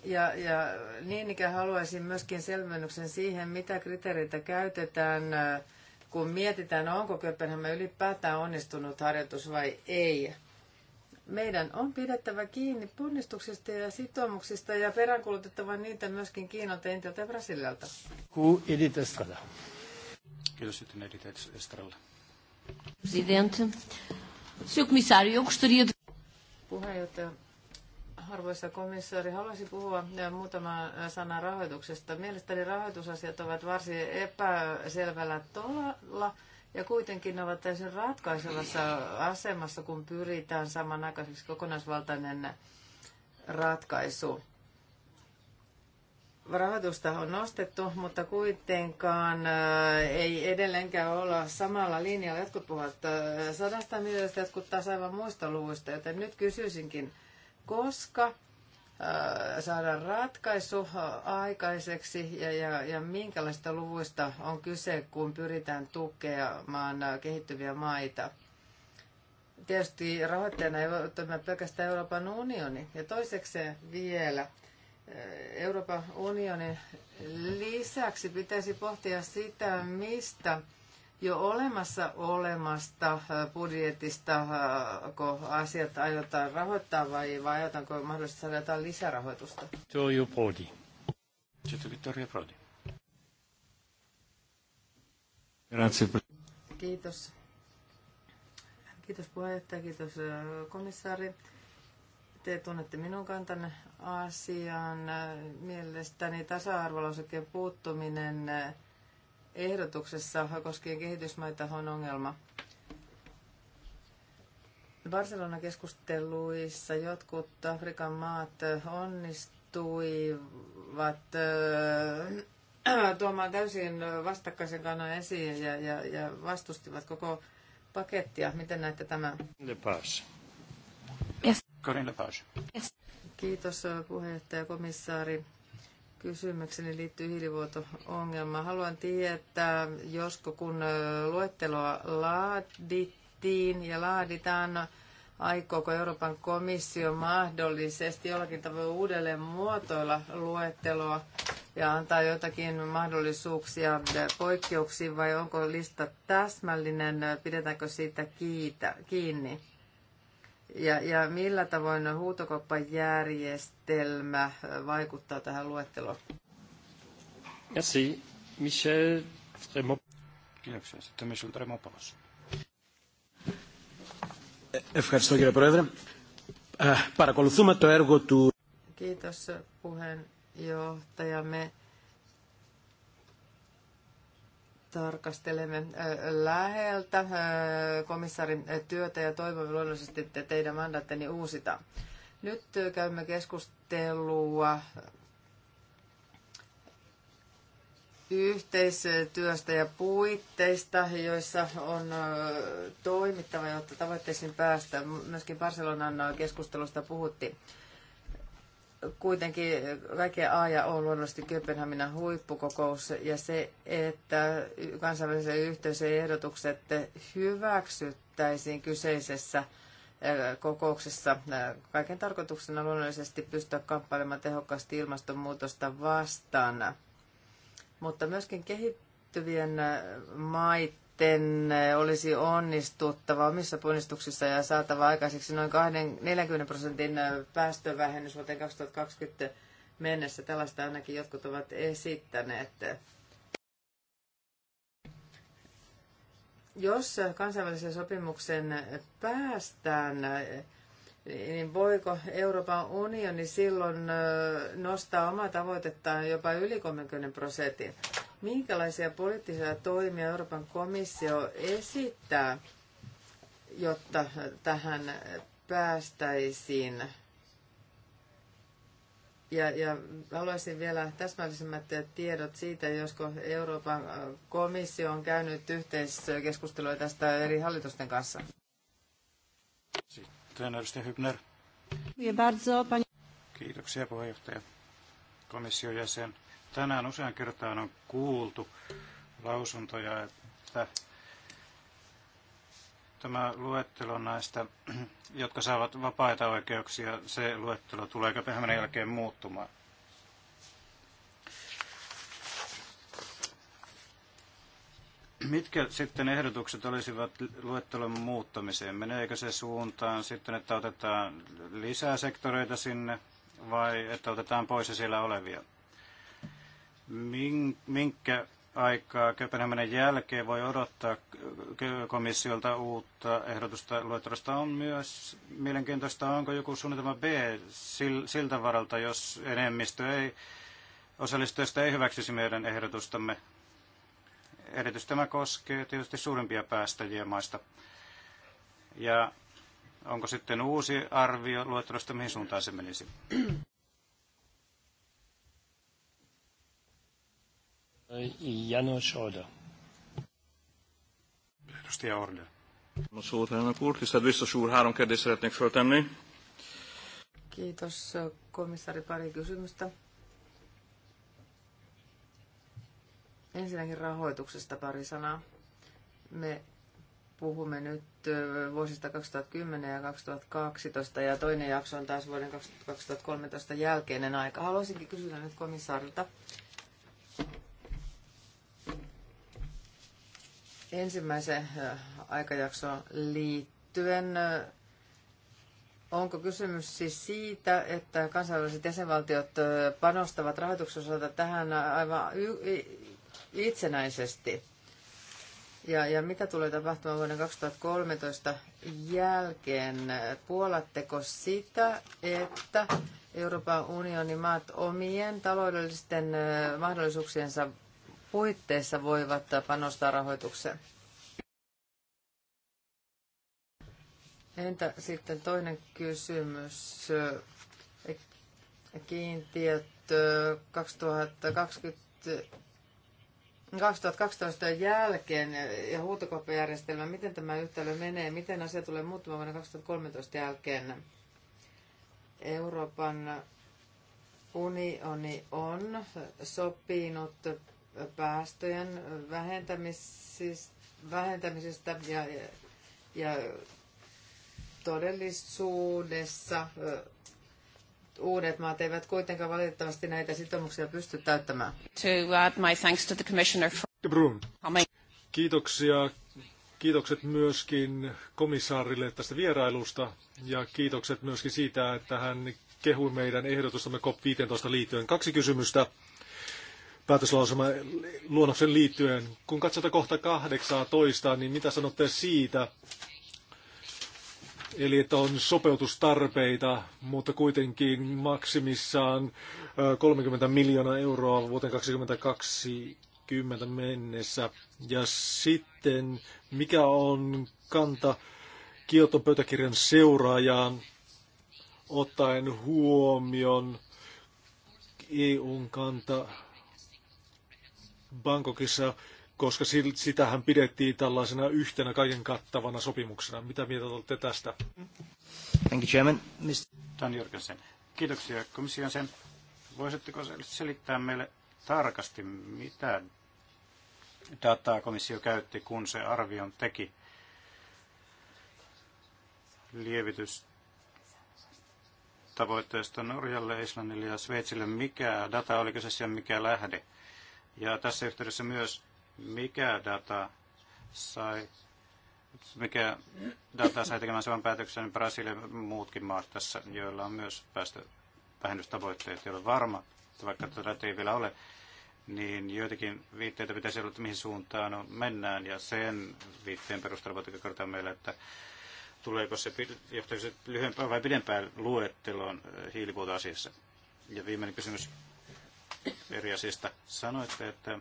Ja, ja niin ikään haluaisin myöskin selvennyksen siihen, mitä kriteereitä käytetään, kun mietitään, onko Kööpenhamme ylipäätään onnistunut harjoitus vai ei. Meidän on pidettävä kiinni ponnistuksista ja sitoumuksista ja peräänkuulutettava niitä myöskin Kiinalta, Intialta ja Brasilialta. Kiitos sitten Edith Estrella. Presidente, Puheenjohtaja, arvoisa komissaari, haluaisin puhua muutama sana rahoituksesta. Mielestäni rahoitusasiat ovat varsin epäselvällä tolalla ja kuitenkin ovat täysin ratkaisevassa asemassa, kun pyritään samanaikaiseksi kokonaisvaltainen ratkaisu. Rahoitusta on nostettu, mutta kuitenkaan äh, ei edelleenkään olla samalla linjalla. Jotkut puhuvat äh, sadasta miljoonasta, jotkut taas aivan muista luvuista, joten nyt kysyisinkin, koska Äh, saada ratkaisu äh, aikaiseksi ja, ja, ja minkälaista luvuista on kyse, kun pyritään tukemaan äh, kehittyviä maita. Tietysti rahoittajana ei voi toimia pelkästään Euroopan unioni. Ja toiseksi vielä, Euroopan unionin lisäksi pitäisi pohtia sitä, mistä jo olemassa olemasta äh, budjetista, äh, kun asiat aiotaan rahoittaa vai, vai aiotaanko mahdollisesti saada jotain lisärahoitusta? Tuo Prodi. Sitten Prodi. Kiitos. Kiitos puheenjohtaja, kiitos äh, komissaari. Te tunnette minun kantanne asiaan. Mielestäni tasa-arvolausekkeen puuttuminen ehdotuksessa koskien kehitysmaita on ongelma. Barcelona-keskusteluissa jotkut Afrikan maat onnistuivat äh, tuomaan täysin vastakkaisen kannan esiin ja, ja, ja vastustivat koko pakettia. Miten näette tämän? Le Yes. Corinne Le Yes. Kiitos äh, puheenjohtaja komissaari kysymykseni liittyy hiilivuoto-ongelmaan. Haluan tietää, josko kun luetteloa laadittiin ja laaditaan, aikooko Euroopan komissio mahdollisesti jollakin tavalla uudelleen muotoilla luetteloa ja antaa jotakin mahdollisuuksia poikkeuksiin vai onko lista täsmällinen, pidetäänkö siitä kiitä, kiinni? Ja, ja millä tavoin huutokoppajärjestelmä äh, vaikuttaa tähän luetteloon? Merci. Michel Tremop. Kiitoksia. Sitten Michel Tremopoulos. Ευχαριστώ κύριε Πρόεδρε. Παρακολουθούμε το έργο του... Kiitos puheenjohtaja. Me tarkastelemme läheltä komissarin työtä ja toivomme luonnollisesti, että teidän mandaatteni uusita. Nyt käymme keskustelua yhteistyöstä ja puitteista, joissa on toimittava, jotta tavoitteisiin päästä. Myöskin Barcelonan keskustelusta puhuttiin kuitenkin väkeä A ja O luonnollisesti Kööpenhaminan huippukokous ja se, että kansainvälisen yhteisön ehdotukset hyväksyttäisiin kyseisessä kokouksessa. Kaiken tarkoituksena luonnollisesti pystyä kamppailemaan tehokkaasti ilmastonmuutosta vastaan, mutta myöskin kehittyvien maiden sitten eh, olisi onnistuttava omissa ponnistuksissa ja saatava aikaiseksi noin 40 prosentin eh, päästövähennys vuoteen 2020 mennessä. Tällaista ainakin jotkut ovat esittäneet. Jos kansainvälisen sopimuksen päästään, eh, niin voiko Euroopan unioni silloin nostaa omaa tavoitettaan jopa yli 30 prosentin? minkälaisia poliittisia toimia Euroopan komissio esittää, jotta tähän päästäisiin? Ja, ja haluaisin vielä täsmällisemmät tiedot siitä, josko Euroopan komissio on käynyt yhteiskeskustelua tästä eri hallitusten kanssa. Sitten edustaja Hybner. Kiitoksia puheenjohtaja, komission jäsen. Tänään usean kertaan on kuultu lausuntoja, että tämä luettelo näistä, jotka saavat vapaita oikeuksia, se luettelo tulee Kööpenhaminan jälkeen muuttumaan. Mitkä sitten ehdotukset olisivat luettelon muuttamiseen? Meneekö se suuntaan sitten, että otetaan lisää sektoreita sinne vai että otetaan pois siellä olevia? minkä aikaa Kööpenhaminan jälkeen voi odottaa komissiolta uutta ehdotusta luettelosta on myös mielenkiintoista, onko joku suunnitelma B siltä varalta, jos enemmistö ei osallistujista ei hyväksyisi meidän ehdotustamme. Erityisesti tämä koskee tietysti suurimpia päästäjiä maista. Ja onko sitten uusi arvio luettelosta, mihin suuntaan se menisi? Äh, Janos Orda. Edustaja Orda. A szót, elnök úr. Tisztelt biztos úr, három Kiitos, komissaari, pari kysymystä. Ensinnäkin rahoituksesta pari sanaa. Me puhumme nyt vuosista 2010 ja 2012 ja toinen jakso on taas vuoden 2013 jälkeinen aika. Haluaisinkin kysyä nyt komissaarilta, ensimmäiseen aikajaksoon liittyen. Onko kysymys siis siitä, että kansainväliset jäsenvaltiot panostavat rahoituksen osalta tähän aivan itsenäisesti? Ja, ja mitä tulee tapahtumaan vuoden 2013 jälkeen? Puolatteko sitä, että Euroopan unionin maat omien taloudellisten mahdollisuuksiensa puitteissa voivat panostaa rahoitukseen. Entä sitten toinen kysymys? Kiintiöt 2020 2012 jälkeen ja huutokauppajärjestelmä, miten tämä yhtälö menee, miten asia tulee muuttumaan vuonna 2013 jälkeen? Euroopan unioni on sopinut päästöjen vähentämisestä ja, ja todellisuudessa uudet maat eivät kuitenkaan valitettavasti näitä sitoumuksia pysty täyttämään. To add my thanks to the commissioner for... Brun. Kiitoksia. Kiitokset myöskin komissaarille tästä vierailusta ja kiitokset myöskin siitä, että hän kehui meidän ehdotustamme COP15 liittyen. Kaksi kysymystä päätöslausuma luonnoksen liittyen. Kun katsotaan kohta 18, niin mitä sanotte siitä? Eli että on sopeutustarpeita, mutta kuitenkin maksimissaan 30 miljoonaa euroa vuoteen 2020 mennessä. Ja sitten, mikä on kanta Kioton pöytäkirjan seuraajaan ottaen huomioon EUn kanta Bangkokissa, koska sitähän pidettiin tällaisena yhtenä kaiken kattavana sopimuksena. Mitä mieltä olette tästä? Thank you, Chairman. Dan Kiitoksia komission sen. Voisitteko selittää meille tarkasti, mitä dataa komissio käytti, kun se arvion teki lievitys tavoitteesta Norjalle, Islannille ja Sveitsille. Mikä data oli kyseessä ja mikä lähde? Ja tässä yhteydessä myös, mikä data sai mikä data sai tekemään saman päätöksen, niin Brasilia ja muutkin maat tässä, joilla on myös päästövähennystavoitteet, joilla on varma, että vaikka tätä ei vielä ole, niin joitakin viitteitä pitäisi olla, että mihin suuntaan on, mennään, ja sen viitteen perusteella voitte kertoa meille, että tuleeko se, johtaako lyhyempään vai pidempään luetteloon hiilivuotoasiassa. Ja viimeinen kysymys eri asiasta. Sanoitte, että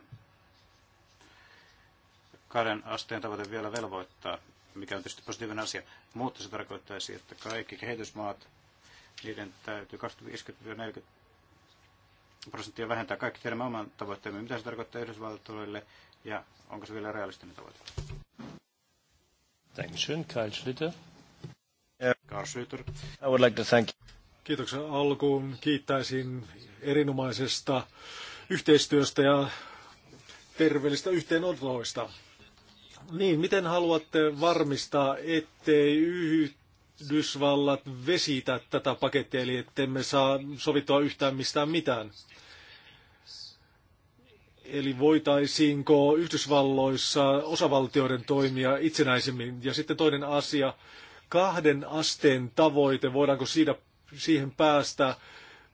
kahden asteen tavoite vielä velvoittaa, mikä on tietysti positiivinen asia, mutta se tarkoittaisi, että kaikki kehitysmaat, niiden täytyy 20 40 prosenttia vähentää kaikki teidän oman tavoitteemme. Mitä se tarkoittaa Yhdysvaltoille ja onko se vielä realistinen tavoite? Thank you, Schlüter. Karl Schlüter. I would like to thank Kiitoksen alkuun. Kiittäisin erinomaisesta yhteistyöstä ja terveellistä yhteenotoista. Niin, miten haluatte varmistaa, ettei Yhdysvallat vesitä tätä pakettia, eli ettemme saa sovittua yhtään mistään mitään? Eli voitaisiinko Yhdysvalloissa osavaltioiden toimia itsenäisemmin? Ja sitten toinen asia, kahden asteen tavoite, voidaanko siitä siihen päästä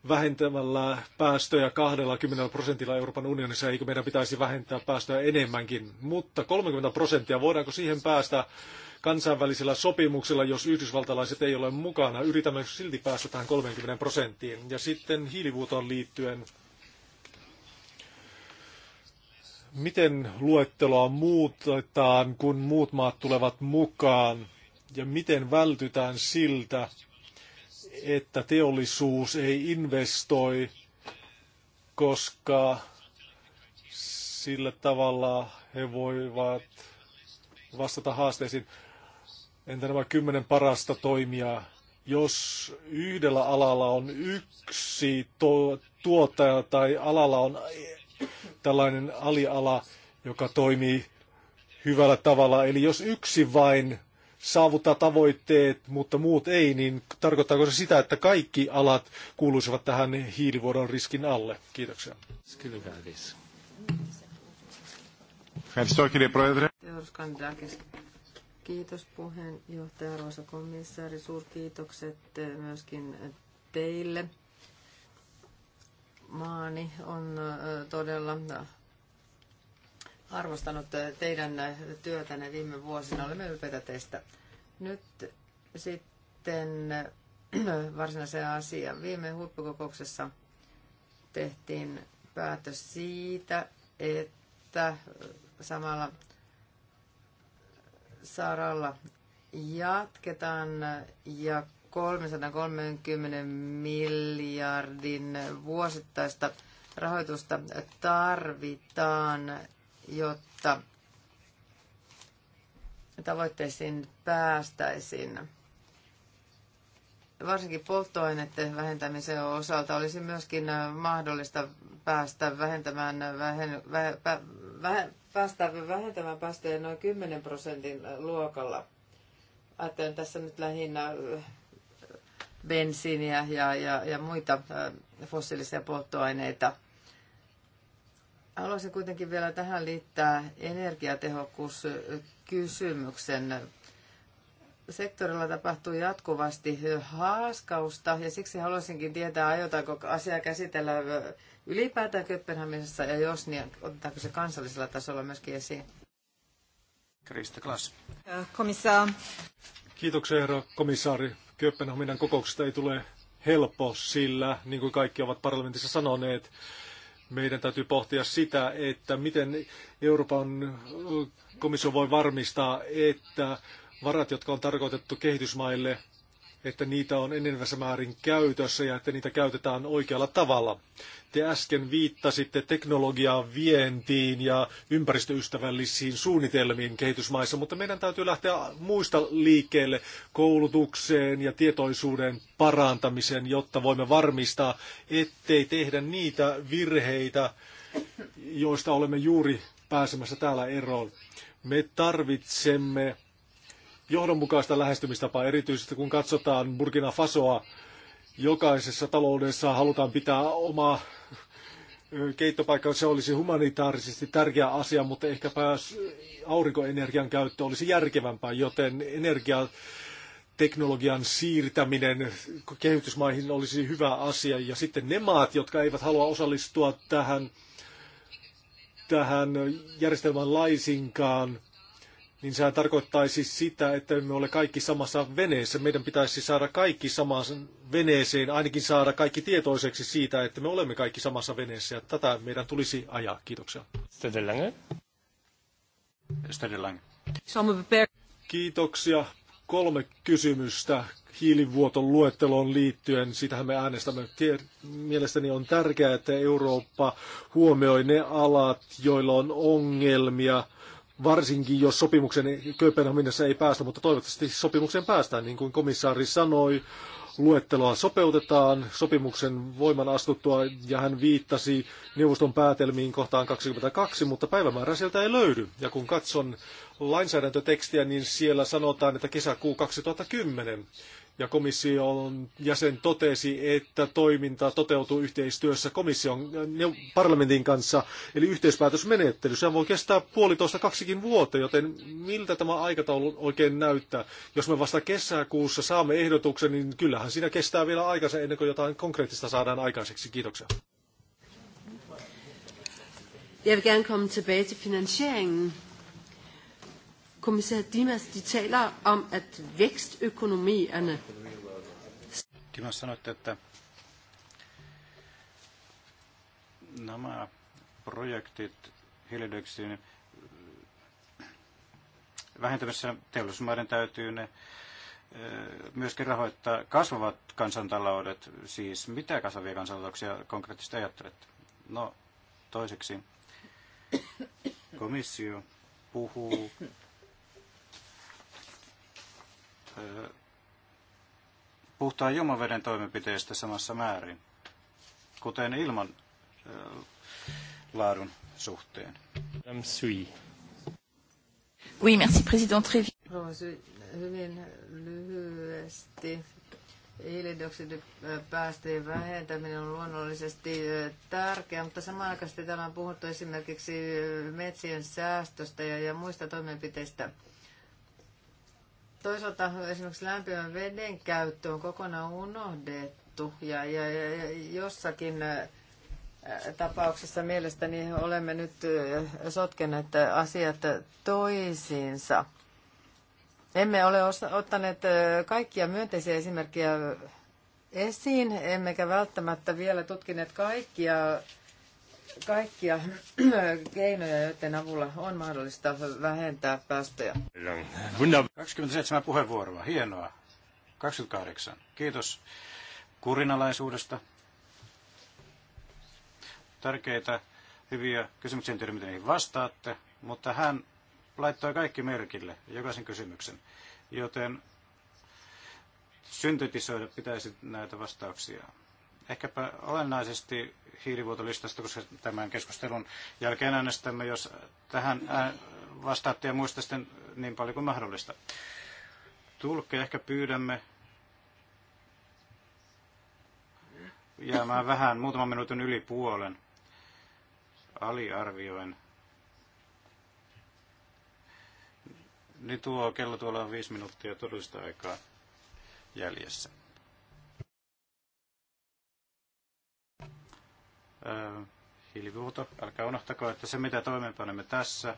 vähentämällä päästöjä 20 prosentilla Euroopan unionissa, eikö meidän pitäisi vähentää päästöjä enemmänkin. Mutta 30 prosenttia, voidaanko siihen päästä kansainvälisillä sopimuksilla, jos yhdysvaltalaiset ei ole mukana? Yritämme silti päästä tähän 30 prosenttiin. Ja sitten hiilivuotoon liittyen, miten luetteloa muutetaan, kun muut maat tulevat mukaan? Ja miten vältytään siltä, että teollisuus ei investoi, koska sillä tavalla he voivat vastata haasteisiin. Entä nämä kymmenen parasta toimijaa? Jos yhdellä alalla on yksi tuottaja tai alalla on tällainen aliala, joka toimii hyvällä tavalla, eli jos yksi vain saavuttaa tavoitteet, mutta muut ei, niin tarkoittaako se sitä, että kaikki alat kuuluisivat tähän hiilivuodon riskin alle? Kiitoksia. Kiitos puheenjohtaja, arvoisa komissaari. Suurkiitokset eh, myöskin teille. Maani on eh, todella arvostanut eh, teidän eh, työtänne viime vuosina. Olemme ylpeitä teistä. Nyt sitten eh, <clears throat> varsinaiseen asiaan. Viime huippukokouksessa tehtiin päätös siitä, että samalla saralla jatketaan ja 330 miljardin vuosittaista rahoitusta tarvitaan jotta tavoitteisiin päästäisiin. Varsinkin polttoaineiden vähentämisen osalta olisi myöskin äh, mahdollista päästä vähentämään, vähen, vähe, pä, vähe, päästä vähentämään päästöjä noin 10 prosentin luokalla. Ajattelen tässä nyt lähinnä äh, bensiiniä ja, ja, ja muita äh, fossiilisia polttoaineita – Haluaisin kuitenkin vielä tähän liittää energiatehokkuuskysymyksen. Sektorilla tapahtuu jatkuvasti haaskausta ja siksi haluaisinkin tietää, aiotaanko asiaa käsitellä ylipäätään Kööpenhaminassa ja jos, niin otetaanko se kansallisella tasolla myöskin esiin? Krista Klaas. Komissaa. Kiitoksia herra komissaari. Kööpenhaminan kokouksesta ei tule helppo, sillä niin kuin kaikki ovat parlamentissa sanoneet, meidän täytyy pohtia sitä, että miten Euroopan komissio voi varmistaa, että varat, jotka on tarkoitettu kehitysmaille, että niitä on enenevässä määrin käytössä ja että niitä käytetään oikealla tavalla. Te äsken viittasitte teknologiaan vientiin ja ympäristöystävällisiin suunnitelmiin kehitysmaissa, mutta meidän täytyy lähteä muista liikkeelle koulutukseen ja tietoisuuden parantamiseen, jotta voimme varmistaa, ettei tehdä niitä virheitä, joista olemme juuri pääsemässä täällä eroon. Me tarvitsemme johdonmukaista lähestymistapaa, erityisesti kun katsotaan Burkina Fasoa. Jokaisessa taloudessa halutaan pitää oma keittopaikka, se olisi humanitaarisesti tärkeä asia, mutta ehkäpä aurinkoenergian käyttö olisi järkevämpää, joten energia teknologian siirtäminen kehitysmaihin olisi hyvä asia. Ja sitten ne maat, jotka eivät halua osallistua tähän, tähän järjestelmään laisinkaan, niin sehän tarkoittaisi sitä, että me ole kaikki samassa veneessä. Meidän pitäisi saada kaikki samaan veneeseen, ainakin saada kaikki tietoiseksi siitä, että me olemme kaikki samassa veneessä. Ja tätä meidän tulisi ajaa. Kiitoksia. Kiitoksia. Kolme kysymystä hiilivuoton luetteloon liittyen. Sitähän me äänestämme. Mielestäni on tärkeää, että Eurooppa huomioi ne alat, joilla on ongelmia varsinkin jos sopimuksen Kööpenhaminassa ei päästä, mutta toivottavasti sopimukseen päästään, niin kuin komissaari sanoi. Luetteloa sopeutetaan sopimuksen voiman astuttua ja hän viittasi neuvoston päätelmiin kohtaan 22, mutta päivämäärää sieltä ei löydy. Ja kun katson lainsäädäntötekstiä, niin siellä sanotaan, että kesäkuu 2010 ja komission jäsen totesi, että toiminta toteutuu yhteistyössä komission parlamentin kanssa, eli yhteispäätösmenettely. Se voi kestää puolitoista kaksikin vuotta, joten miltä tämä aikataulu oikein näyttää? Jos me vasta kesäkuussa saamme ehdotuksen, niin kyllähän siinä kestää vielä aikansa ennen kuin jotain konkreettista saadaan aikaiseksi. Kiitoksia. Jeg vil gerne komme tilbage til finansieringen kommissær Dimas, de taler om, at vækstøkonomierne... Dimas sanoitte, että nämä projektit hiilidioksidin äh, vähentämisessä teollisuusmaiden täytyy ne äh, myöskin rahoittaa kasvavat kansantaloudet, siis mitä kasvavia kansantalouksia konkreettisesti ajattelette? No toiseksi komissio puhuu puhtaan juomaveden toimenpiteistä samassa määrin, kuten ilman laadun suhteen. Oui, merci, président Hyvin lyhyesti. Hiilidioksidin päästöjen vähentäminen on luonnollisesti tärkeää, mutta samanaikaisesti täällä on puhuttu esimerkiksi metsien säästöstä ja, ja muista toimenpiteistä – Toisaalta esimerkiksi lämpimän veden käyttö on kokonaan unohdettu ja, ja, ja jossakin tapauksessa mielestäni olemme nyt sotkeneet asiat toisiinsa. Emme ole ottaneet kaikkia myönteisiä esimerkkejä esiin, emmekä välttämättä vielä tutkineet kaikkia kaikkia <clears throat> keinoja, joiden avulla on mahdollista vähentää päästöjä. 27 puheenvuoroa, hienoa. 28. Kiitos kurinalaisuudesta. Tärkeitä, hyviä kysymyksiä, en tiedä miten niihin vastaatte, mutta hän laittoi kaikki merkille, jokaisen kysymyksen. Joten syntetisoida pitäisi näitä vastauksia ehkäpä olennaisesti hiilivuotolistasta, koska tämän keskustelun jälkeen äänestämme, jos tähän vastaatte ja muistatte niin paljon kuin mahdollista. Tulkke ehkä pyydämme jäämään vähän muutaman minuutin yli puolen. Aliarvioin. Niin tuo kello tuolla on viisi minuuttia todellista aikaa jäljessä. hiilivuoto. Älkää unohtako, että se mitä toimeenpanemme tässä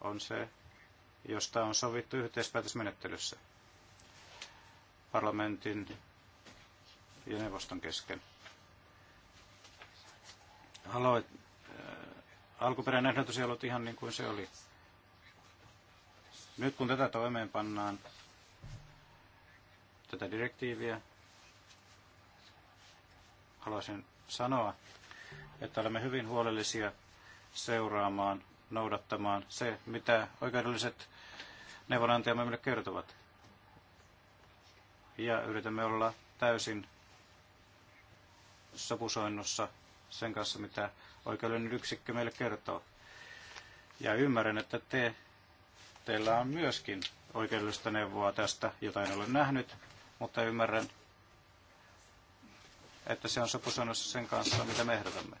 on se, josta on sovittu yhteispäätösmenettelyssä parlamentin ja neuvoston kesken. Aloit, äh, alkuperäinen ehdotus ei ollut ihan niin kuin se oli. Nyt kun tätä toimeenpannaan, tätä direktiiviä, haluaisin sanoa, että olemme hyvin huolellisia seuraamaan, noudattamaan se, mitä oikeudelliset neuvonantajamme meille kertovat. Ja yritämme olla täysin sopusoinnussa sen kanssa, mitä oikeudellinen yksikkö meille kertoo. Ja ymmärrän, että te, teillä on myöskin oikeudellista neuvoa tästä, jota en ole nähnyt, mutta ymmärrän, että se on sopusoinnussa sen kanssa, mitä me ehdotamme.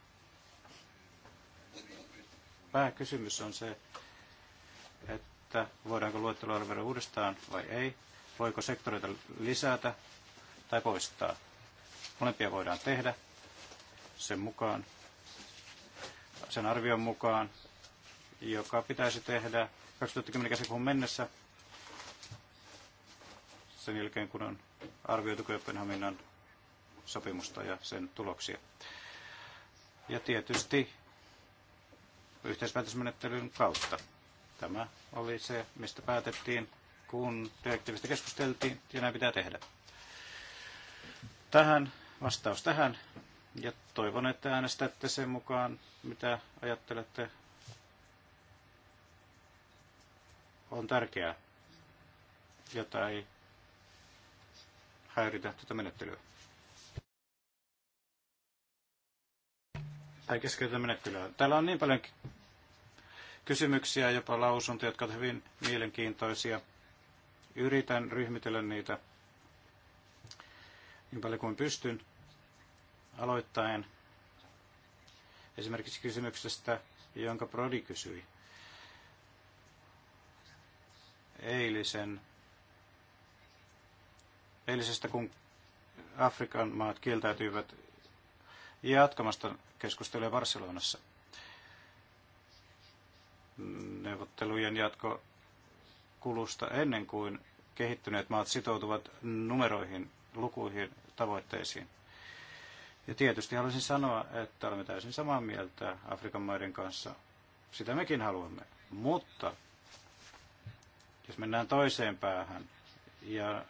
Pääkysymys on se, että voidaanko luettelua arvioida uudestaan vai ei, voiko sektoreita lisätä tai poistaa. Molempia voidaan tehdä sen mukaan, sen arvion mukaan, joka pitäisi tehdä 2010 käsikuun mennessä sen jälkeen, kun on arvioitu Kööpenhaminan sopimusta ja sen tuloksia. Ja tietysti yhteispäätösmenettelyn kautta. Tämä oli se, mistä päätettiin, kun direktiivistä keskusteltiin, ja näin pitää tehdä. Tähän vastaus tähän, ja toivon, että äänestätte sen mukaan, mitä ajattelette on tärkeää, jotta ei häiritä tätä menettelyä. tai keskeytetä menettelyä. Täällä on niin paljon kysymyksiä, jopa lausuntoja, jotka ovat hyvin mielenkiintoisia. Yritän ryhmitellä niitä niin paljon kuin pystyn aloittaen esimerkiksi kysymyksestä, jonka Prodi kysyi eilisen, eilisestä, kun Afrikan maat kieltäytyivät jatkamasta keskustelua Barcelonassa. Neuvottelujen jatko kulusta ennen kuin kehittyneet maat sitoutuvat numeroihin, lukuihin, tavoitteisiin. Ja tietysti haluaisin sanoa, että olemme täysin samaa mieltä Afrikan maiden kanssa. Sitä mekin haluamme. Mutta jos mennään toiseen päähän ja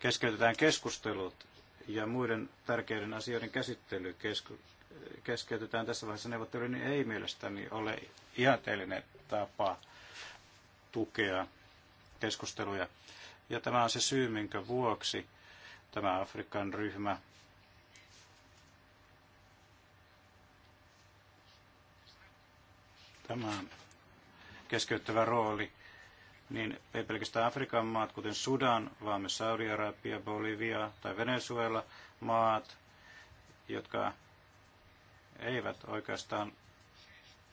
keskeytetään keskustelut ja muiden tärkeiden asioiden käsittely keskeytetään tässä vaiheessa neuvottelu, niin ei mielestäni ole ihanteellinen tapa tukea keskusteluja. Ja tämä on se syy, minkä vuoksi tämä Afrikan ryhmä tämä keskeyttävä rooli niin ei pelkästään Afrikan maat, kuten Sudan, vaan myös Saudi-Arabia, Bolivia tai Venezuela, maat, jotka eivät oikeastaan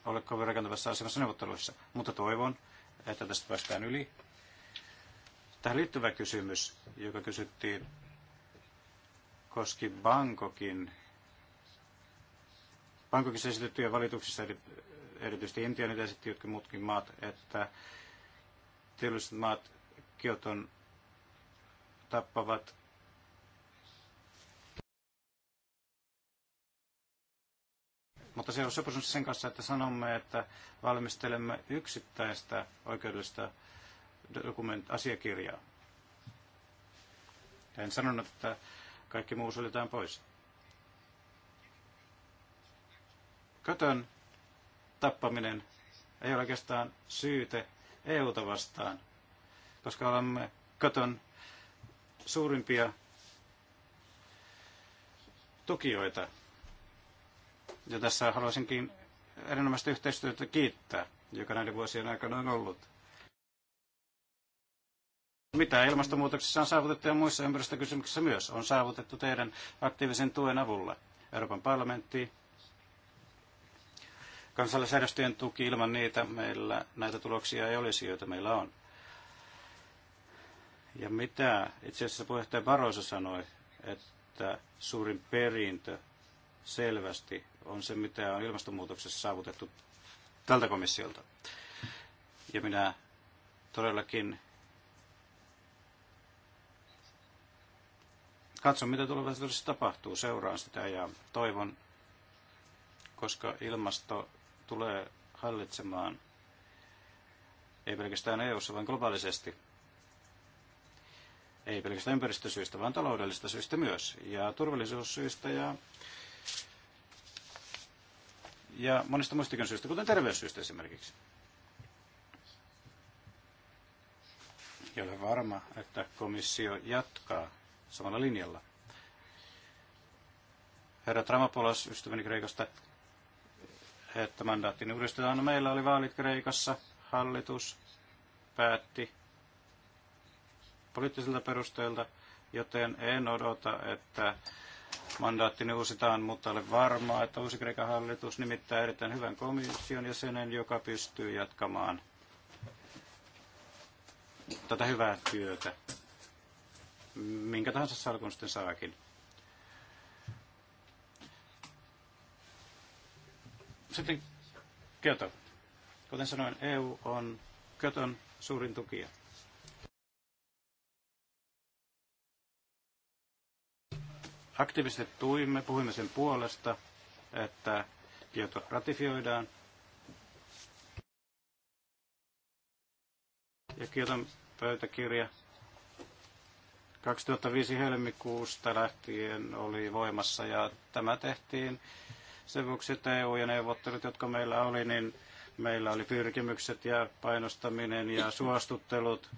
ole kovin rakentavassa asemassa neuvotteluissa. Mutta toivon, että tästä päästään yli. Tähän liittyvä kysymys, joka kysyttiin, koski Bangkokin, Bangkokissa esitettyjä valituksissa, erityisesti Intian esitti jotkin muutkin maat, että teolliset maat Kioton tappavat Mutta se on sopimus sen kanssa, että sanomme, että valmistelemme yksittäistä oikeudellista dokument, asiakirjaa. En sanonut, että kaikki muu suljetaan pois. Kötön tappaminen ei ole oikeastaan syyte EUta vastaan, koska olemme katon suurimpia tukijoita. Ja tässä haluaisinkin erinomaista yhteistyötä kiittää, joka näiden vuosien aikana on ollut. Mitä ilmastonmuutoksessa on saavutettu ja muissa ympäristökysymyksissä myös on saavutettu teidän aktiivisen tuen avulla. Euroopan parlamentti, kansallisjärjestöjen tuki, ilman niitä meillä näitä tuloksia ei olisi, joita meillä on. Ja mitä itse asiassa puheenjohtaja Barroso sanoi, että suurin perintö selvästi on se, mitä on ilmastonmuutoksessa saavutettu tältä komissiolta. Ja minä todellakin katson, mitä tulevaisuudessa tapahtuu, seuraan sitä ja toivon, koska ilmasto tulee hallitsemaan ei pelkästään eu vaan globaalisesti. Ei pelkästään ympäristösyistä, vaan taloudellista syistä myös, ja turvallisuussyistä ja, ja monista muistakin syistä, kuten terveyssyistä esimerkiksi. Ja olen varma, että komissio jatkaa samalla linjalla. Herra Tramapolas, ystäväni Kreikasta, että mandaattini niin uudistetaan. No, meillä oli vaalit Kreikassa, hallitus päätti poliittisilta perusteilta, joten en odota, että mandaattini niin uusitaan, mutta olen varma, että uusi Kreikan hallitus nimittää erittäin hyvän komission jäsenen, joka pystyy jatkamaan tätä hyvää työtä, minkä tahansa salkun sitten saakin. Sitten Kyoto. Kuten sanoin, EU on Kyoton suurin tukija. Aktiivisesti tuimme, puhuimme sen puolesta, että Kyoto ratifioidaan. Ja Kyoton pöytäkirja 2005 helmikuusta lähtien oli voimassa ja tämä tehtiin sen vuoksi, että EU ja neuvottelut, jotka meillä oli, niin meillä oli pyrkimykset ja painostaminen ja suostuttelut,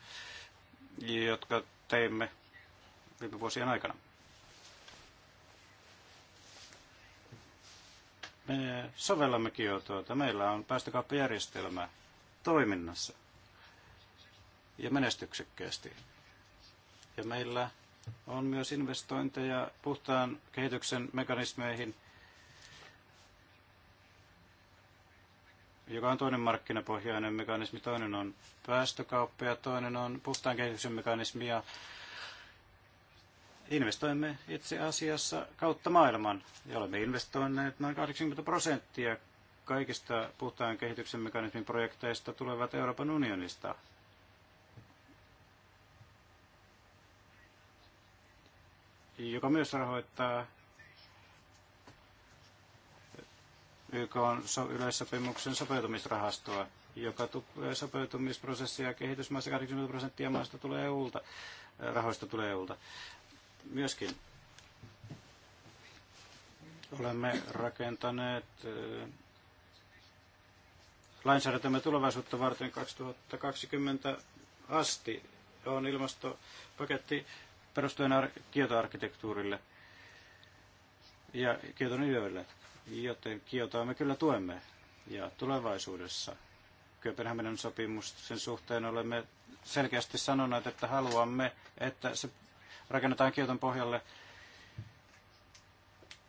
jotka teimme viime vuosien aikana. Me sovellamme Kiotoota. Meillä on päästökauppajärjestelmä toiminnassa ja menestyksekkäästi. Ja meillä on myös investointeja puhtaan kehityksen mekanismeihin, joka on toinen markkinapohjainen mekanismi, toinen on päästökauppa ja toinen on puhtaan kehityksen mekanismi ja investoimme itse asiassa kautta maailman ja olemme investoineet noin 80 prosenttia kaikista puhtaan kehityksen mekanismin projekteista tulevat Euroopan unionista. joka myös rahoittaa YK on yleissopimuksen sopeutumisrahastoa, joka tukee sopeutumisprosessia kehitysmaissa 80 prosenttia maasta tulee EUlta, äh, rahoista tulee EUlta. Myöskin olemme rakentaneet äh, lainsäädäntömme tulevaisuutta varten 2020 asti on ilmastopaketti perustuen ar- tietoarkkitehtuurille ja kieton yöille joten Kiotoa me kyllä tuemme. Ja tulevaisuudessa Kööpenhaminan sopimus sen suhteen olemme selkeästi sanoneet, että haluamme, että se rakennetaan Kioton pohjalle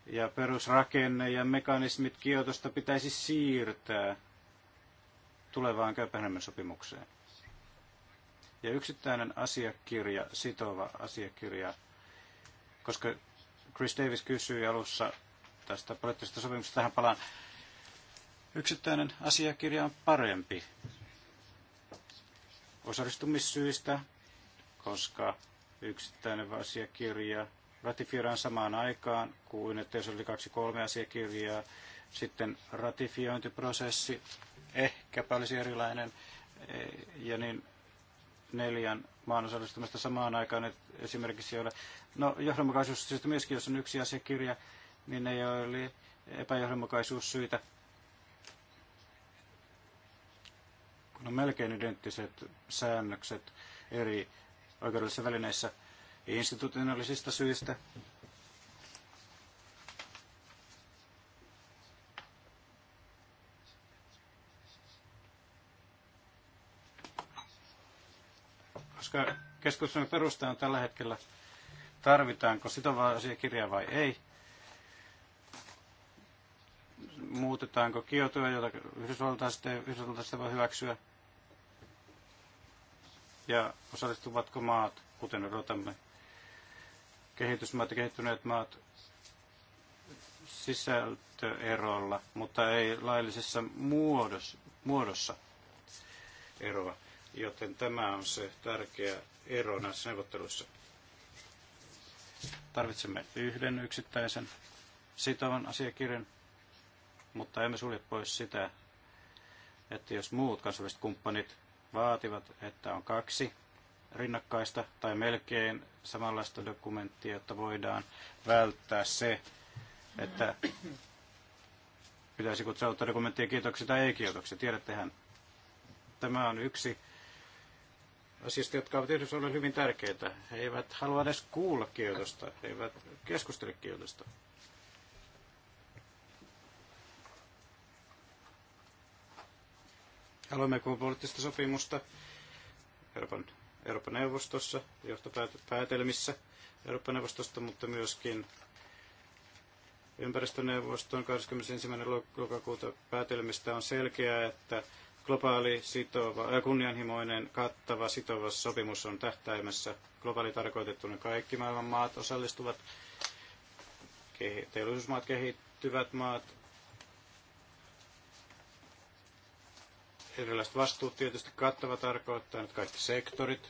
ja perusrakenne ja mekanismit Kiotosta pitäisi siirtää tulevaan Kööpenhaminan sopimukseen. Ja yksittäinen asiakirja, sitova asiakirja, koska Chris Davis kysyi alussa tästä poliittisesta sopimuksesta tähän palaan. Yksittäinen asiakirja on parempi osallistumissyistä, koska yksittäinen asiakirja ratifioidaan samaan aikaan kuin, että jos oli kaksi kolme asiakirjaa, sitten ratifiointiprosessi ehkäpä olisi erilainen eh, ja niin neljän maan osallistumista samaan aikaan, että esimerkiksi ei ole. No johdonmukaisuus siis myöskin, jos on yksi asiakirja, niin ne oli epäjohdonmukaisuussyitä, kun on melkein identtiset säännökset eri oikeudellisissa välineissä institutionaalisista syistä. Koska keskustelun perusta on tällä hetkellä, tarvitaanko sitovaa asiakirjaa vai ei, muutetaanko Kiotoa, jota Yhdysvaltain sitten, Yhdysvaltain sitten voi hyväksyä, ja osallistuvatko maat, kuten odotamme, kehitysmaat ja kehittyneet maat sisältöerolla, mutta ei laillisessa muodossa, muodossa eroa. Joten tämä on se tärkeä ero näissä neuvotteluissa. Tarvitsemme yhden yksittäisen sitovan asiakirjan, mutta emme sulje pois sitä, että jos muut kansainväliset kumppanit vaativat, että on kaksi rinnakkaista tai melkein samanlaista dokumenttia, että voidaan välttää se, että pitäisi kutsua ottaa dokumenttia kiitoksia tai ei kiitoksia. Tiedättehän, tämä on yksi asioista, jotka ovat olleet hyvin tärkeitä. He eivät halua edes kuulla kiitosta, he eivät keskustele kiitosta. Haluammeko poliittista sopimusta Euroopan, Euroopan neuvostossa, johtopäätelmissä Euroopan neuvostosta, mutta myöskin ympäristöneuvoston 21. lokakuuta päätelmistä on selkeää, että globaali sitova, äh, kunnianhimoinen, kattava, sitova sopimus on tähtäimessä. Globaali tarkoitettuna kaikki maailman maat osallistuvat, teollisuusmaat, kehittyvät maat, Erilaiset vastuut tietysti kattava tarkoittaa nyt kaikki sektorit,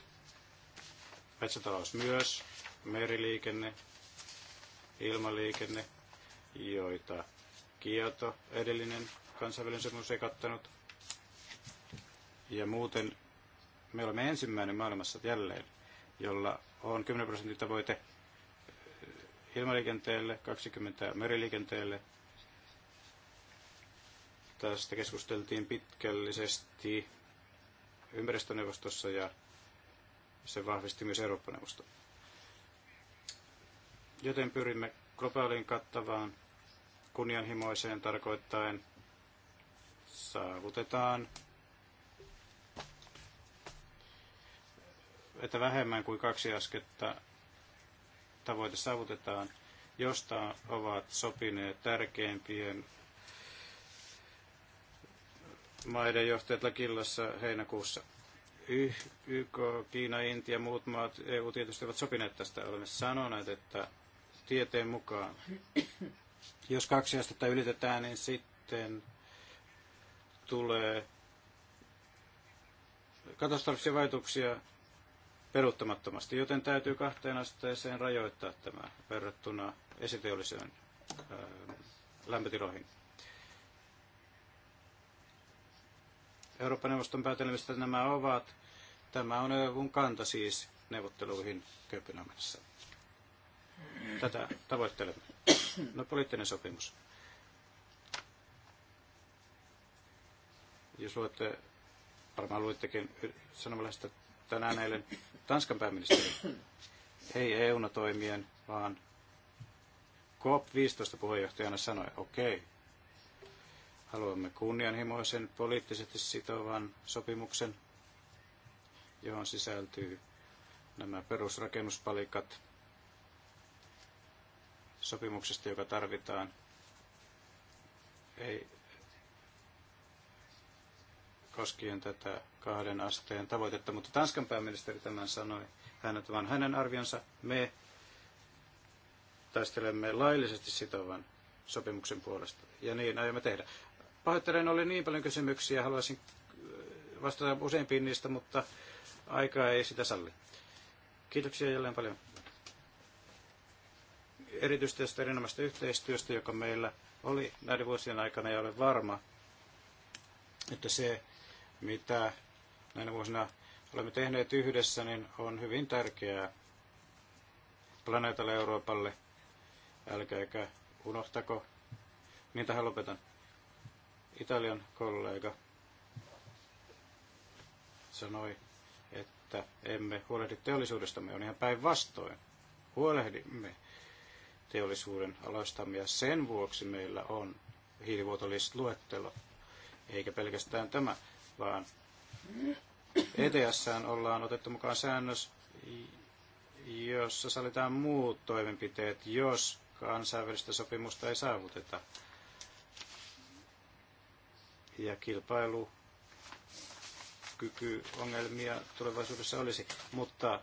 metsätalous myös, meriliikenne, ilmaliikenne, joita Kioto, edellinen kansainvälinen sopimus ei kattanut. Ja muuten me olemme ensimmäinen maailmassa jälleen, jolla on 10 prosentin tavoite eh, ilmaliikenteelle, 20 meriliikenteelle Tästä keskusteltiin pitkällisesti ympäristöneuvostossa ja se vahvisti myös Eurooppa-neuvosto. Joten pyrimme globaaliin kattavaan kunnianhimoiseen tarkoittain saavutetaan, että vähemmän kuin kaksi asketta tavoite saavutetaan, josta ovat sopineet tärkeimpien maiden johtajat Lakillassa heinäkuussa. YK, Kiina, Intia ja muut maat, EU tietysti ovat sopineet tästä. Olemme sanoneet, että tieteen mukaan, jos kaksi astetta ylitetään, niin sitten tulee katastrofisia vaikutuksia peruuttamattomasti, joten täytyy kahteen asteeseen rajoittaa tämä verrattuna esiteolliseen lämpötiloihin. Euroopan neuvoston päätelmistä nämä ovat. Tämä on EUn kanta siis neuvotteluihin Kööpenhaminassa. Tätä tavoittelemme. No poliittinen sopimus. Jos luette, varmaan luittekin sanomalaista tänään eilen Tanskan pääministeri, ei EUna toimien, vaan COP15 puheenjohtajana sanoi, okei, okay, Haluamme kunnianhimoisen, poliittisesti sitovan sopimuksen, johon sisältyy nämä perusrakennuspalikat sopimuksesta, joka tarvitaan. Ei koskien tätä kahden asteen tavoitetta, mutta Tanskan pääministeri tämän sanoi. Hänet vaan hänen arvionsa me taistelemme laillisesti sitovan sopimuksen puolesta. Ja niin aiomme tehdä. Pahoittelen, oli niin paljon kysymyksiä, haluaisin äh, vastata useimpiin niistä, mutta aika ei sitä salli. Kiitoksia jälleen paljon. Erityisesti tästä erinomaisesta yhteistyöstä, joka meillä oli näiden vuosien aikana, ja olen varma, että se, mitä näinä vuosina olemme tehneet yhdessä, niin on hyvin tärkeää planeetalle Euroopalle. Älkääkä unohtako. Niin tähän lopetan. Italian kollega sanoi, että emme huolehdi teollisuudestamme, on ihan päinvastoin. Huolehdimme teollisuuden aloistamme ja sen vuoksi meillä on hiilivuotolistluettelo. Eikä pelkästään tämä, vaan ETS ollaan otettu mukaan säännös, jossa salitaan muut toimenpiteet, jos kansainvälistä sopimusta ei saavuteta ja kilpailu tulevaisuudessa olisi, mutta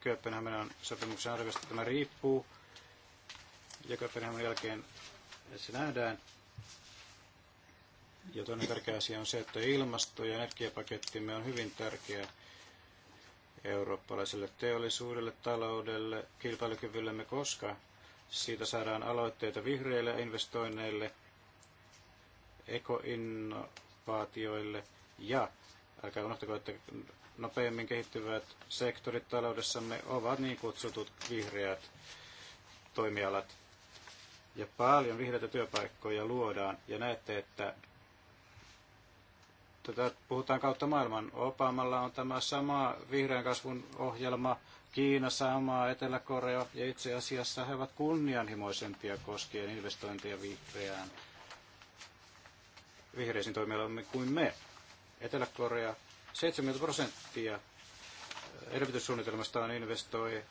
Kööpenhaminan sopimuksen arviosta tämä riippuu ja Kööpenhaminan jälkeen se nähdään. Ja toinen tärkeä asia on se, että ilmasto- ja energiapakettimme on hyvin tärkeä eurooppalaiselle teollisuudelle, taloudelle, kilpailukyvyllemme, koska siitä saadaan aloitteita vihreille investoinneille – ekoinnovaatioille ja älkää unohtako, että nopeammin kehittyvät sektorit taloudessamme ovat niin kutsutut vihreät toimialat. Ja paljon vihreitä työpaikkoja luodaan. Ja näette, että tätä puhutaan kautta maailman. Obamalla on tämä sama vihreän kasvun ohjelma, Kiina samaa, Etelä-Korea, ja itse asiassa he ovat kunnianhimoisempia koskien investointeja vihreään vihreisiin toimialoihin kuin me. Etelä-Korea 70 prosenttia elvytyssuunnitelmastaan investoi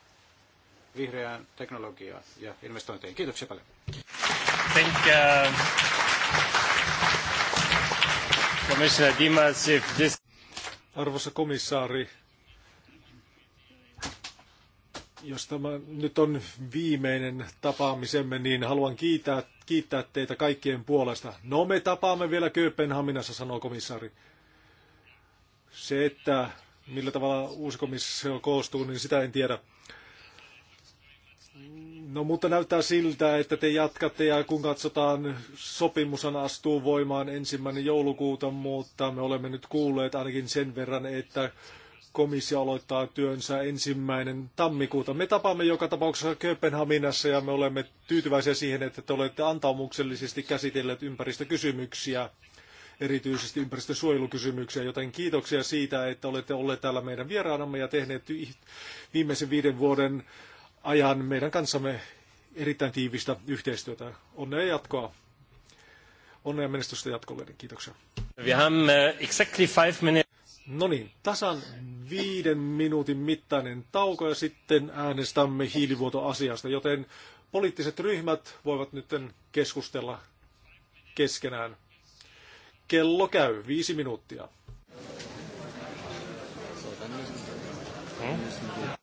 vihreään teknologiaan ja investointeihin. Kiitoksia paljon. Thank, uh, Dimas, if this... Arvoisa komissaari, jos tämä nyt on viimeinen tapaamisemme, niin haluan kiittää, kiittää teitä kaikkien puolesta. No me tapaamme vielä Kööpenhaminassa, sanoo komissaari. Se, että millä tavalla uusi komissio koostuu, niin sitä en tiedä. No mutta näyttää siltä, että te jatkatte ja kun katsotaan, sopimushan astuu voimaan ensimmäinen joulukuuta, mutta me olemme nyt kuulleet ainakin sen verran, että komissio aloittaa työnsä ensimmäinen tammikuuta. Me tapaamme joka tapauksessa Kööpenhaminassa ja me olemme tyytyväisiä siihen, että te olette antaumuksellisesti käsitelleet ympäristökysymyksiä, erityisesti ympäristösuojelukysymyksiä, joten kiitoksia siitä, että olette olleet täällä meidän vieraanamme ja tehneet viimeisen viiden vuoden ajan meidän kanssamme erittäin tiivistä yhteistyötä. Onnea jatkoa. Onnea menestystä jatkolle. Kiitoksia. We have uh, exactly five minutes. No niin, tasan viiden minuutin mittainen tauko ja sitten äänestämme hiilivuotoasiasta, joten poliittiset ryhmät voivat nyt keskustella keskenään. Kello käy, viisi minuuttia. Hmm?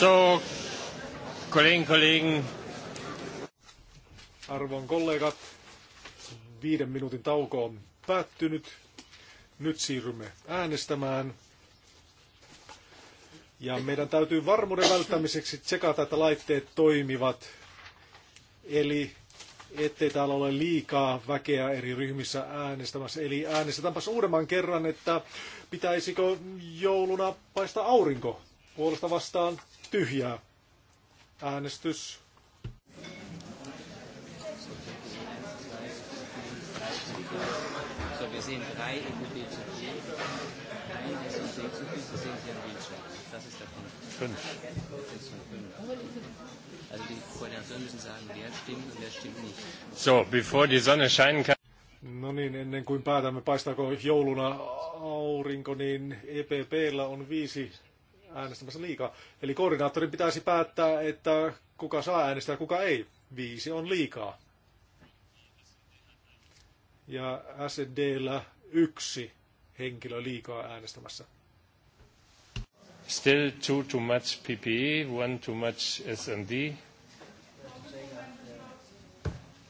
So, kollegen. Arvon kollegat, viiden minuutin tauko on päättynyt. Nyt siirrymme äänestämään. Ja meidän täytyy varmuuden välttämiseksi tsekata, että laitteet toimivat. Eli ettei täällä ole liikaa väkeä eri ryhmissä äänestämässä. Eli äänestetäänpäs uudemman kerran, että pitäisikö jouluna paista aurinko puolesta vastaan tyhjää. Äänestys Fünf. Also die müssen sagen, wer stimmt und wer stimmt nicht. So, bevor die Sonne scheinen kann. No niin, ennen kuin päätämme, paistaako jouluna aurinko, niin EPPllä on viisi äänestämässä liikaa. Eli koordinaattorin pitäisi päättää, että kuka saa äänestää, kuka ei. Viisi on liikaa. Ja SDllä yksi henkilö liikaa äänestämässä. Still two too much PPE, one too much S&D.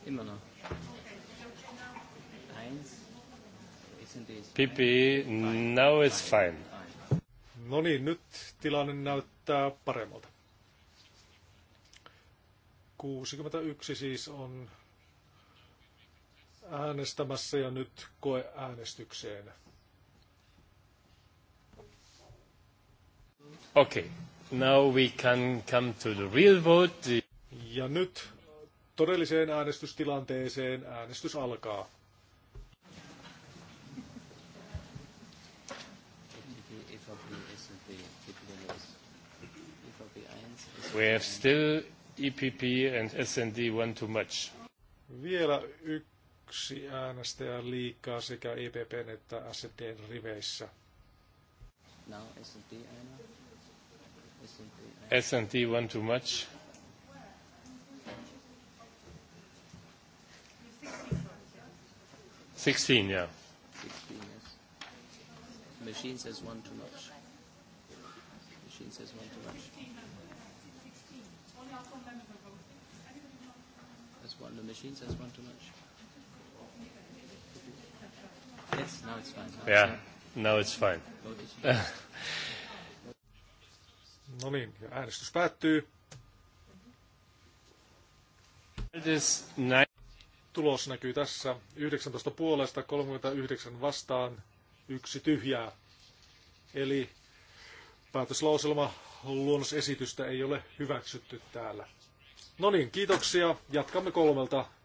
Immer noch. PPE, now it's fine. No niin, nyt tilanne näyttää paremmalta. 61 siis on äänestämässä ja nyt koe äänestykseen. okay. now we can come to the real vote. Ja nyt todelliseen äänestystilanteeseen äänestys alkaa. We still EPP and SND too much. Vielä yksi äänestäjä liikaa sekä EPP että SNDn riveissä. Now SND aina. S&T one too much? Sixteen, yeah. Sixteen, yes. Machine says one too much. Machine says one too much. Well, the machine says one too much. Yes, now it's fine. Now yeah, it's now it's fine. <laughs> no niin, ja äänestys päättyy. Tulos näkyy tässä. 19 puolesta, 39 vastaan, yksi tyhjää. Eli päätöslauselma luonnosesitystä ei ole hyväksytty täällä. No niin, kiitoksia. Jatkamme kolmelta